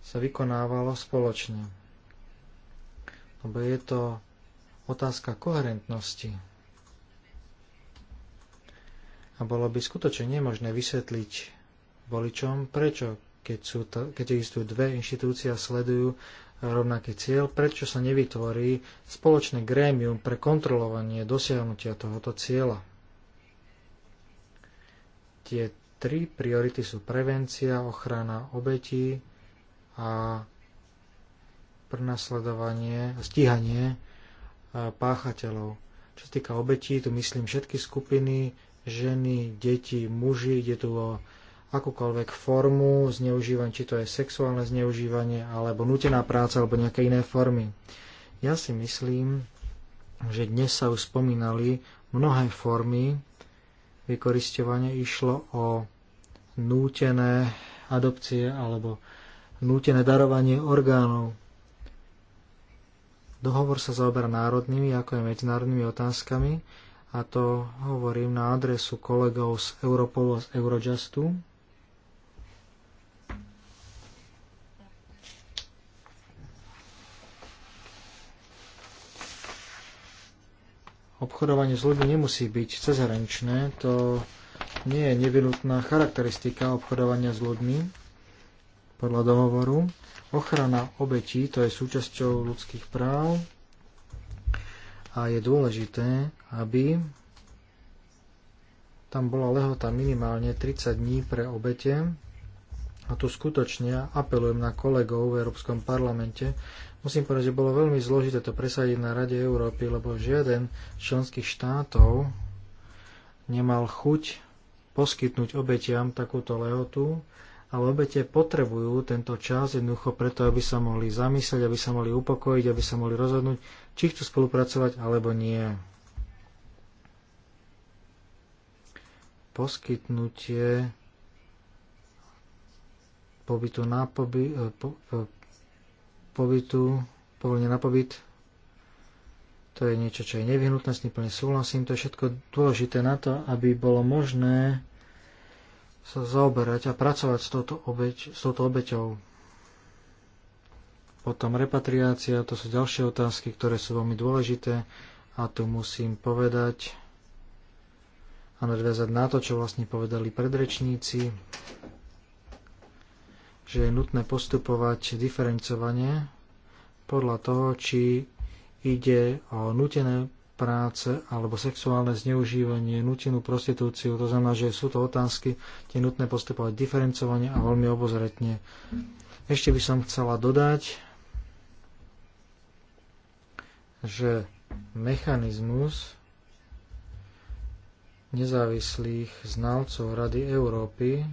sa vykonávalo spoločne lebo je to otázka koherentnosti. A bolo by skutočne nemožné vysvetliť voličom, prečo, keď, sú to, keď existujú dve inštitúcie a sledujú rovnaký cieľ, prečo sa nevytvorí spoločné grémium pre kontrolovanie dosiahnutia tohoto cieľa. Tie tri priority sú prevencia, ochrana obetí a prenasledovanie a stíhanie e, páchateľov. Čo sa týka obetí, tu myslím všetky skupiny, ženy, deti, muži, ide tu o akúkoľvek formu zneužívania, či to je sexuálne zneužívanie, alebo nutená práca, alebo nejaké iné formy. Ja si myslím, že dnes sa už spomínali mnohé formy vykoristovania. Išlo o nútené adopcie alebo nútené darovanie orgánov. Dohovor sa zaoberá národnými, ako aj medzinárodnými otázkami a to hovorím na adresu kolegov z Europolu a z Eurojustu. Obchodovanie s ľuďmi nemusí byť cezhraničné, to nie je nevinutná charakteristika obchodovania s ľuďmi podľa dohovoru. Ochrana obetí to je súčasťou ľudských práv a je dôležité, aby tam bola lehota minimálne 30 dní pre obete. A tu skutočne apelujem na kolegov v Európskom parlamente. Musím povedať, že bolo veľmi zložité to presadiť na Rade Európy, lebo žiaden z členských štátov nemal chuť poskytnúť obetiam takúto lehotu, ale obete potrebujú tento čas jednoducho preto, aby sa mohli zamyslieť, aby sa mohli upokojiť, aby sa mohli rozhodnúť, či chcú spolupracovať alebo nie. Poskytnutie pobytu na poby, eh, po, po, pobytu, povolenie na pobyt, to je niečo, čo je nevyhnutné, s tým plne súhlasím, to je všetko dôležité na to, aby bolo možné sa zaoberať a pracovať s touto, obeť, s touto obeťou. Potom repatriácia, to sú ďalšie otázky, ktoré sú veľmi dôležité a tu musím povedať a nadviazať na to, čo vlastne povedali predrečníci, že je nutné postupovať diferencovanie podľa toho, či ide o nutené práce alebo sexuálne zneužívanie, nutenú prostitúciu. To znamená, že sú to otázky, tie nutné postupovať diferencovane a veľmi obozretne. Ešte by som chcela dodať, že mechanizmus nezávislých znalcov Rady Európy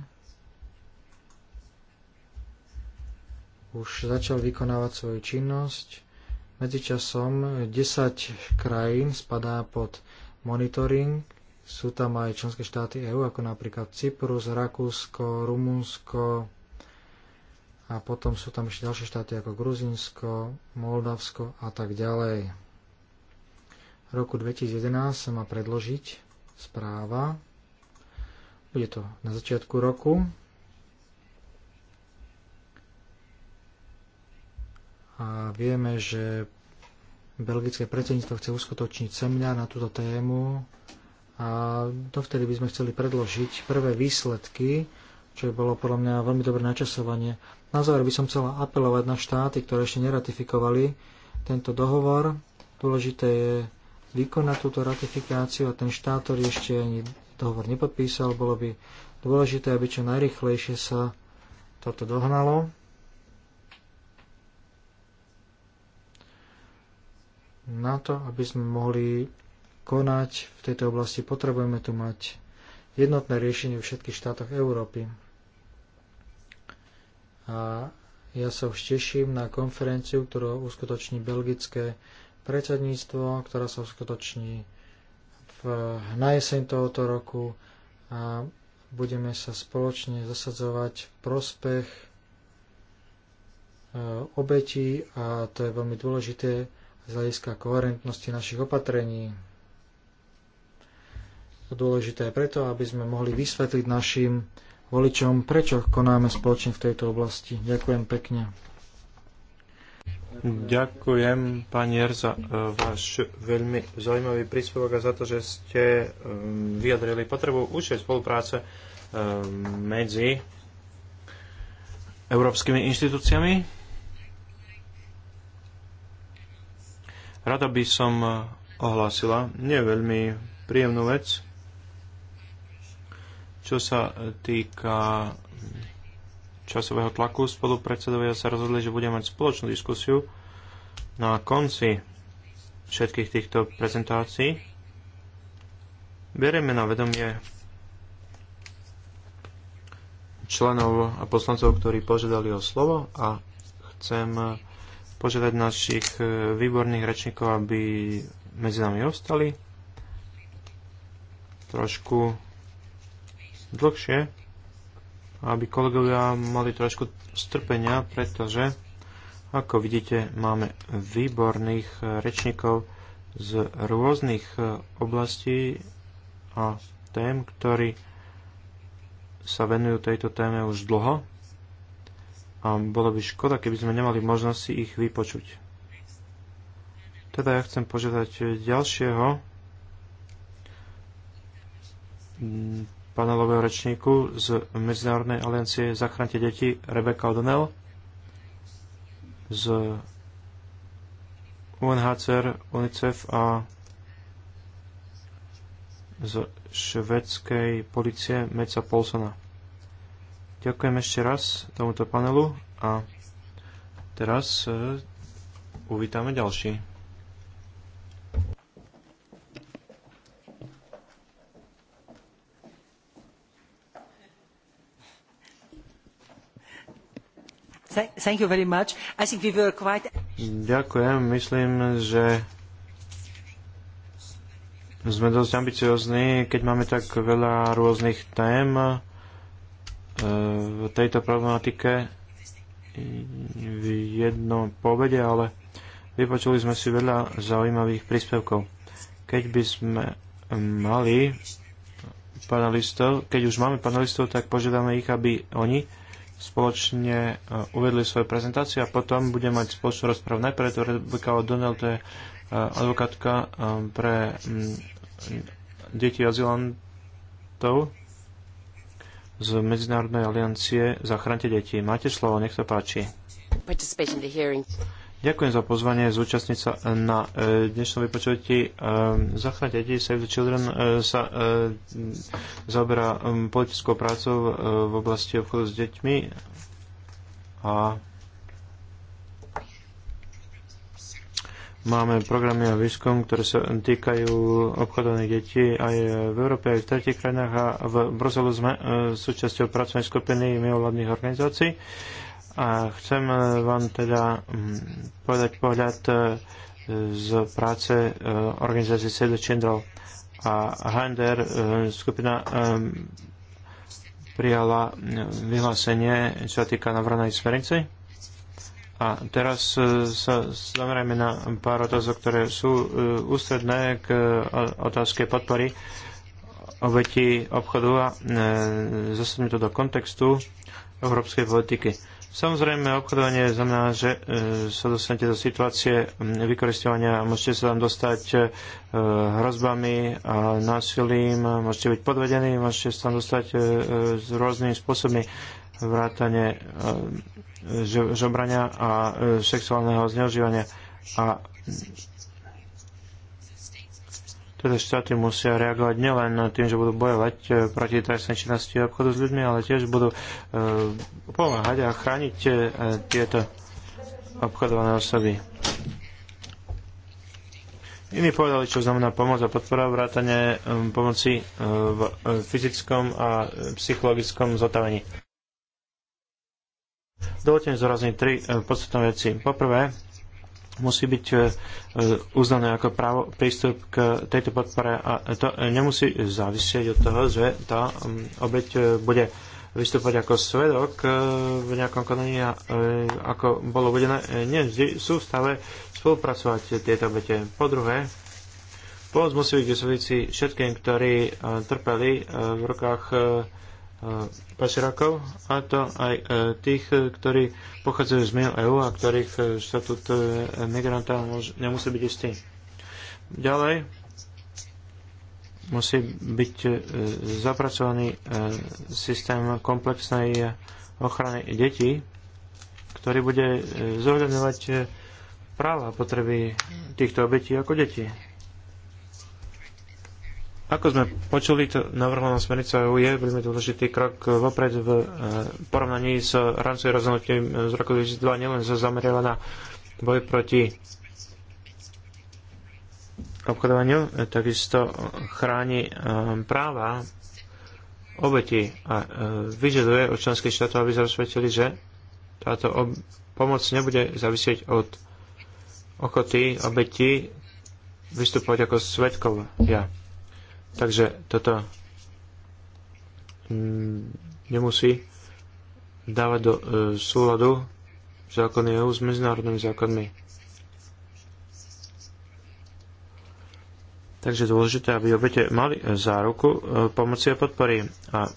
už začal vykonávať svoju činnosť Medzičasom 10 krajín spadá pod monitoring. Sú tam aj členské štáty EÚ, ako napríklad Cyprus, Rakúsko, Rumunsko a potom sú tam ešte ďalšie štáty ako Gruzinsko, Moldavsko a tak ďalej. V roku 2011 sa má predložiť správa. Bude to na začiatku roku. a vieme, že belgické predsedníctvo chce uskutočniť semňa na túto tému a dovtedy by sme chceli predložiť prvé výsledky, čo bolo podľa mňa veľmi dobré načasovanie. Na záver by som chcela apelovať na štáty, ktoré ešte neratifikovali tento dohovor. Dôležité je vykonať túto ratifikáciu a ten štát, ktorý ešte ani dohovor nepodpísal, bolo by dôležité, aby čo najrychlejšie sa toto dohnalo. Na to, aby sme mohli konať v tejto oblasti, potrebujeme tu mať jednotné riešenie v všetkých štátoch Európy. A ja sa už teším na konferenciu, ktorú uskutoční belgické predsedníctvo, ktorá sa uskutoční v, na jeseň tohoto roku a budeme sa spoločne zasadzovať v prospech e, obetí a to je veľmi dôležité z hľadiska koherentnosti našich opatrení. To dôležité je preto, aby sme mohli vysvetliť našim voličom, prečo konáme spoločne v tejto oblasti. Ďakujem pekne. Ďakujem, pani Jer, za e, váš veľmi zaujímavý príspevok a za to, že ste e, vyjadrili potrebu užšej spolupráce e, medzi európskymi inštitúciami Rada by som e, ohlásila nie veľmi príjemnú vec, čo sa e, týka časového tlaku. Spolupredsedovia sa rozhodli, že budeme mať spoločnú diskusiu na konci všetkých týchto prezentácií. Bereme na vedomie členov a poslancov, ktorí požiadali o slovo a chcem požiadať našich e, výborných rečníkov, aby medzi nami ostali trošku dlhšie, aby kolegovia mali trošku strpenia, pretože ako vidíte, máme výborných e, rečníkov z rôznych e, oblastí a tém, ktorí sa venujú tejto téme už dlho a bolo by škoda, keby sme nemali možnosť si ich vypočuť. Teda ja chcem požiadať ďalšieho mm, panelového rečníku z Medzinárodnej aliancie Zachránte deti Rebecca O'Donnell z UNHCR, UNICEF a z švedskej policie Meca Polsona. Ďakujem ešte raz tomuto panelu a teraz e, uvítame ďalší. We quite... Ďakujem. Myslím, že sme dosť ambiciozní, keď máme tak veľa rôznych tém v tejto problematike v jednom povede, ale vypočuli sme si veľa zaujímavých príspevkov. Keď by sme mali panelistov, keď už máme panelistov, tak požiadame ich, aby oni spoločne e, uvedli svoje prezentácie a potom budeme mať spoločnú rozprávu Najprv to Rebecca O'Donnell, to je e, advokátka e, pre deti azylantov z Medzinárodnej aliancie Zachránte deti. Máte slovo, nech sa páči. Ďakujem za pozvanie zúčastniť sa na e, dnešnom vypočutí. E, Zachránť deti Save the Children e, sa e, zaoberá e, politickou prácou e, v oblasti obchodu s deťmi a Máme programy a výskum, ktoré sa týkajú obchodovaných detí aj v Európe, aj v tretich krajinách a v Bruselu sme e, súčasťou pracovnej skupiny mimovládnych organizácií. A chcem e, vám teda mm, povedať pohľad e, z práce organizácie Sede Čendrov A HNDR skupina prijala vyhlásenie, čo sa týka navrhnej smernice a teraz e, sa zamerajme na pár otázok, ktoré sú e, ústredné k e, otázke podpory obeti obchodu a zasadme to do kontextu európskej politiky. Samozrejme, obchodovanie znamená, že sa dostanete do situácie vykoristovania, môžete sa tam dostať hrozbami, a násilím, môžete byť podvedení, môžete sa tam dostať s rôznymi spôsobmi vrátane žobrania a e, sexuálneho zneužívania. A teda štáty musia reagovať nielen tým, že budú bojovať e, proti trestnej činnosti a obchodu s ľuďmi, ale tiež budú e, pomáhať a chrániť tieto obchodované osoby. Iní povedali, čo znamená pomoc a podpora vrátane pomoci v fyzickom a psychologickom zotavení. Dovolte mi zúrazniť tri e, podstatné veci. Poprvé, musí byť e, e, uznané ako právo prístup k tejto podpore a to nemusí závisieť od toho, že tá obeď bude vystúpať ako svedok v nejakom konaní a ako bolo uvedené, nie vždy sú v stave spolupracovať tieto obete. Po druhé, pomoc musí byť k všetkým, ktorí trpeli v rukách E, pašerakov, a to aj e, tých, e, ktorí pochádzajú z mil EÚ a ktorých štatút migranta nemusí byť istý. Ďalej musí byť zapracovaný systém komplexnej ochrany detí, ktorý bude zohľadňovať práva a potreby týchto obetí ako detí. Ako sme počuli, to navrhovaná smernica EU je veľmi dôležitý krok vopred v e, porovnaní s rámcovým rozhodnutím z roku 2002 nielen sa zameriava na boj proti obchodovaniu, e, takisto chráni e, práva obeti a vyžaduje od členských štátov, aby zasvetili, že táto pomoc nebude závisieť od ochoty obeti vystupovať ako svetkov. Ja. Takže toto nemusí dávať do e, súladu zákony EU s medzinárodnými zákonmi. Takže dôležité, aby obete mali e, záruku e, pomoci a podpory. A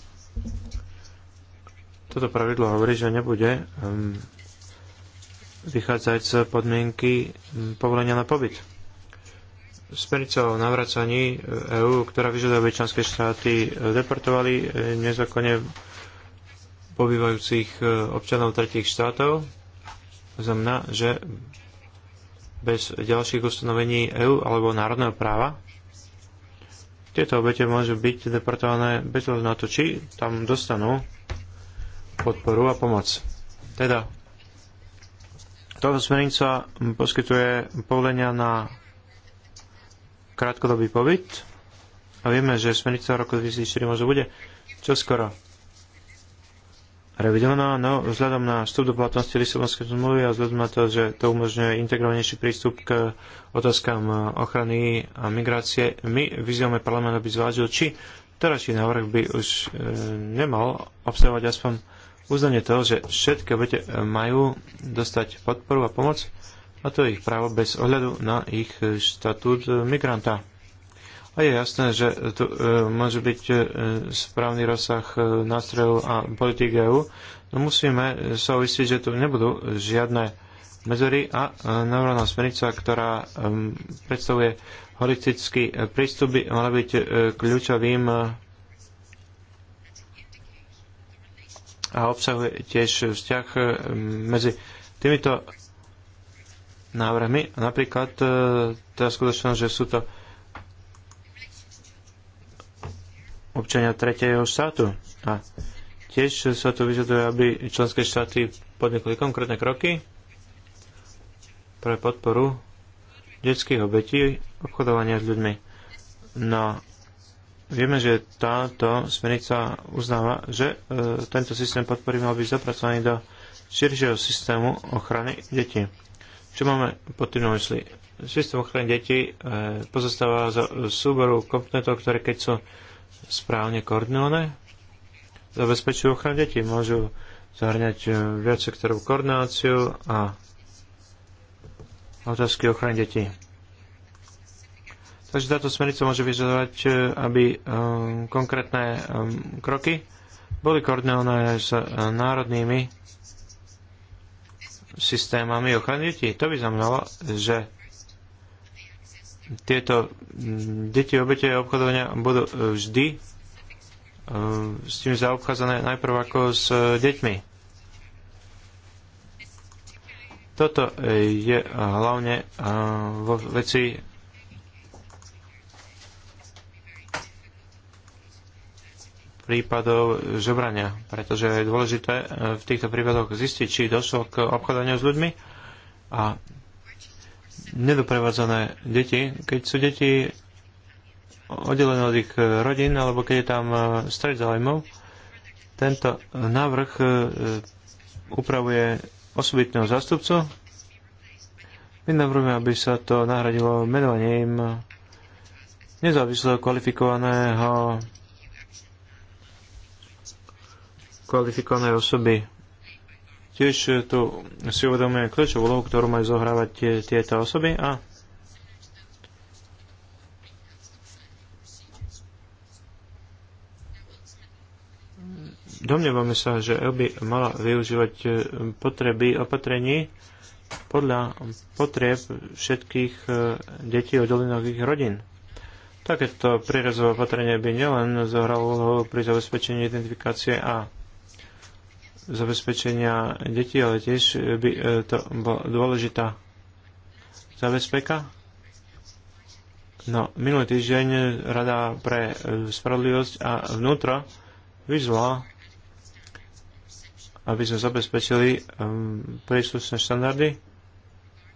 toto pravidlo hovorí, že nebude e, vychádzať z podmienky povolenia na pobyt smernica o navracaní e, EÚ, ktorá vyžaduje, aby členské štáty e, deportovali e, nezákonne pobývajúcich občanov tretich štátov. Znamená, že bez ďalších ustanovení EÚ alebo národného práva tieto obete môžu byť deportované bez ohľadu na to, či tam dostanú podporu a pomoc. Teda, táto smernica poskytuje povolenia na krátkodobý pobyt a vieme, že smernica roku 2004 možno bude čoskoro revidovaná, no vzhľadom na vstup do platnosti Lisabonskej zmluvy a vzhľadom na to, že to umožňuje integrovanejší prístup k otázkam ochrany a migrácie, my vyzývame parlament, aby zvážil, či terajší návrh by už e, nemal obsahovať aspoň uznanie toho, že všetky obete majú dostať podporu a pomoc a to je ich právo bez ohľadu na ich štatút migranta. A je jasné, že tu e, môže byť e, správny rozsah e, nástrojov a politik EU, no musíme sa uistiť, že tu nebudú žiadne medzery a návrhná smernica, ktorá predstavuje holistický prístup, by mala byť kľúčovým a obsahuje tiež vzťah medzi týmito návrhmi. Napríklad e, tá skutočnosť, že sú to občania tretieho štátu. A tiež sa tu vyžaduje, aby členské štáty podnikli konkrétne kroky pre podporu detských obetí obchodovania s ľuďmi. No, vieme, že táto smernica uznáva, že e, tento systém podpory mal byť zapracovaný do širšieho systému ochrany detí. Čo máme pod tým na mysli? Systém ochrany detí e, pozostáva z súboru komponentov, ktoré keď sú správne koordinované, zabezpečujú ochranu detí. Môžu zahrňať e, viac koordináciu a otázky ochrany detí. Takže táto smernica môže vyžadovať, e, aby konkrétne kroky boli koordinované s národnými systémami ochrany detí. To by znamenalo, že tieto deti obete obchodovania budú vždy e, s tým zaobchádzané najprv ako s deťmi. Toto je hlavne e, vo veci prípadov žobrania, pretože je dôležité e, v týchto prípadoch zistiť, či došlo k obchodaniu s ľuďmi a nedoprevádzané deti, keď sú deti oddelené od ich rodín, alebo keď je tam e, stred záujmov, tento návrh e, upravuje osobitného zástupcu. My navrhujeme, aby sa to nahradilo menovaním nezávisle kvalifikovaného kvalifikované osoby. Tiež tu si uvedomuje kľúčovú úlohu, ktorú majú zohrávať tie, tieto osoby a Domnievame sa, že EU by mala využívať e, potreby opatrení podľa potrieb všetkých e, detí oddelených ich rodín. Takéto prírazové opatrenie by nielen zohralo pri zabezpečení identifikácie a zabezpečenia detí, ale tiež by e, to bola dôležitá zabezpeka. No, minulý týždeň Rada pre e, spravodlivosť a vnútro vyzvala, aby sme zabezpečili e, príslušné štandardy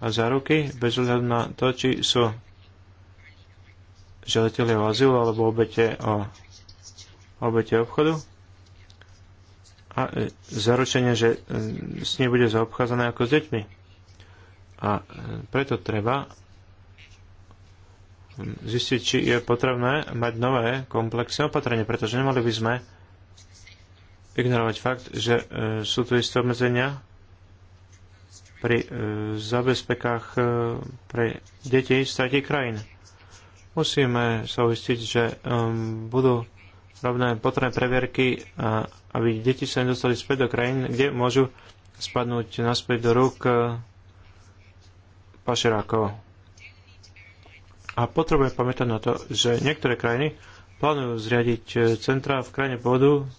a záruky bez ohľadu na to, či sú žiadatelia o azyl alebo obete, o, obete obchodu a e, zaručenie, že e, s ním bude zaobchádzané ako s deťmi. A e, preto treba zistiť, či je potrebné mať nové komplexné opatrenie, pretože nemali by sme ignorovať fakt, že sú tu isté obmedzenia pri zabezpekách pre deti z tretich krajín. Musíme sa uistiť, že budú robíme potrebné previerky, aby deti sa nedostali späť do krajín, kde môžu spadnúť naspäť do rúk e, pašerákov. A potrebujeme pamätať na to, že niektoré krajiny plánujú zriadiť e, centra v krajine pôdu,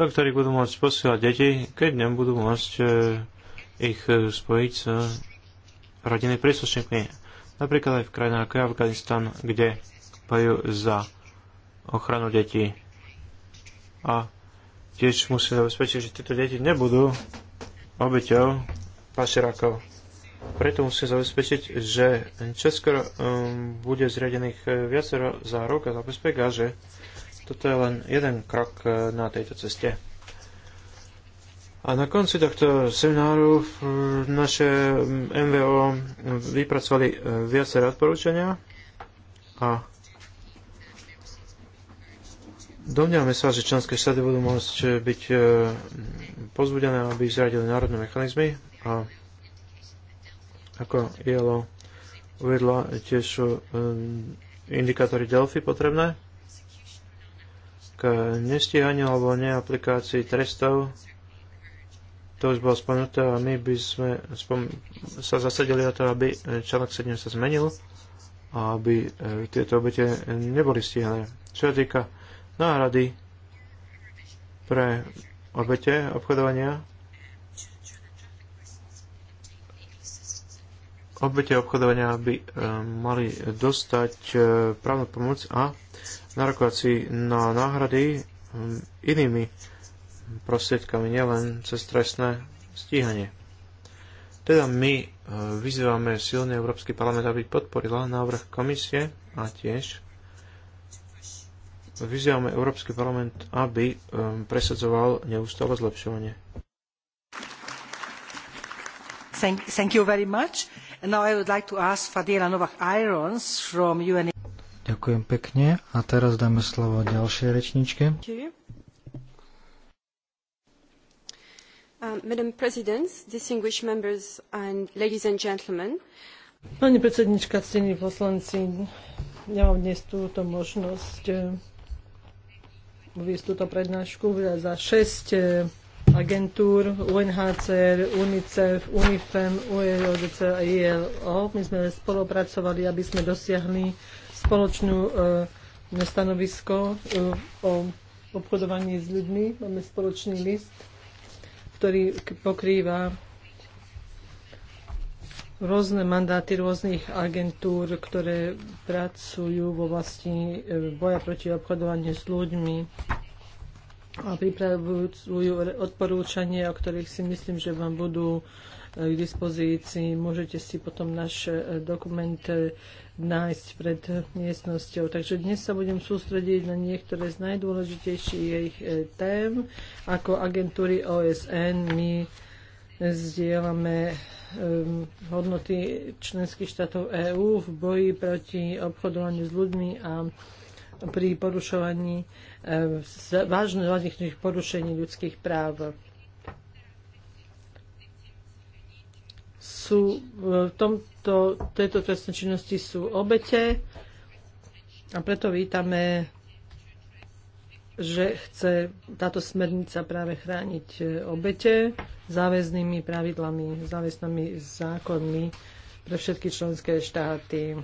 do ktorých budú môcť posielať deti, keď nebudú môcť e, ich spojiť s rodinnými príslušníkmi. Napríklad aj v krajinách ako je Afganistan, kde bojujú za ochranu detí. A tiež musíme zabezpečiť, že tieto deti nebudú obyťou pašerákov. Preto musíme zabezpečiť, že česko um, bude zriadených eh, viacero zárok a zabezpek a že toto je len jeden krok eh, na tejto ceste. A na konci tohto semináru eh, naše MVO mm, vypracovali viaceré odporúčania a Domňame sa, že členské štáty budú môcť byť e, pozbudené, aby zriadili národné mechanizmy a ako ILO uvedla, tiež sú e, indikátory Delphi potrebné k nestíhaniu alebo neaplikácii trestov. To už bolo spomenuté a my by sme sa zasadili o to, aby článok 7 sa zmenil a aby e, tieto obete neboli stíhané. Čo sa týka náhrady pre obete obchodovania. Obete obchodovania by e, mali dostať e, právnu pomoc a narokovať si na náhrady e, inými prostriedkami, nielen cez trestné stíhanie. Teda my vyzývame silný Európsky parlament, aby podporila návrh komisie a tiež vyzývame Európsky parlament, aby um, presadzoval neustále zlepšovanie. Thank, thank you very much. now I would like to ask Fadila Novak Irons from UN. Ďakujem pekne a teraz dáme slovo ďalšej rečničke. Uh, Pani predsednička, ctení poslanci, ja mám dnes túto možnosť eh, uviesť túto prednášku za 6 e, agentúr UNHCR, UNICEF, UNIFEM, UNODC e a ILO. My sme spolupracovali, aby sme dosiahli spoločnú e, stanovisko e, o obchodovaní s ľuďmi. Máme spoločný list, ktorý pokrýva rôzne mandáty rôznych agentúr, ktoré pracujú v oblasti e, boja proti obchodovaniu s ľuďmi a pripravujú odporúčania, o ktorých si myslím, že vám budú e, k dispozícii. Môžete si potom náš e, dokument nájsť pred miestnosťou. Takže dnes sa budem sústrediť na niektoré z najdôležitejších tém, ako agentúry OSN. My zdieľame ehm, hodnoty členských štátov EÚ v boji proti obchodovaniu s ľuďmi a pri porušovaní vážnych ehm, vážnych porušení ľudských práv. Sú v tomto, tejto trestnej činnosti sú obete a preto vítame že chce táto smernica práve chrániť e, obete záväznými pravidlami, záväznými zákonmi pre všetky členské štáty.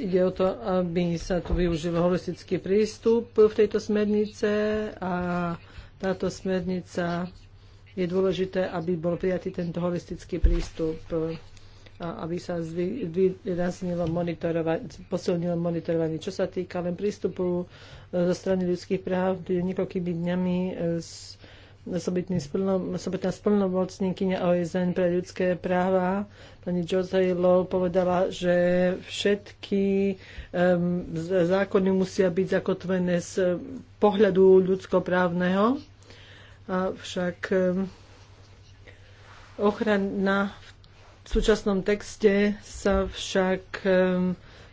Ide o to, aby sa tu využil holistický prístup v tejto smernice a táto smernica je dôležité, aby bol prijatý tento holistický prístup aby sa zvýraznilo monitorovanie, posilnilo monitorovanie. Čo sa týka len prístupu e, zo strany ľudských práv, niekoľkými dňami e, sobotná splnomocníkyňa OSN pre ľudské práva, pani Jose Lowe povedala, že všetky um, zákony musia byť zakotvené z pohľadu ľudskoprávneho, avšak um, ochrana v súčasnom texte sa však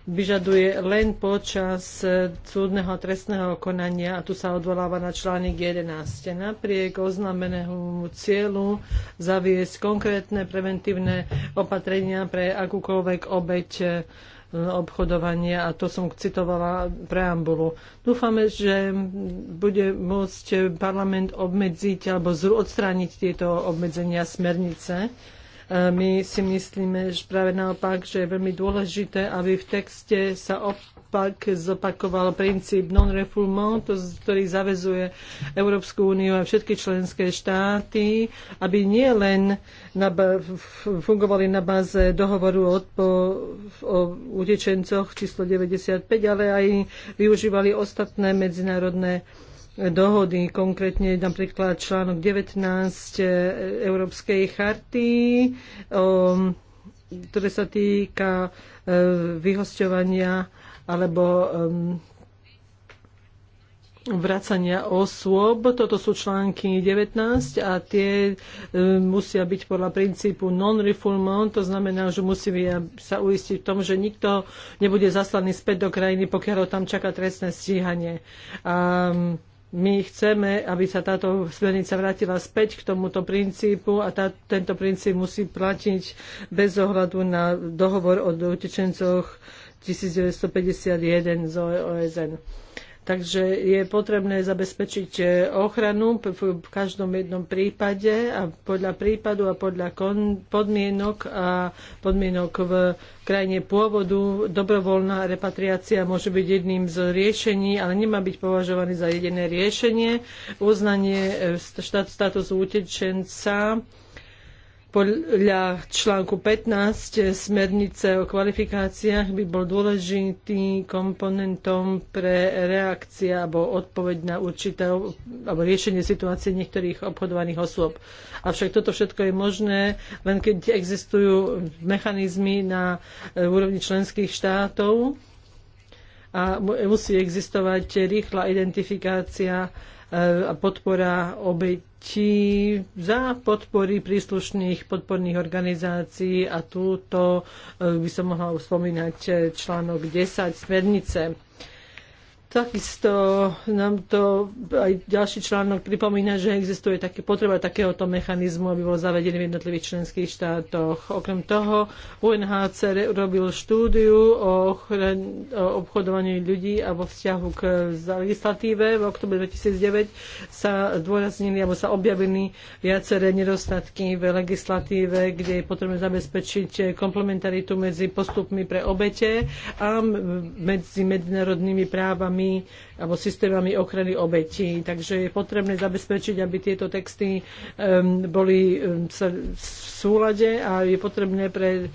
vyžaduje len počas e, súdneho trestného konania a tu sa odvoláva na článik 11. Napriek oznámenému cieľu zaviesť konkrétne preventívne opatrenia pre akúkoľvek obeď e, obchodovania a to som citovala preambulu. Dúfame, že bude môcť parlament obmedziť alebo odstrániť tieto obmedzenia smernice E, my si myslíme že práve naopak, že je veľmi dôležité, aby v texte sa opak zopakoval princíp non-refoulement, ktorý zavezuje Európsku úniu a všetky členské štáty, aby nie len na, fungovali na báze dohovoru o, o, o utečencoch číslo 95, ale aj využívali ostatné medzinárodné dohody, konkrétne napríklad článok 19 e, Európskej charty, ktoré sa týka e, vyhosťovania alebo vracania osôb. Toto sú články 19 a tie e, musia byť podľa princípu non-refoulement, to znamená, že musí sa uistiť v tom, že nikto nebude zaslaný späť do krajiny, pokiaľ ho tam čaká trestné stíhanie. A, my chceme, aby sa táto smernica vrátila späť k tomuto princípu a tá, tento princíp musí platiť bez ohľadu na dohovor o utečencoch 1951 z OSN. Takže je potrebné zabezpečiť e, ochranu v každom jednom prípade a podľa prípadu a podľa podmienok a podmienok v krajine pôvodu dobrovoľná repatriácia môže byť jedným z riešení, ale nemá byť považovaný za jediné riešenie. Uznanie e, štatusu utečenca podľa článku 15 smernice o kvalifikáciách by bol dôležitý komponentom pre reakcia alebo odpoveď na určité alebo riešenie situácie niektorých obchodovaných osôb. Avšak toto všetko je možné, len keď existujú mechanizmy na e, úrovni členských štátov a musí existovať rýchla identifikácia a podpora obetí za podpory príslušných podporných organizácií a túto e, by som mohla spomínať e, článok 10 smernice. Takisto nám to aj ďalší článok pripomína, že existuje také potreba takéhoto mechanizmu, aby bol zavedený v jednotlivých členských štátoch. Okrem toho UNHCR urobil štúdiu o, obchodovaní ľudí a vo vzťahu k legislatíve. V oktobre 2009 sa zdôraznili alebo sa objavili viaceré nedostatky v legislatíve, kde je potrebné zabezpečiť komplementaritu medzi postupmi pre obete a medzi medzinárodnými právami právami alebo systémami ochrany obetí. Takže je potrebné zabezpečiť, aby tieto texty um, boli um, v súlade a je potrebné pre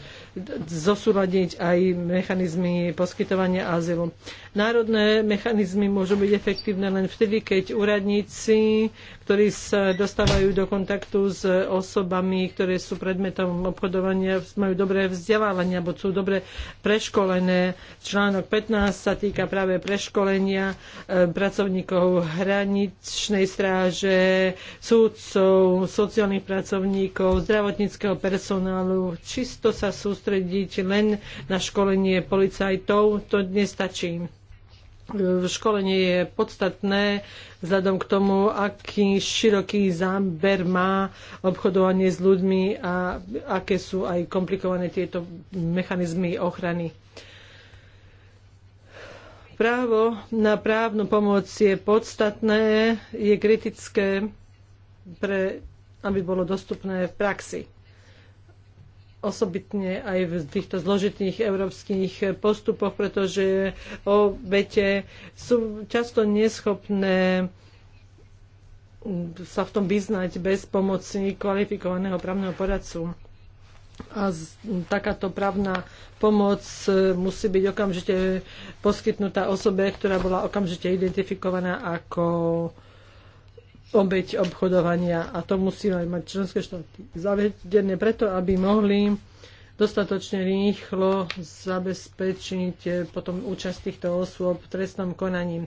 zosúľadiť aj mechanizmy poskytovania azylu. Národné mechanizmy môžu byť efektívne len vtedy, keď úradníci, ktorí sa dostávajú do kontaktu s osobami, ktoré sú predmetom obchodovania, majú dobré vzdelávanie alebo sú dobre preškolené. Článok 15 sa týka práve preškolenia e, pracovníkov hraničnej stráže, súdcov, sociálnych pracovníkov, zdravotníckého personálu. Čisto sa sústredí sústrediť len na školenie policajtov, to nestačí školenie je podstatné vzhľadom k tomu, aký široký záber má obchodovanie s ľuďmi a aké sú aj komplikované tieto mechanizmy ochrany. Právo na právnu pomoc je podstatné, je kritické, pre, aby bolo dostupné v praxi osobitne aj v týchto zložitých európskych postupoch, pretože obete sú často neschopné sa v tom vyznať bez pomoci kvalifikovaného právneho poradcu. A takáto právna pomoc e, musí byť okamžite poskytnutá osobe, ktorá bola okamžite identifikovaná ako obeď obchodovania a to musí aj mať členské štáty zavedené preto, aby mohli dostatočne rýchlo zabezpečiť eh, potom účasť týchto osôb v trestnom konaní. Eh,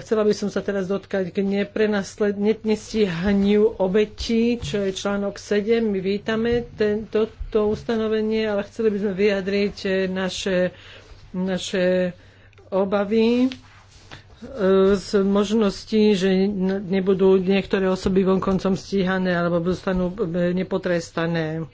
chcela by som sa teraz dotkať k nestíhaniu obetí, čo je článok 7. My vítame tento, toto ustanovenie, ale chceli by sme vyjadriť eh, naše, naše obavy E, z možností, že nebudú niektoré osoby vonkoncom stíhané alebo dostanú e, nepotrestané.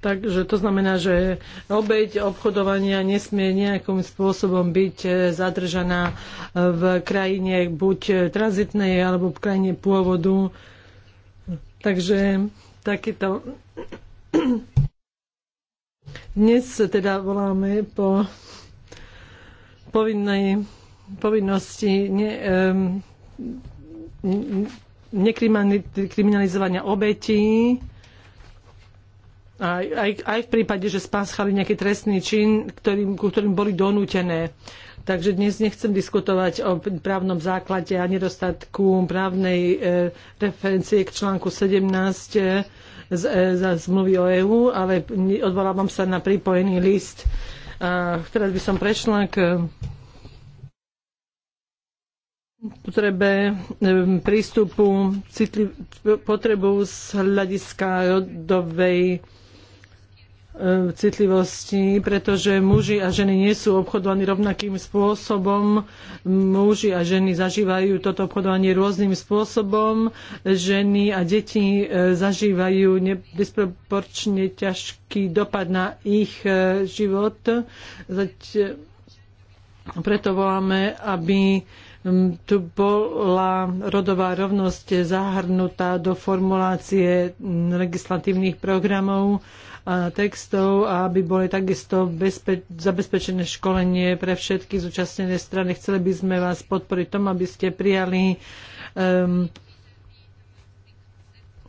Takže to znamená, že obeď obchodovania nesmie nejakým spôsobom byť e, zadržaná v krajine buď tranzitnej alebo v krajine pôvodu. Takže takýto dnes teda voláme po povinnej povinnosti ne, um, nekriminalizovania obetí, aj, aj, aj v prípade, že spáschali nejaký trestný čin, ktorým, ku ktorým boli donútené. Takže dnes nechcem diskutovať o právnom základe a nedostatku právnej e, referencie k článku 17 z, e, z zmluvy o EÚ, ale odvolávam sa na pripojený list. A teraz by som prešla k potrebe e, prístupu, potrebu z hľadiska rodovej E, citlivosti, pretože muži a ženy nie sú obchodovaní rovnakým spôsobom. Muži a ženy zažívajú toto obchodovanie rôznym spôsobom. Ženy a deti e, zažívajú disproporčne ťažký dopad na ich e, život. Preto voláme, aby tu bola rodová rovnosť zahrnutá do formulácie legislatívnych programov textov a aby boli takisto bezpe- zabezpečené školenie pre všetky zúčastnené strany. Chceli by sme vás podporiť tom, aby ste prijali um,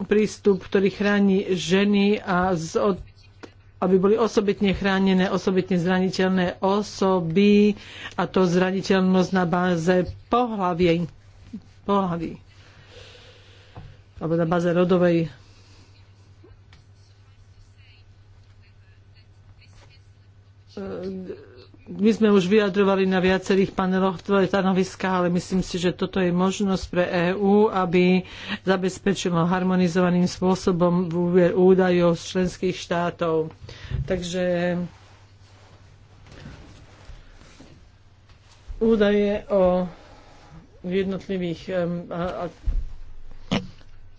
prístup, ktorý chráni ženy a z od aby boli osobitne chránené, osobitne zraniteľné osoby a to zraniteľnosť na báze pohlavy. pohlavy alebo na báze rodovej E, my sme už vyjadrovali na viacerých paneloch tvoje stanoviska, ale myslím si, že toto je možnosť pre EÚ, aby zabezpečilo harmonizovaným spôsobom úver údajov z členských štátov. Takže údaje o jednotlivých e,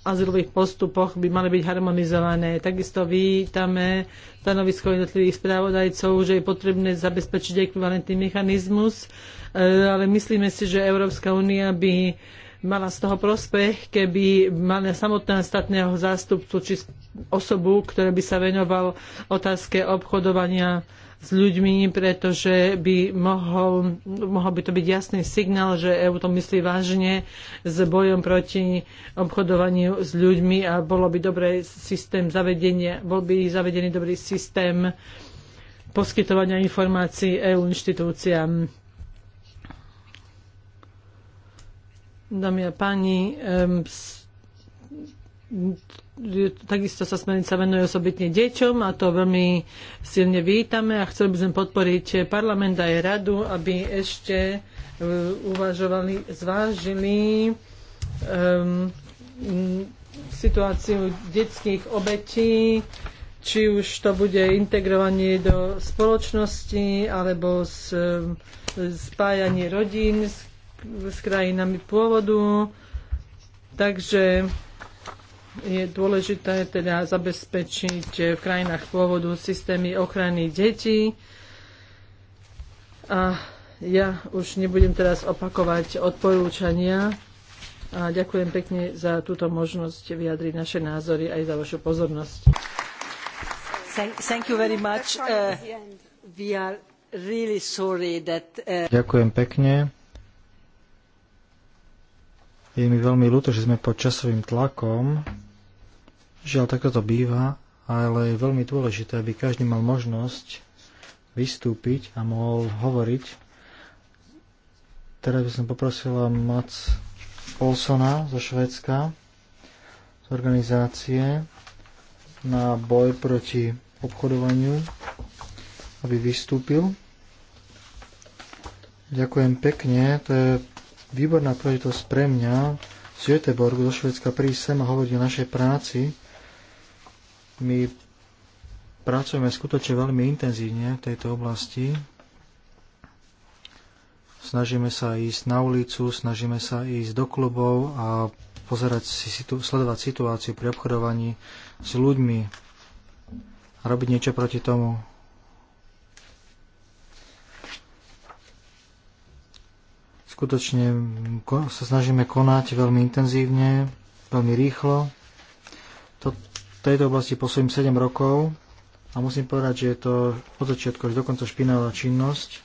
azylových postupoch by mali byť harmonizované. Takisto vítame stanovisko jednotlivých správodajcov, že je potrebné zabezpečiť ekvivalentný mechanizmus, e, ale myslíme si, že Európska únia by mala z toho prospech, keby mala samotného statného zástupcu či osobu, ktorá by sa venoval otázke obchodovania s ľuďmi, pretože by mohol, mohol by to byť jasný signál, že EU to myslí vážne s bojom proti obchodovaniu s ľuďmi a bolo by dobrý systém zavedenia, bol by zavedený dobrý systém poskytovania informácií EU inštitúciám. Dámy a páni, um, takisto sa smernica venuje osobitne deťom a to veľmi silne vítame a chceli by sme podporiť parlament aj radu, aby ešte e, uvažovali, zvážili um, situáciu detských obetí, či už to bude integrovanie do spoločnosti alebo s, e, spájanie rodín s, s krajinami pôvodu. Takže je dôležité teda zabezpečiť eh, v krajinách pôvodu systémy ochrany detí. A ja už nebudem teraz opakovať odporúčania. A ďakujem pekne za túto možnosť vyjadriť naše názory aj za vašu pozornosť. Thank, you very much. Uh, we are really sorry that, uh... Ďakujem pekne. Je mi veľmi ľúto, že sme pod časovým tlakom. Žiaľ, takto to býva, ale je veľmi dôležité, aby každý mal možnosť vystúpiť a mohol hovoriť. Teraz by som poprosila Mac Olsona zo Švedska z organizácie na boj proti obchodovaniu, aby vystúpil. Ďakujem pekne, to je výborná príležitosť pre mňa z Göteborgu do Švedska prísť sem a hovoriť o našej práci my pracujeme skutočne veľmi intenzívne v tejto oblasti. Snažíme sa ísť na ulicu, snažíme sa ísť do klubov a pozerať si, sledovať situáciu pri obchodovaní s ľuďmi a robiť niečo proti tomu. Skutočne sa snažíme konať veľmi intenzívne, veľmi rýchlo tejto oblasti posledných 7 rokov a musím povedať, že je to od začiatku až dokonca špinavá činnosť.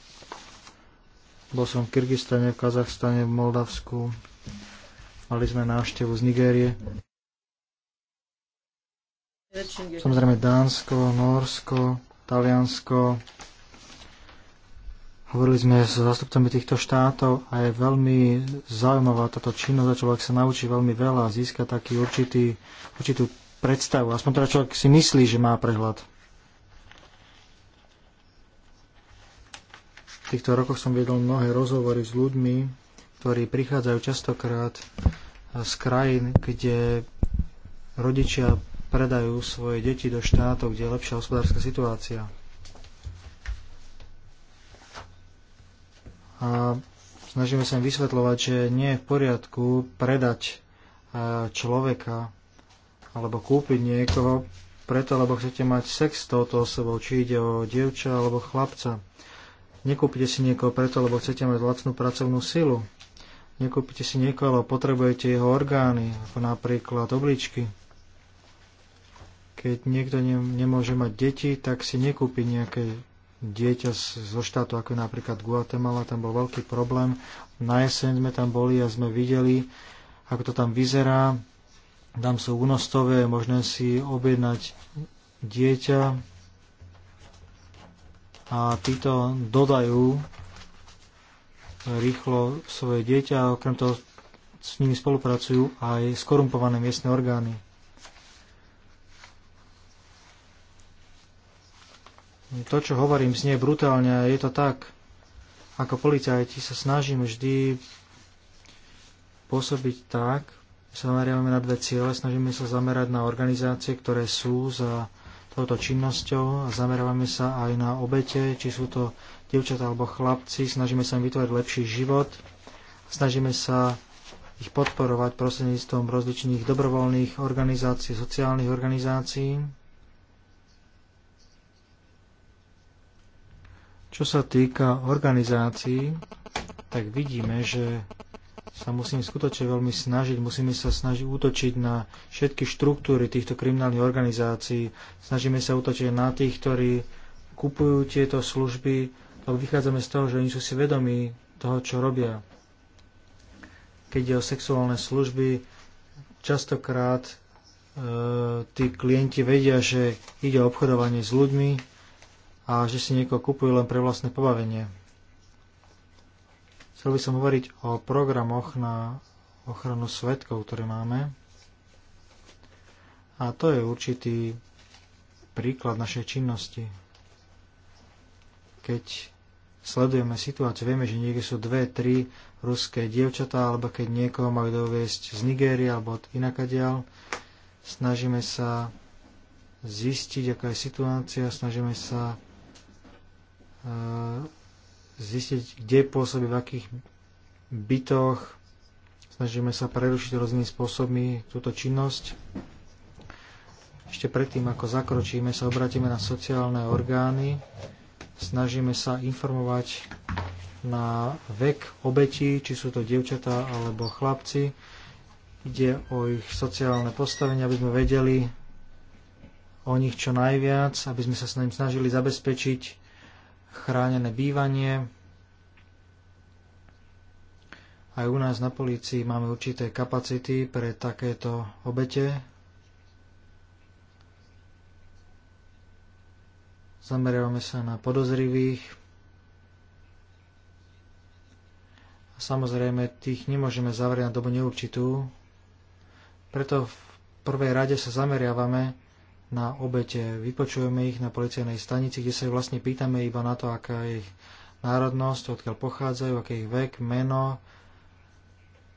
Bol som v Kyrgyzstane, v Kazachstane, v Moldavsku. Mali sme návštevu z Nigérie. Samozrejme Dánsko, Norsko, Taliansko. Hovorili sme s zastupcami týchto štátov a je veľmi zaujímavá táto činnosť a človek sa naučí veľmi veľa a získa taký určitý, určitú predstavu. Aspoň teda človek si myslí, že má prehľad. V týchto rokoch som viedol mnohé rozhovory s ľuďmi, ktorí prichádzajú častokrát z krajín, kde rodičia predajú svoje deti do štátov, kde je lepšia hospodárska situácia. A snažíme sa im vysvetľovať, že nie je v poriadku predať eh, človeka alebo kúpiť niekoho preto, lebo chcete mať sex s touto osobou, či ide o dievča alebo chlapca. Nekúpite si niekoho preto, lebo chcete mať lacnú pracovnú silu. Nekúpite si niekoho, lebo potrebujete jeho orgány, ako napríklad obličky. Keď niekto ne, nemôže mať deti, tak si nekúpi nejaké dieťa z, zo štátu, ako je napríklad Guatemala, tam bol veľký problém. Na jeseň sme tam boli a sme videli, ako to tam vyzerá, tam sú únostové, možné si objednať dieťa a títo dodajú rýchlo svoje dieťa a okrem toho s nimi spolupracujú aj skorumpované miestne orgány. To, čo hovorím, znie brutálne a je to tak. Ako policajti sa snažím vždy pôsobiť tak, zameriavame na dve ciele. Snažíme sa zamerať na organizácie, ktoré sú za touto činnosťou a zameriavame sa aj na obete, či sú to dievčatá alebo chlapci. Snažíme sa im vytvoriť lepší život. Snažíme sa ich podporovať prostredníctvom rozličných dobrovoľných organizácií, sociálnych organizácií. Čo sa týka organizácií, tak vidíme, že sa musím skutočne veľmi snažiť. Musíme sa snažiť útočiť na všetky štruktúry týchto kriminálnych organizácií. Snažíme sa útočiť na tých, ktorí kupujú tieto služby, lebo vychádzame z toho, že oni sú si vedomí toho, čo robia. Keď je o sexuálne služby, častokrát e, tí klienti vedia, že ide o obchodovanie s ľuďmi a že si niekoho kupujú len pre vlastné pobavenie. Chcel by som hovoriť o programoch na ochranu svetkov, ktoré máme. A to je určitý príklad našej činnosti. Keď sledujeme situáciu, vieme, že niekde sú dve, tri ruské dievčatá, alebo keď niekoho majú doviesť z Nigérie alebo od inakadiaľ, snažíme sa zistiť, aká je situácia, snažíme sa e, zistiť, kde pôsobí, v akých bytoch. Snažíme sa prerušiť rôznymi spôsobmi túto činnosť. Ešte predtým, ako zakročíme, sa obratíme na sociálne orgány. Snažíme sa informovať na vek obetí, či sú to dievčatá alebo chlapci. Ide o ich sociálne postavenie, aby sme vedeli o nich čo najviac, aby sme sa s ním snažili zabezpečiť chránené bývanie. Aj u nás na polícii máme určité kapacity pre takéto obete. Zameriavame sa na podozrivých. A samozrejme, tých nemôžeme zavrieť na dobu neurčitú. Preto v prvej rade sa zameriavame na obete. Vypočujeme ich na policajnej stanici, kde sa ich vlastne pýtame iba na to, aká je ich národnosť, odkiaľ pochádzajú, aký je ich vek, meno,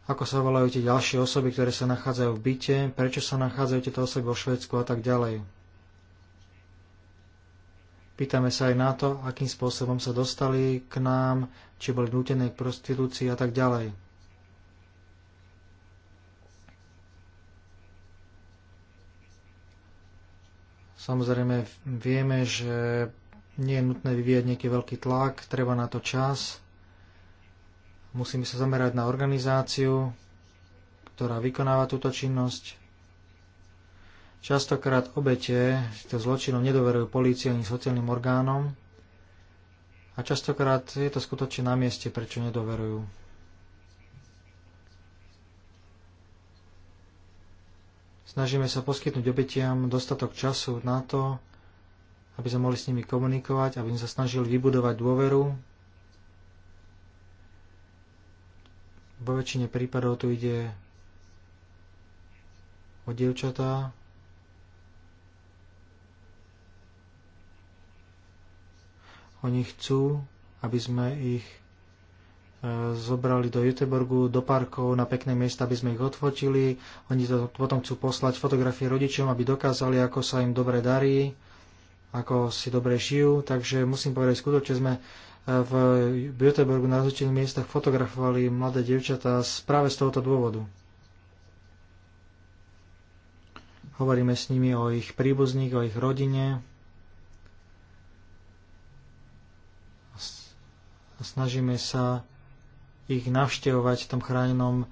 ako sa volajú tie ďalšie osoby, ktoré sa nachádzajú v byte, prečo sa nachádzajú tieto osoby vo Švedsku a tak ďalej. Pýtame sa aj na to, akým spôsobom sa dostali k nám, či boli nútené k prostitúcii a tak ďalej. Samozrejme vieme, že nie je nutné vyvíjať nejaký veľký tlak, treba na to čas. Musíme sa zamerať na organizáciu, ktorá vykonáva túto činnosť. Častokrát obete týchto zločinov nedoverujú polícii ani sociálnym orgánom a častokrát je to skutočne na mieste, prečo nedoverujú. Snažíme sa poskytnúť obetiam dostatok času na to, aby sme mohli s nimi komunikovať, aby sme sa snažili vybudovať dôveru. Vo väčšine prípadov tu ide o dievčatá, Oni chcú, aby sme ich zobrali do Juteborgu, do parkov, na pekné miesta, aby sme ich odfotili. Oni to potom chcú poslať fotografie rodičom, aby dokázali, ako sa im dobre darí, ako si dobre žijú. Takže musím povedať, skutočne sme eh, v Juteborgu na rozličných miestach fotografovali mladé dievčatá práve z tohoto dôvodu. Hovoríme s nimi o ich príbuzných, o ich rodine, snažíme sa ich navštevovať v tom chránenom e,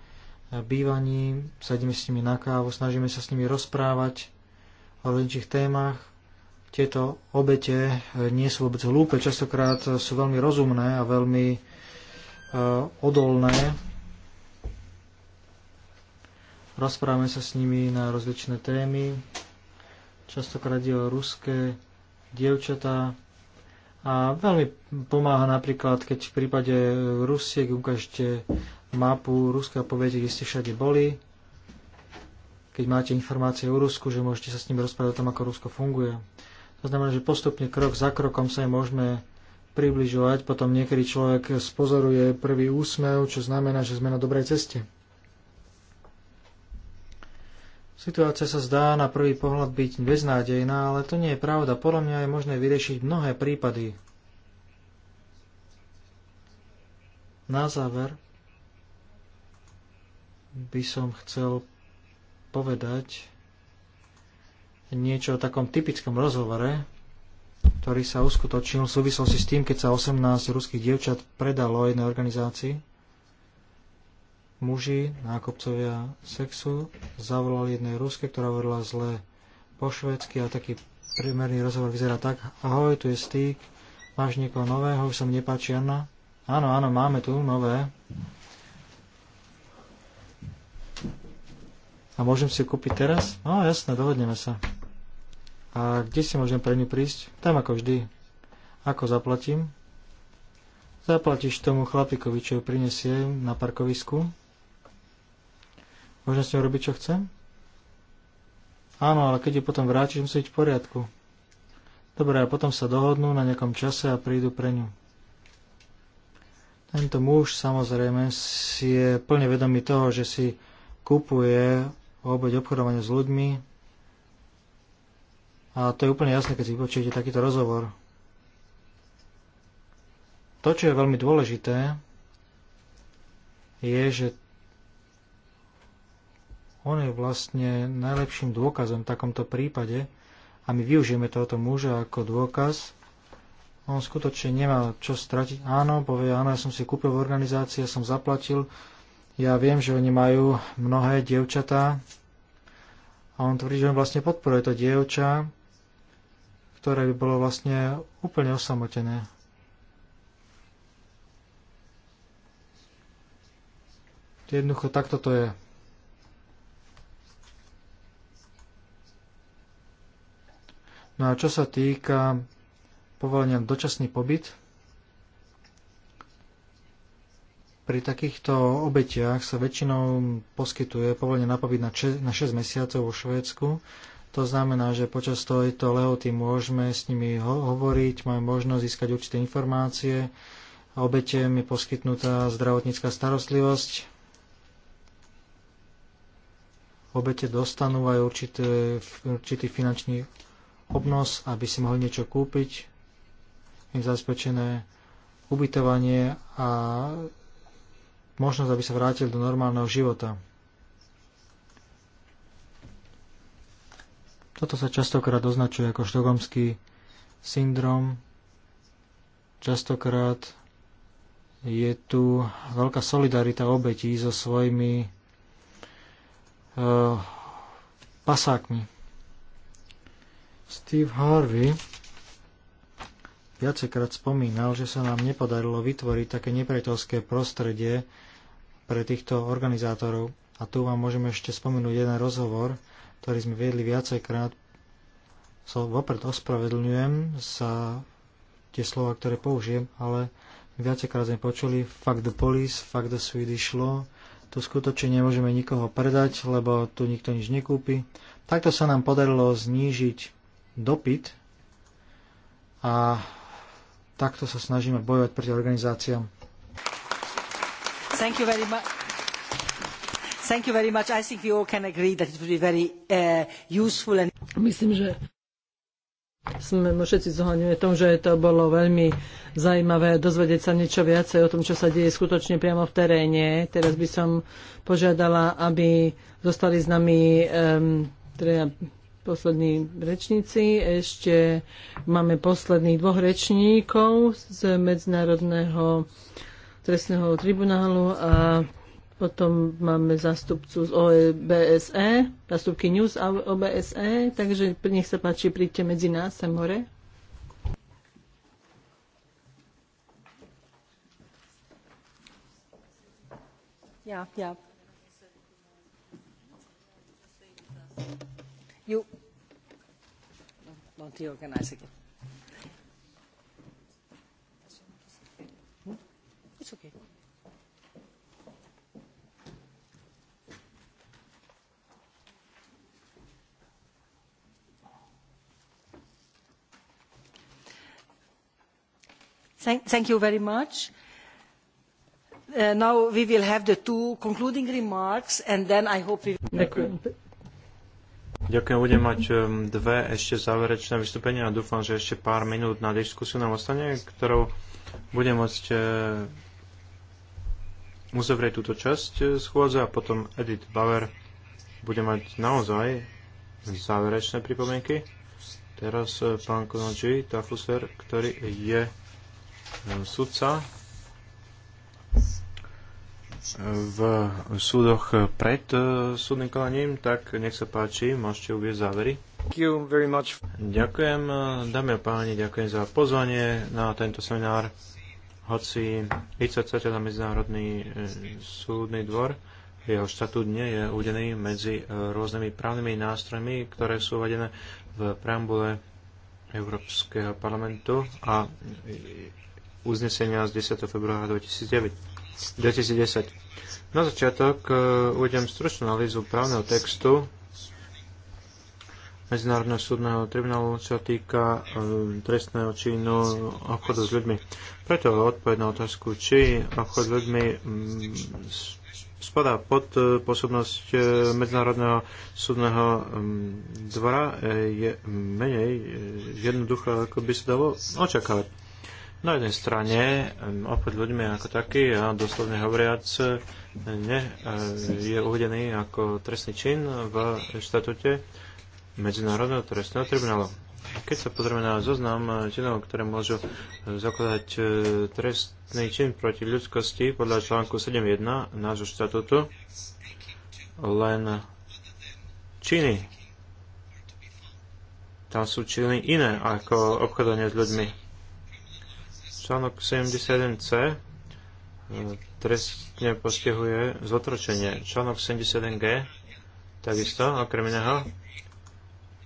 bývaní, sadíme s nimi na kávu, snažíme sa s nimi rozprávať o rodičích témach. Tieto obete e, nie sú vôbec hlúpe, častokrát e, sú veľmi rozumné a veľmi odolné. Rozprávame sa s nimi na rozličné témy. Častokrát je o ruské dievčatá, a veľmi pomáha napríklad, keď v prípade Rusiek ukážete mapu Ruska a poviete, kde ste všade boli. Keď máte informácie o Rusku, že môžete sa s ním rozprávať o tom, ako Rusko funguje. To znamená, že postupne krok za krokom sa im môžeme približovať. Potom niekedy človek spozoruje prvý úsmev, čo znamená, že sme na dobrej ceste. Situácia sa zdá na prvý pohľad byť beznádejná, ale to nie je pravda. Podľa mňa je možné vyriešiť mnohé prípady. Na záver by som chcel povedať niečo o takom typickom rozhovore, ktorý sa uskutočnil v súvislosti s tým, keď sa 18 ruských dievčat predalo jednej organizácii muži, nákupcovia sexu, zavolali jednej Ruske, ktorá hovorila zle po švedsky a taký priemerný rozhovor vyzerá tak. Ahoj, tu je Stík, máš niekoho nového, už sa mi nepáči Anna. Áno, áno, máme tu nové. A môžem si ju kúpiť teraz? No jasné, dohodneme sa. A kde si môžem pre ňu prísť? Tam ako vždy. Ako zaplatím? Zaplatíš tomu chlapikovi, čo ju prinesie na parkovisku. Môžem s ňou robiť, čo chcem? Áno, ale keď ju potom vrátiš, musí byť v poriadku. Dobre, a potom sa dohodnú na nejakom čase a prídu pre ňu. Tento muž samozrejme si je plne vedomý toho, že si kupuje obeď obchodovania s ľuďmi a to je úplne jasné, keď si vypočujete takýto rozhovor. To, čo je veľmi dôležité, je, že on je vlastne najlepším dôkazom v takomto prípade a my využijeme tohoto muža ako dôkaz. On skutočne nemá čo stratiť. Áno, povie, áno, ja som si kúpil v organizácii, ja som zaplatil. Ja viem, že oni majú mnohé dievčatá a on tvrdí, že on vlastne podporuje to dievča, ktoré by bolo vlastne úplne osamotené. Jednoducho takto to je. No a čo sa týka povolenia na dočasný pobyt, pri takýchto obetiach sa väčšinou poskytuje povolenie na pobyt na 6 mesiacov vo Švédsku. To znamená, že počas tejto lehoty môžeme s nimi ho- hovoriť, máme možnosť získať určité informácie, obetiem je poskytnutá zdravotnícká starostlivosť, obete dostanú aj určité, určitý finančný obnos, aby si mohli niečo kúpiť, im zabezpečené ubytovanie a možnosť, aby sa vrátil do normálneho života. Toto sa častokrát označuje ako štokomský syndrom. Častokrát je tu veľká solidarita obetí so svojimi e, pasákmi. Steve Harvey viacekrát spomínal, že sa nám nepodarilo vytvoriť také nepriateľské prostredie pre týchto organizátorov. A tu vám môžeme ešte spomenúť jeden rozhovor, ktorý sme viedli viacejkrát. So, vopred ospravedlňujem sa tie slova, ktoré použijem, ale viacejkrát sme počuli fuck the police, fuck the Swedish law. Tu skutočne nemôžeme nikoho predať, lebo tu nikto nič nekúpi. Takto sa nám podarilo znížiť dopyt a takto sa snažíme bojovať proti organizáciám. Thank you very much. Thank you very much. I think we all can agree that it would be very uh, useful and Myslím, že sme no, všetci zohľadňuje tom, že to bolo veľmi zaujímavé dozvedieť sa niečo viacej o tom, čo sa deje skutočne priamo v teréne. Teraz by som požiadala, aby zostali s nami um, teda poslední rečníci. Ešte máme posledných dvoch rečníkov z Medzinárodného trestného tribunálu a potom máme zastupcu z OBSE, e zastupky News OBSE, takže nech sa páči, príďte medzi nás sem hore. Ja, ja. You want to organize again. Hmm? It's okay. Thank, thank you very much. Uh, now we will have the two concluding remarks and then I hope we... Ďakujem Ďakujem, budem mať ehm, dve ešte záverečné vystúpenia a dúfam, že ešte pár minút na diskusiu nám ostane, ktorou budem môcť ehm, uzavrieť túto časť e, schôdze a potom Edith Bauer bude mať naozaj záverečné pripomienky. Teraz e, pán Konoči Tafuser, ktorý je e, sudca v súdoch pred e, súdnym konaním, tak nech sa páči, môžete uvieť závery. Ďakujem, e, dámy a páni, ďakujem za pozvanie na tento seminár. Hoci ICC, teda Medzinárodný e, súdny dvor, jeho štatút nie je udený medzi rôznymi právnymi nástrojmi, ktoré sú uvedené v preambule Európskeho parlamentu a uznesenia z 10. februára 2009 2010. Na začiatok e, uvedem stručnú analýzu právneho textu Medzinárodného súdneho tribunálu, čo týka e, trestného činu obchodu s ľuďmi. Preto odpoved na otázku, či obchod s ľuďmi mm, spadá pod e, pôsobnosť Medzinárodného súdneho mm, dvora, je menej jednoduchá, ako by sa dalo očakávať na jednej strane opäť ľuďmi ako taký a doslovne hovoriac ne, je uvedený ako trestný čin v štatute Medzinárodného trestného tribunálu. Keď sa pozrieme na zoznam činov, ktoré môžu zakladať e, trestný čin proti ľudskosti podľa článku 7.1 nášho štatútu, len činy. Tam sú činy iné ako obchodovanie s ľuďmi Článok 77 c e, trestne postihuje zotročenie. Článok 77 g takisto, okrem iného,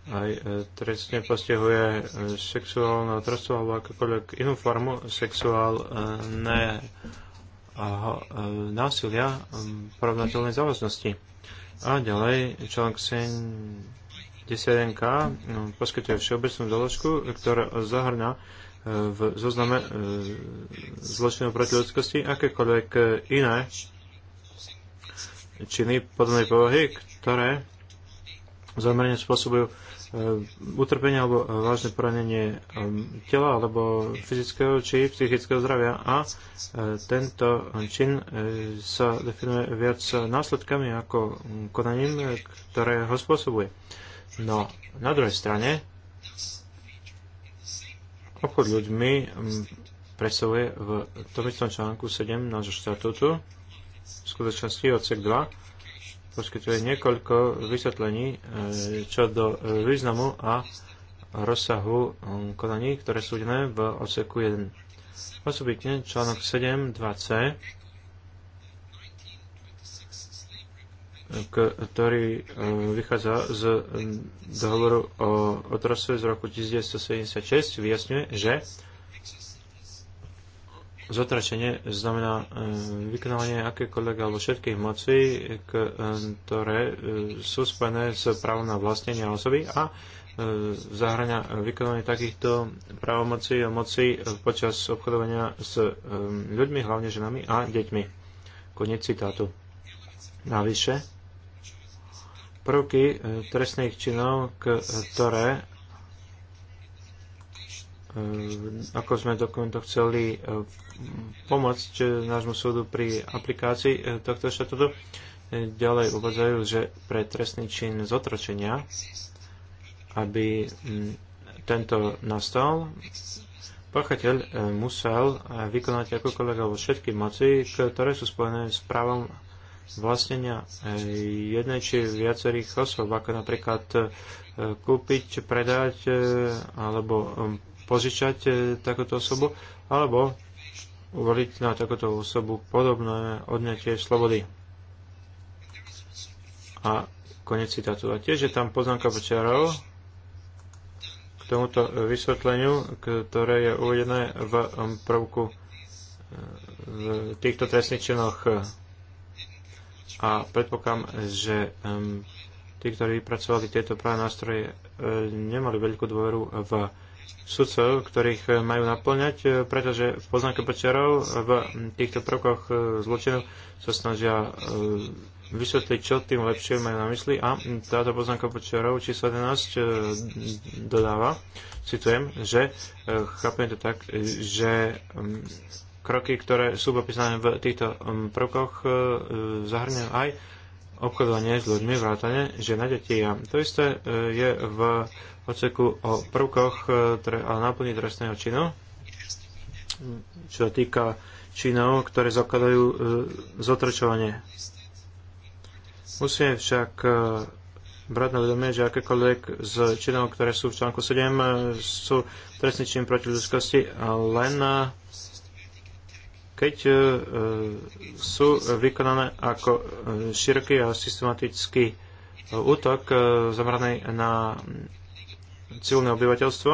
aj e, trestne postihuje e, sexuálne otrostvo alebo akékoľvek inú formu sexuálne násilia porovnateľnej závaznosti. A ďalej článok 71k poskytuje všeobecnú doložku, ktorá zahrňa v zozname e, zločinov proti ľudskosti akékoľvek e, iné činy podobnej povahy, ktoré zamerne spôsobujú e, utrpenie alebo vážne poranenie tela alebo fyzického či psychického zdravia a tento čin sa definuje viac následkami ako konaním, ktoré ho spôsobuje. No, na druhej strane, Obchod ľuďmi predstavuje v tom istom článku 7 nášho štatútu v skutočnosti odsek 2 poskytuje niekoľko vysvetlení e, čo do významu a rozsahu konaní, ktoré sú udené v odseku 1. Osobitne článok 7.2c ktorý eh, vychádza z eh, dohovoru o otrosve z roku 1976, vyjasňuje, že zotračenie znamená eh, vykonávanie akékoľvek alebo všetkých mocí, ktoré sú spojené s právom na vlastnenie osoby a zahrania vykonanie takýchto právomocí a moci počas obchodovania s ľuďmi, hlavne ženami a deťmi. Koniec citátu. Navyše, prvky e, trestných činov, e, ktoré e, ako sme dokumento chceli pomôcť nášmu súdu pri aplikácii tohto štatútu. Ďalej uvádzajú, že pre trestný čin zotročenia, aby tento nastal, pachateľ musel vykonať akúkoľvek alebo všetky moci, ktoré sú spojené s právom vlastnenia eh, jednej či viacerých osôb, ako napríklad eh, kúpiť, predať eh, alebo požičať takúto osobu, alebo uvoliť na takúto osobu podobné odňatie slobody. A konec citátu. A tiež je tam poznámka počiarov k tomuto vysvetleniu, ktoré je uvedené v prvku v týchto trestných činoch a predpokladám, že tí, ktorí vypracovali tieto práve nástroje, eh, nemali veľkú dôveru v sudcov, ktorých eh, majú naplňať, eh, pretože v poznámke počerov v týchto prvkoch zločinov sa snažia vysvetliť, čo tým lepšie majú na mysli a táto poznámka počerov číslo 11 dodáva, citujem, že chápem to tak, že kroky, ktoré sú popísané v týchto um, prvkoch, uh, uh, zahrňujú aj obchodovanie s ľuďmi, vrátane že na deti A to isté uh, je v odseku o prvkoch a náplni trestného činu, čo sa týka činov, ktoré zakladajú zotročovanie. Musíme však brať na vedomie, že akékoľvek z činov, ktoré sú v článku 7, sú trestný čin proti ľudskosti len na keď uh, sú vykonané ako e, široký a systematický útok zameraný na civilné obyvateľstvo,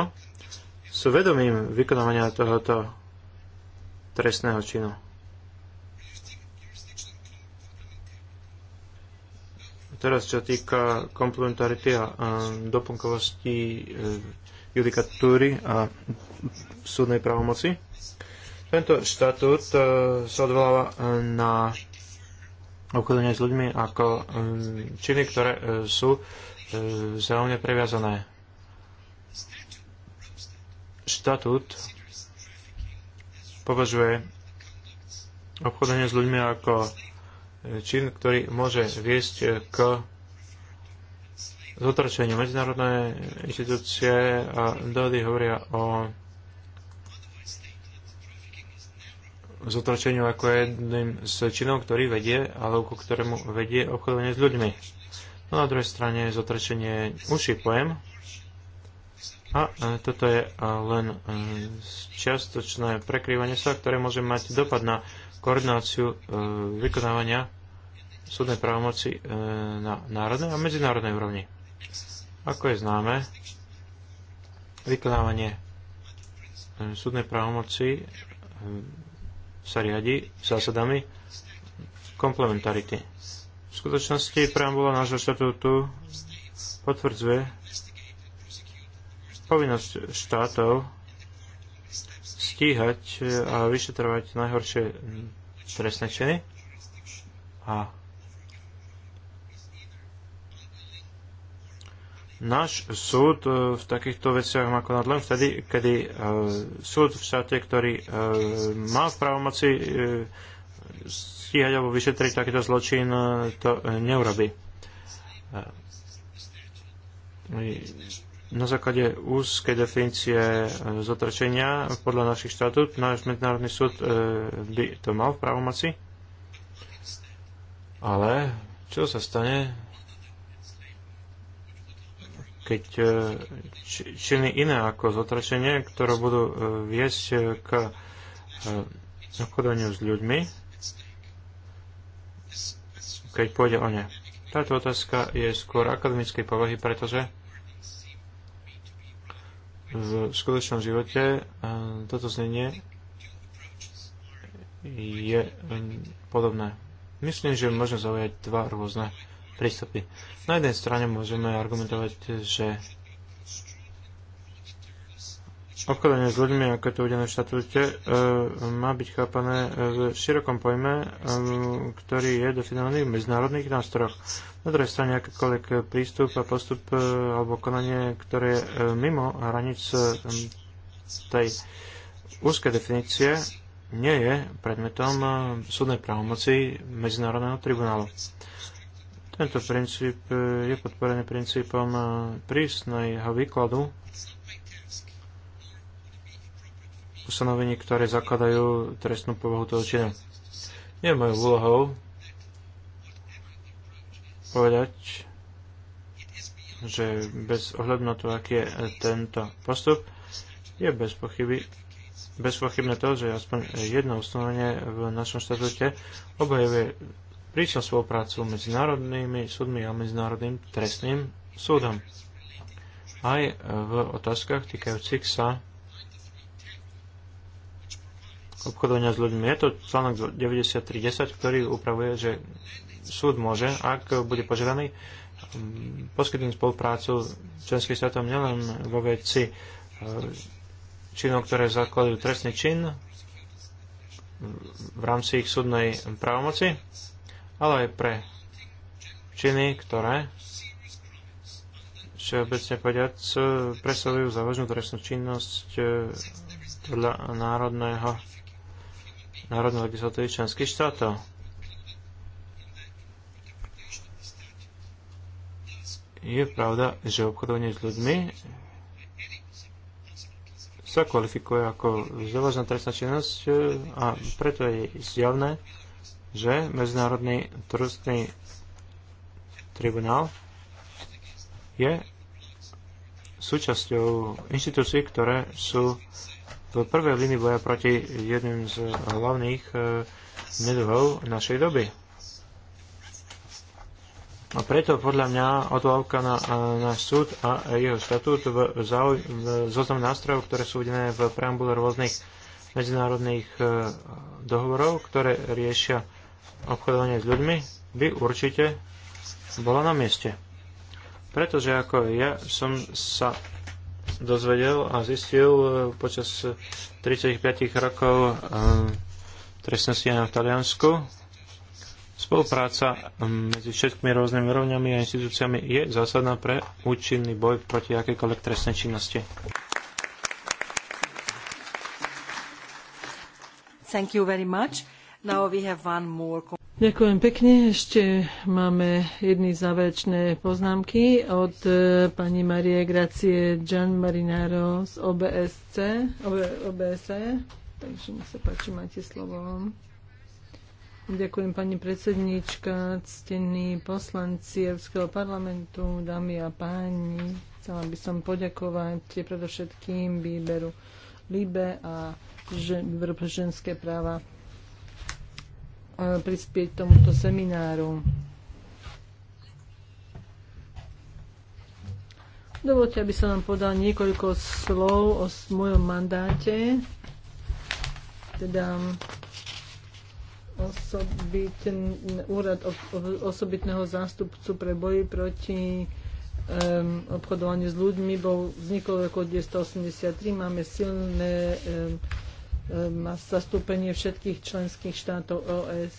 sú vedomím vykonávania tohoto trestného činu. Teraz, čo týka komplementarity a uh, doplnkovosti uh, judikatúry a súdnej právomoci, tento štatút e, sa odvoláva e, na obchodovanie s ľuďmi ako e, činy, ktoré sú vzájomne previazané. Štatút považuje obchodovanie s ľuďmi ako čin, ktorý môže viesť k zotročeniu. medzinárodnej inštitúcie a dohody hovoria o zotročeniu ako jedným z činov, ktorý vedie, alebo ku ktorému vedie obchodovanie s ľuďmi. No na druhej strane zotročenie uši pojem, a toto je len čiastočné prekrývanie sa, ktoré môže mať dopad na koordináciu e, vykonávania súdnej právomoci e, na národnej a medzinárodnej úrovni. Ako je známe, vykonávanie e, súdnej právomoci sa riadi zásadami komplementarity. V skutočnosti preambula nášho štatútu potvrdzuje povinnosť štátov stíhať a vyšetrovať najhoršie trestné činy a Náš súd e, v takýchto veciach má konať len vtedy, kedy e, súd v štáte, ktorý e, má v právomoci stíhať alebo vyšetriť takýto zločin, to neurobi. Na základe úzkej definície zotrčenia podľa našich štatút náš medzinárodný súd by to mal v právomoci, ale čo sa stane keď e, činy iné ako zotračenie, ktoré budú e, viesť e, k obchodovaniu s ľuďmi, keď pôjde o ne. Táto otázka je skôr akademickej povahy, pretože v skutočnom živote toto znenie je podobné. Myslím, že môžeme zaujať dva rôzne prístupy. Na jednej strane môžeme argumentovať, že obchodovanie s ľuďmi, ako je to uvedené v štatúte, e, má byť chápané v širokom pojme, e, ktorý je definovaný v medzinárodných nástroch, Na druhej strane, akýkoľvek prístup a postup e, alebo konanie, ktoré je mimo hranic tej úzkej definície, nie je predmetom súdnej právomoci Medzinárodného tribunálu. Tento princíp e, je podporený princípom e, prísneho výkladu ustanovení, ktoré zakladajú trestnú povahu toho činu. Nie je mojou úlohou povedať, že bez ohľadu na to, aký je tento postup, je bez pochyby bezpochybné to, že aspoň jedno ustanovenie v našom štatúte obhajuje prišiel spoluprácu medzi národnými súdmi a medzinárodným trestným súdom. Aj v otázkach týkajúcich sa obchodovania s ľuďmi. Je to článok 93.10, ktorý upravuje, že súd môže, ak bude požiadaný, poskytnúť spoluprácu členským štátom nielen vo veci e, činov, ktoré zakladajú trestný čin v rámci ich súdnej právomoci, ale aj pre činy, ktoré všeobecne povedať presahujú závažnú trestnú činnosť e, podľa národného národnej legislatívy členských štátov. Je pravda, že obchodovanie s ľuďmi sa kvalifikuje ako závažná trestná činnosť e, a preto je zjavné, že Medzinárodný trestný tribunál je súčasťou inštitúcií, ktoré sú v prvej línii boja proti jedným z hlavných e, neduhov našej doby. A preto podľa mňa odvolávka na e, náš súd a jeho štatút v, záuj, v zoznam nástrojov, ktoré sú uvedené v preambule rôznych medzinárodných e, dohovorov, ktoré riešia obchodovanie s ľuďmi by určite bola na mieste. Pretože ako ja som sa dozvedel a zistil e, počas 35 rokov e, trestnosti stíhania v Taliansku, spolupráca medzi všetkými rôznymi rovňami a inštitúciami je zásadná pre účinný boj proti akékoľvek trestnej činnosti. Thank you very much. Ďakujem pekne. Ešte máme jedny záverečné poznámky od e, pani Marie Gracie Gian Marinaro z OBSC. OBSC. Takže mi sa páči, máte slovo. Ďakujem pani predsedníčka, ctení poslanci Európskeho parlamentu, dámy a páni. Chcela by som poďakovať predovšetkým výberu Libe a výberu pre ženské práva prispieť tomuto semináru. Dovolte, aby som vám podal niekoľko slov o mojom mandáte, teda osobitn, úrad osobitného zástupcu pre boj proti um, obchodovaniu s ľuďmi bol, vznikol v roku 1983. Máme silné um, má zastúpenie všetkých členských štátov OS,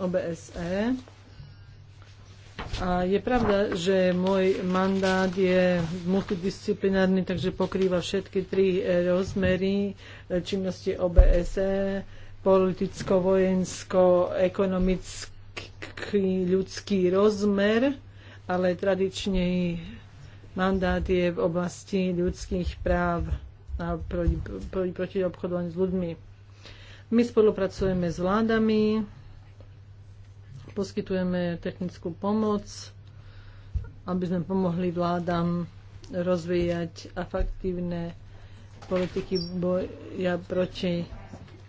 OBSE. E. A je pravda, že môj mandát je multidisciplinárny, takže pokrýva všetky tri eh, rozmery eh, činnosti OBSE, politicko, vojensko, ekonomický, ľudský rozmer, ale tradične mandát je v oblasti ľudských práv a proti, proti, proti obchodovaniu s ľuďmi. My spolupracujeme s vládami, poskytujeme technickú pomoc, aby sme pomohli vládam rozvíjať efektívne politiky boja proti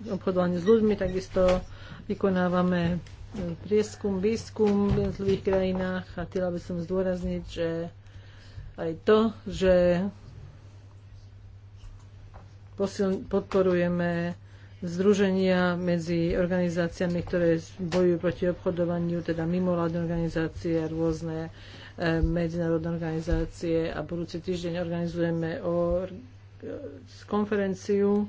obchodovaniu s ľuďmi. Takisto vykonávame e, prieskum, výskum v jednotlivých krajinách a chcela by som zdôrazniť, že aj to, že podporujeme združenia medzi organizáciami, ktoré bojujú proti obchodovaniu, teda mimovládne organizácie, rôzne e, medzinárodné organizácie a budúci týždeň organizujeme o, e, konferenciu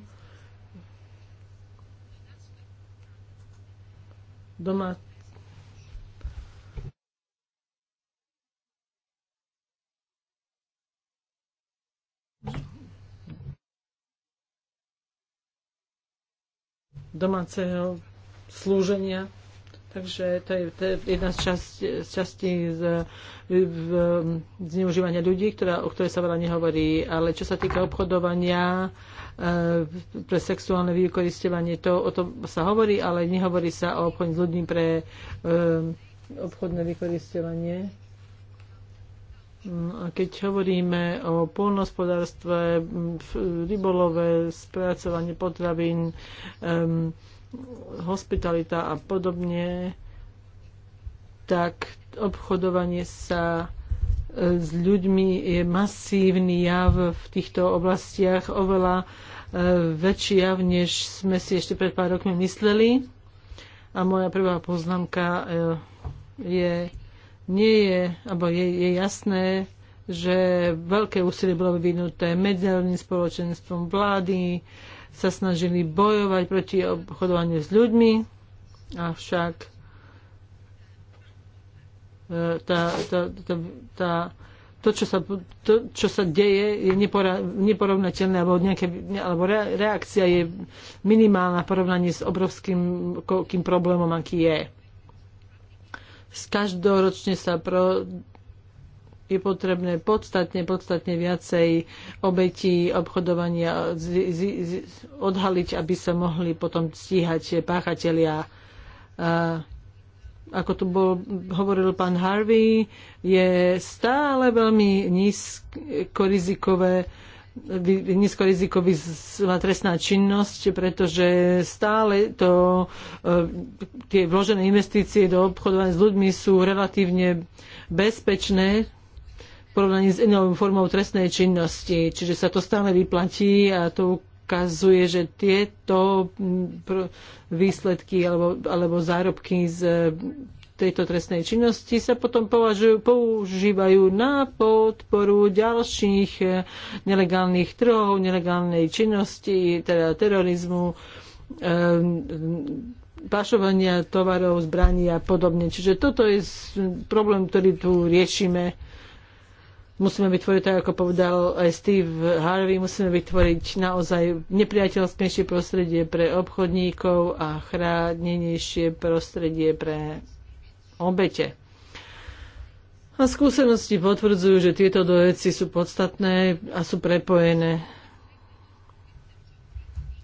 doma domáceho slúženia. Takže to je, to je jedna z, časť, z častí z, z, zneužívania ľudí, ktorá, o ktorej sa veľa nehovorí. Ale čo sa týka obchodovania e, pre sexuálne vykoristovanie, to o tom sa hovorí, ale nehovorí sa o obchodní s ľuďmi pre e, obchodné vykoristovanie. A keď hovoríme o polnospodárstve, rybolove, spracovanie potravín, um, hospitalita a podobne, tak obchodovanie sa e, s ľuďmi je masívny jav v týchto oblastiach, oveľa e, väčší jav, než sme si ešte pred pár rokmi mysleli. A moja prvá poznámka e, je nie je, alebo je, je jasné, že veľké úsilie bolo vyvinuté medzinárodným spoločenstvom vlády, sa snažili bojovať proti obchodovaniu s ľuďmi, avšak e, tá, tá, tá, tá, to, čo sa, to, čo sa deje, je nepora, neporovnateľné, alebo, nejaké, alebo reakcia je minimálna v porovnaní s obrovským problémom, aký je každoročne sa pro, je potrebné podstatne, podstatne viacej obetí obchodovania z, z, z, odhaliť, aby sa mohli potom stíhať páchatelia. A, ako tu bol, hovoril pán Harvey, je stále veľmi nízkorizikové rizikové nízko rizikový trestná činnosť, pretože stále to, e, tie vložené investície do obchodovania s ľuďmi sú relatívne bezpečné v porovnaní s inou formou trestnej činnosti. Čiže sa to stále vyplatí a to ukazuje, že tieto výsledky alebo, alebo zárobky z tejto trestnej činnosti sa potom považujú, používajú na podporu ďalších eh, nelegálnych trhov, nelegálnej činnosti, teda terorizmu, eh, pašovania tovarov, zbraní a podobne. Čiže toto je problém, ktorý tu riešime musíme vytvoriť, tak ako povedal aj Steve Harvey, musíme vytvoriť naozaj nepriateľskejšie prostredie pre obchodníkov a chránenejšie prostredie pre obete. A skúsenosti potvrdzujú, že tieto veci sú podstatné a sú prepojené.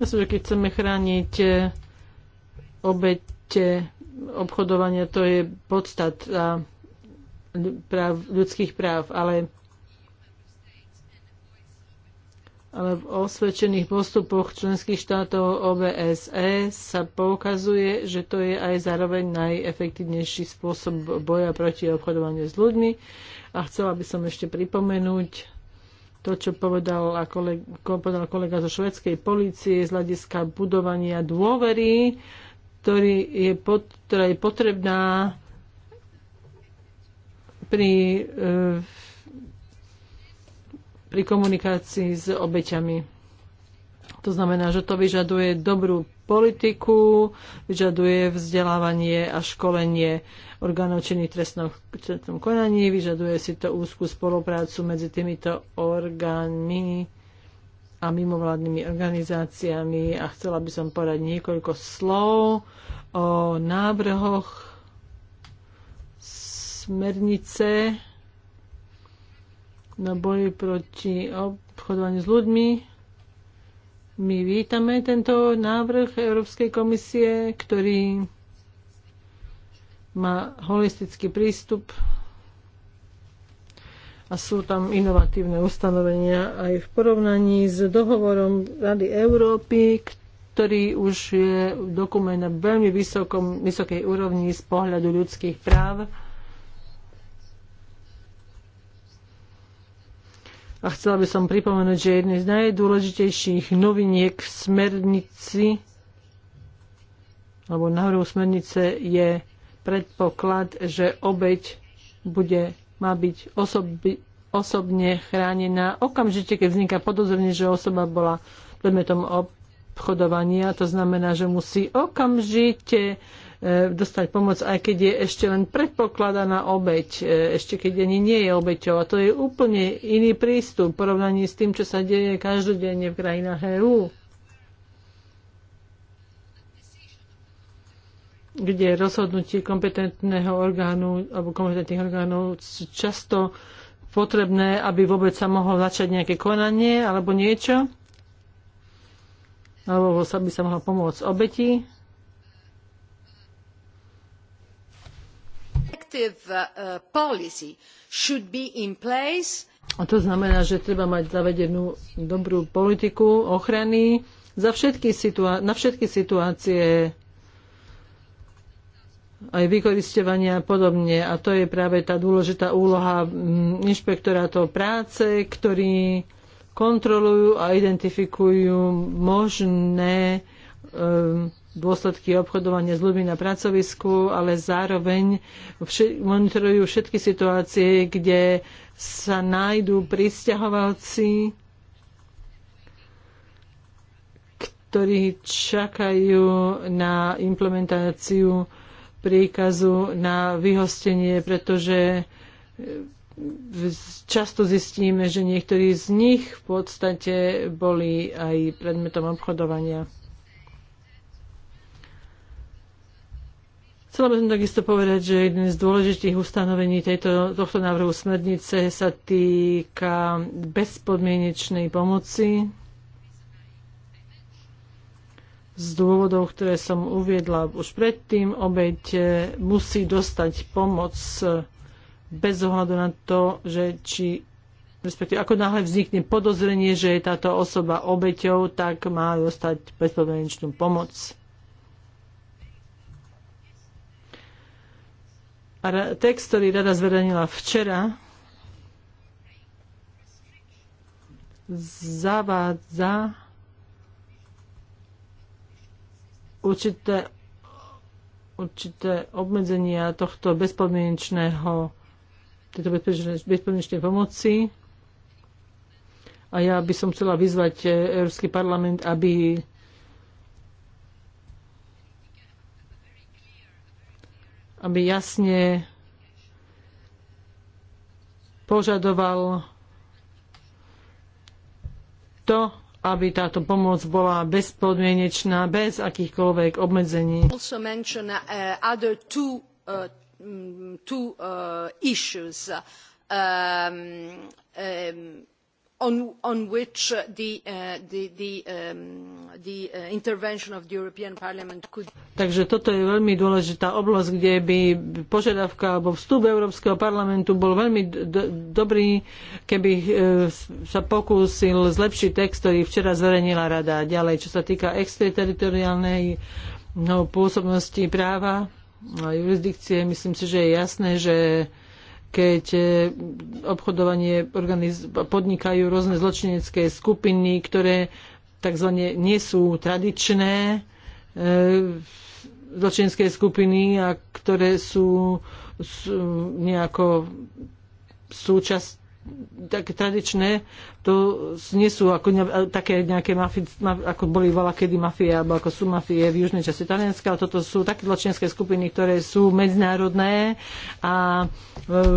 som, že keď chceme chrániť eh, obete obchodovania, to je podstat práv, ľudských práv, ale ale v osvedčených postupoch členských štátov OBSE sa poukazuje, že to je aj zároveň najefektívnejší spôsob boja proti obchodovaniu s ľuďmi. A chcela by som ešte pripomenúť to, čo povedal, kolega, povedal kolega zo švedskej policie z hľadiska budovania dôvery, ktorý je pod, ktorá je potrebná pri e, pri komunikácii s obeťami. To znamená, že to vyžaduje dobrú politiku, vyžaduje vzdelávanie a školenie orgánov činných trestnom, konaní, vyžaduje si to úzkú spoluprácu medzi týmito orgánmi a mimovládnymi organizáciami a chcela by som povedať niekoľko slov o návrhoch smernice na boji proti obchodovaniu s ľuďmi. My vítame tento návrh Európskej komisie, ktorý má holistický prístup a sú tam inovatívne ustanovenia aj v porovnaní s dohovorom Rady Európy, ktorý už je dokument na veľmi vysokom, vysokej úrovni z pohľadu ľudských práv. A chcela by som pripomenúť, že jedný z najdôležitejších noviniek v smernici alebo návrhu smernice je predpoklad, že obeď bude, má byť osobi, osobne chránená okamžite, keď vzniká podozrenie, že osoba bola predmetom obchodovania. To znamená, že musí okamžite E, dostať pomoc, aj keď je ešte len predpokladaná obeď, e, ešte keď ani nie je obeťou. A to je úplne iný prístup v porovnaní s tým, čo sa deje každodenne v krajinách EÚ. kde rozhodnutie kompetentného orgánu alebo kompetentných orgánov často potrebné, aby vôbec sa mohlo začať nejaké konanie alebo niečo, alebo sa by sa mohlo pomôcť obeti. effective uh, uh, policy should be in place. A to znamená, že treba mať zavedenú dobrú politiku ochrany za všetky na všetky situácie aj vykoristovania a podobne. A to je práve tá dôležitá úloha inšpektorátov práce, ktorí kontrolujú a identifikujú možné um, dôsledky obchodovania s ľuďmi na pracovisku, ale zároveň monitorujú všetky situácie, kde sa nájdú pristahovalci, ktorí čakajú na implementáciu príkazu na vyhostenie, pretože e, často zistíme, že niektorí z nich v podstate boli aj predmetom obchodovania. Chcela by som takisto povedať, že jeden z dôležitých ustanovení tejto, tohto návrhu smernice sa týka bezpodmienečnej pomoci z dôvodov, ktoré som uviedla už predtým, obeď eh, musí dostať pomoc eh, bez ohľadu na to, že či respektíve ako náhle vznikne podozrenie, že je táto osoba obeťou, tak má dostať bezpodmienečnú pomoc. A text, ktorý rada zverejnila včera, zavádza určité, určité obmedzenia tohto bezpodmienečného tejto bezpodmienečnej pomoci. A ja by som chcela vyzvať eh, Európsky parlament, aby aby jasne požadoval to, aby táto pomoc bola bezpodmienečná, bez akýchkoľvek obmedzení. Uh, uh, mm, two, uh, issues. Um, um, on, on which uh, the, uh, the, the, um, the uh, intervention of the European Parliament could... Takže toto je veľmi dôležitá oblasť, kde by požiadavka alebo vstup Európskeho parlamentu bol veľmi do, dobrý, keby e, sa pokúsil zlepšiť text, ktorý včera zverejnila rada. Ďalej, čo sa týka extrateritoriálnej no, pôsobnosti práva a jurisdikcie, myslím si, že je jasné, že keď e, obchodovanie organiz- podnikajú rôzne zločinecké skupiny, ktoré tzv. nie sú tradičné e, zločinecké skupiny a ktoré sú, sú nejako súčasť také tradičné, to nie sú ako ne, také nejaké mafie, ako boli voľa kedy mafie, alebo ako sú mafie v južnej časti Talianska, ale toto sú také zločinské skupiny, ktoré sú medzinárodné a e,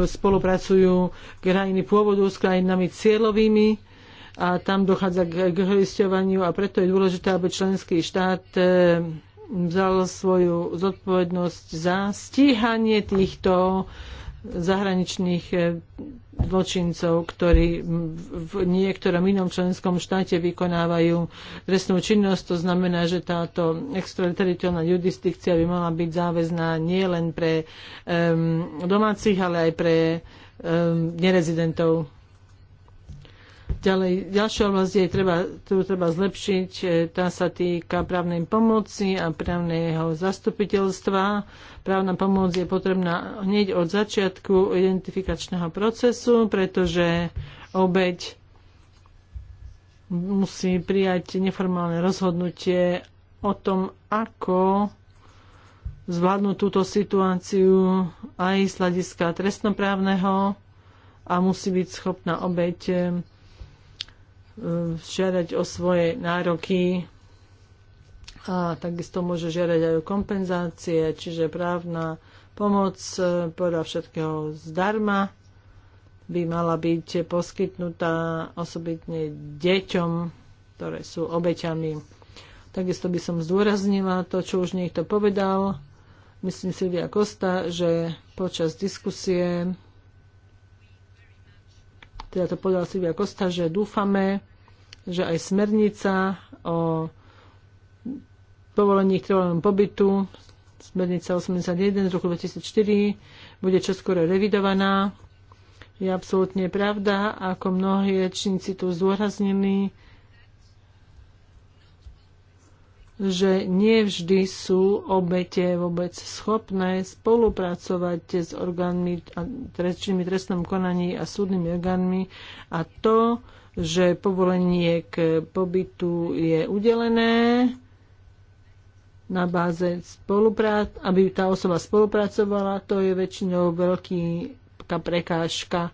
spolupracujú krajiny pôvodu s krajinami cieľovými a tam dochádza k, k a preto je dôležité, aby členský štát e, vzal svoju zodpovednosť za stíhanie týchto zahraničných e, zločincov, ktorí v niektorom inom členskom štáte vykonávajú trestnú činnosť. To znamená, že táto extrateritoriálna jurisdikcia by mala byť záväzná nie len pre um, domácich, ale aj pre um, nerezidentov. Ďalej, ďalšia oblasť, je, treba, ktorú treba zlepšiť, e, tá sa týka právnej pomoci a právneho zastupiteľstva. Právna pomoc je potrebná hneď od začiatku identifikačného procesu, pretože obeď musí prijať neformálne rozhodnutie o tom, ako zvládnuť túto situáciu aj z hľadiska trestnoprávneho a musí byť schopná obeď e, E, žiadať o svoje nároky a takisto môže žiadať aj o kompenzácie, čiže právna pomoc e, podľa všetkého zdarma by mala byť poskytnutá osobitne deťom, ktoré sú obeťami. Takisto by som zdôraznila to, čo už niekto povedal, myslím Silvia Kosta, že počas diskusie teda to povedala Silvia Kosta, že dúfame, že aj smernica o povolení k trvalom pobytu, smernica 81 z roku 2004, bude čoskoro revidovaná. Je absolútne pravda, ako mnohí rečníci tu zdôraznili, že nie vždy sú obete vôbec schopné spolupracovať s orgánmi činnými trestnom konaní a súdnymi orgánmi a to, že povolenie k pobytu je udelené na báze spoluprác, aby tá osoba spolupracovala, to je väčšinou veľká prekážka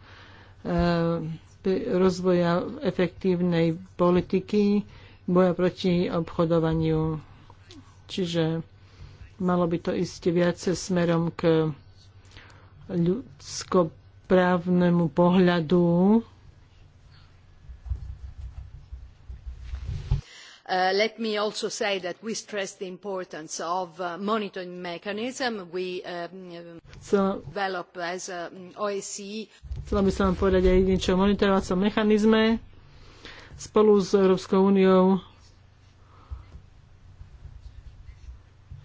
e, rozvoja efektívnej politiky boja proti obchodovaniu. Čiže malo by to ísť viacej smerom k ľudskoprávnemu pohľadu. Uh, let me also say that we stress the importance of uh, monitoring mechanism we um, develop as a um, OSCE. Chcela by som vám povedať aj niečo o monitorovacom mechanizme spolu s Európskou úniou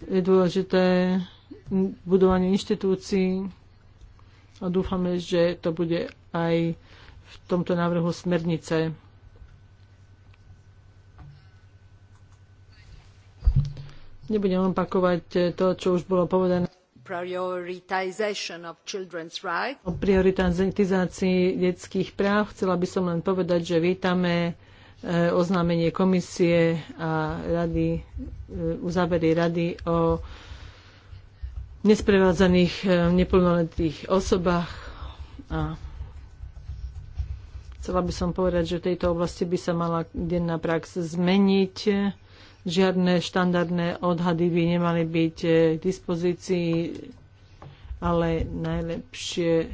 je dôležité budovanie inštitúcií a dúfame, že to bude aj v tomto návrhu smernice. Nebudem opakovať to, čo už bolo povedané o prioritizácii detských práv. Chcela by som len povedať, že vítame Eh, oznámenie komisie a rady, eh, uzávery rady o nesprevádzaných eh, neplnoletých osobách. A chcela by som povedať, že v tejto oblasti by sa mala denná prax zmeniť. Žiadne štandardné odhady by nemali byť k dispozícii, ale najlepšie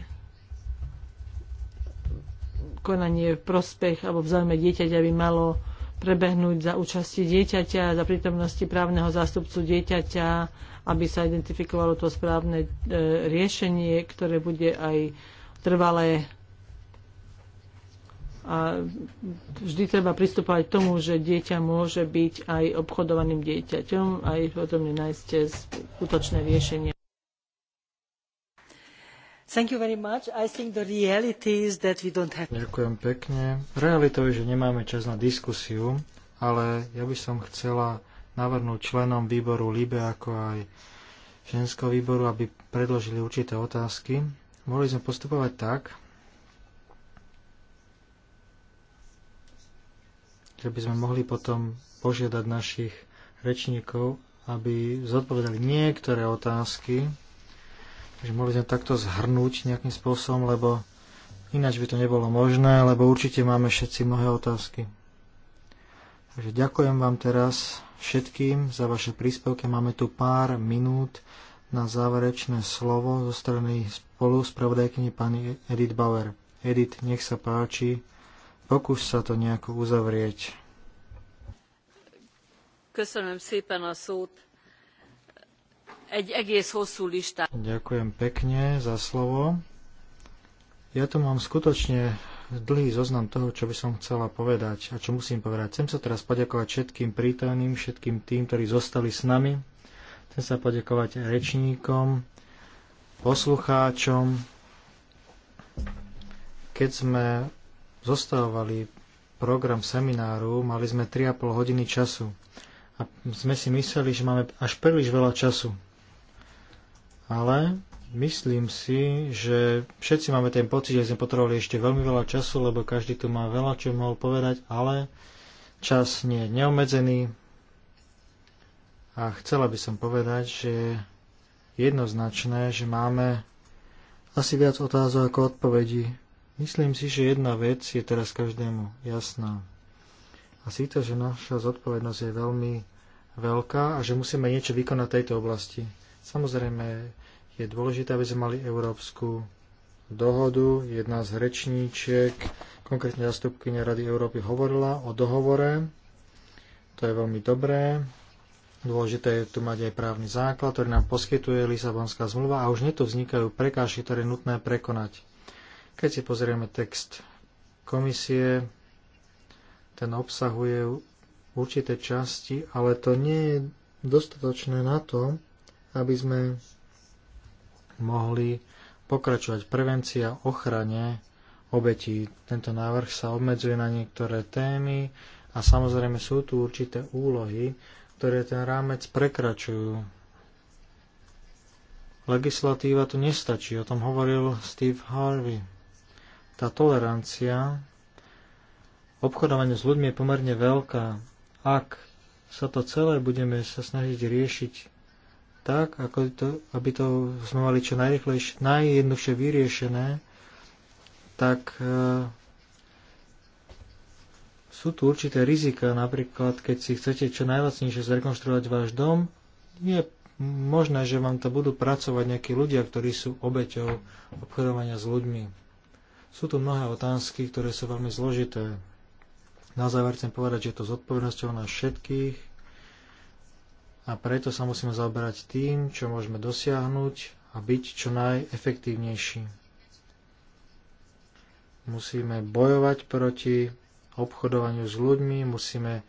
konanie v prospech alebo v záujme dieťaťa by malo prebehnúť za účasti dieťaťa, za prítomnosti právneho zástupcu dieťaťa, aby sa identifikovalo to správne e, riešenie, ktoré bude aj trvalé. A vždy treba pristupovať k tomu, že dieťa môže byť aj obchodovaným dieťaťom a potom nájsť skutočné riešenie. Thank you very much. I think the reality is that we don't have... Ďakujem pekne. Realitou je, že nemáme čas na diskusiu, ale ja by som chcela navrhnúť členom výboru LIBE ako aj ženského výboru, aby predložili určité otázky. Mohli sme postupovať tak, že by sme mohli potom požiadať našich rečníkov, aby zodpovedali niektoré otázky, Takže mohli sme takto zhrnúť nejakým spôsobom, lebo ináč by to nebolo možné, lebo určite máme všetci mnohé otázky. Takže ďakujem vám teraz všetkým za vaše príspevky. Máme tu pár minút na záverečné slovo zo strany spolu spravodajkyni pani Edith Bauer. Edith, nech sa páči, pokús sa to nejako uzavrieť. Ďakujem szépen a egy egész hosszú listát. Ďakujem pekne za slovo. Ja tu mám skutočne dlhý zoznam toho, čo by som chcela povedať a čo musím povedať. Chcem sa teraz poďakovať všetkým prítomným, všetkým tým, ktorí zostali s nami. Chcem sa poďakovať rečníkom, poslucháčom. Keď sme zostavovali program semináru, mali sme 3,5 hodiny času. A sme si mysleli, že máme až príliš veľa času ale myslím si, že všetci máme ten pocit, že sme potrebovali ešte veľmi veľa času, lebo každý tu má veľa, čo mohol povedať, ale čas nie je neobmedzený. A chcela by som povedať, že je jednoznačné, že máme asi viac otázok ako odpovedí. Myslím si, že jedna vec je teraz každému jasná. A to, že naša zodpovednosť je veľmi veľká a že musíme niečo vykonať v tejto oblasti. Samozrejme je dôležité, aby sme mali európsku dohodu. Jedna z rečníčiek, konkrétne zastupkynia Rady Európy, hovorila o dohovore. To je veľmi dobré. Dôležité je tu mať aj právny základ, ktorý nám poskytuje Lisabonská zmluva a už neto vznikajú prekážky, ktoré je nutné prekonať. Keď si pozrieme text komisie, ten obsahuje určité časti, ale to nie je dostatočné na to, aby sme mohli pokračovať prevencia ochrane obetí. Tento návrh sa obmedzuje na niektoré témy a samozrejme sú tu určité úlohy, ktoré ten rámec prekračujú. Legislatíva tu nestačí, o tom hovoril Steve Harvey. Tá tolerancia obchodovania s ľuďmi je pomerne veľká. Ak sa to celé budeme sa snažiť riešiť tak, ako to, aby to sme mali čo najrychlejšie, najjednoduchšie vyriešené, tak e, sú tu určité rizika. Napríklad, keď si chcete čo najlacnejšie zrekonštruovať váš dom, je možné, že vám to budú pracovať nejakí ľudia, ktorí sú obeťou obchodovania s ľuďmi. Sú tu mnohé otázky, ktoré sú veľmi zložité. Na záver chcem povedať, že je to zodpovednosťou nás všetkých, a preto sa musíme zaoberať tým, čo môžeme dosiahnuť a byť čo najefektívnejší. Musíme bojovať proti obchodovaniu s ľuďmi, musíme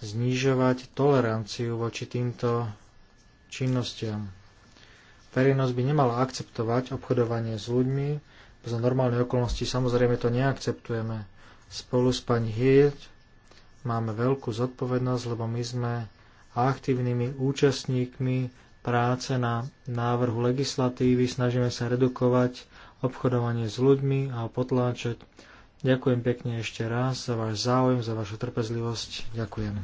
znižovať toleranciu voči týmto činnostiam. Verejnosť by nemala akceptovať obchodovanie s ľuďmi, za normálnej okolnosti samozrejme to neakceptujeme. Spolu s pani Hirt máme veľkú zodpovednosť, lebo my sme a aktívnymi účastníkmi práce na návrhu legislatívy. Snažíme sa redukovať obchodovanie s ľuďmi a potláčať. Ďakujem pekne ešte raz za váš záujem, za vašu trpezlivosť. Ďakujem.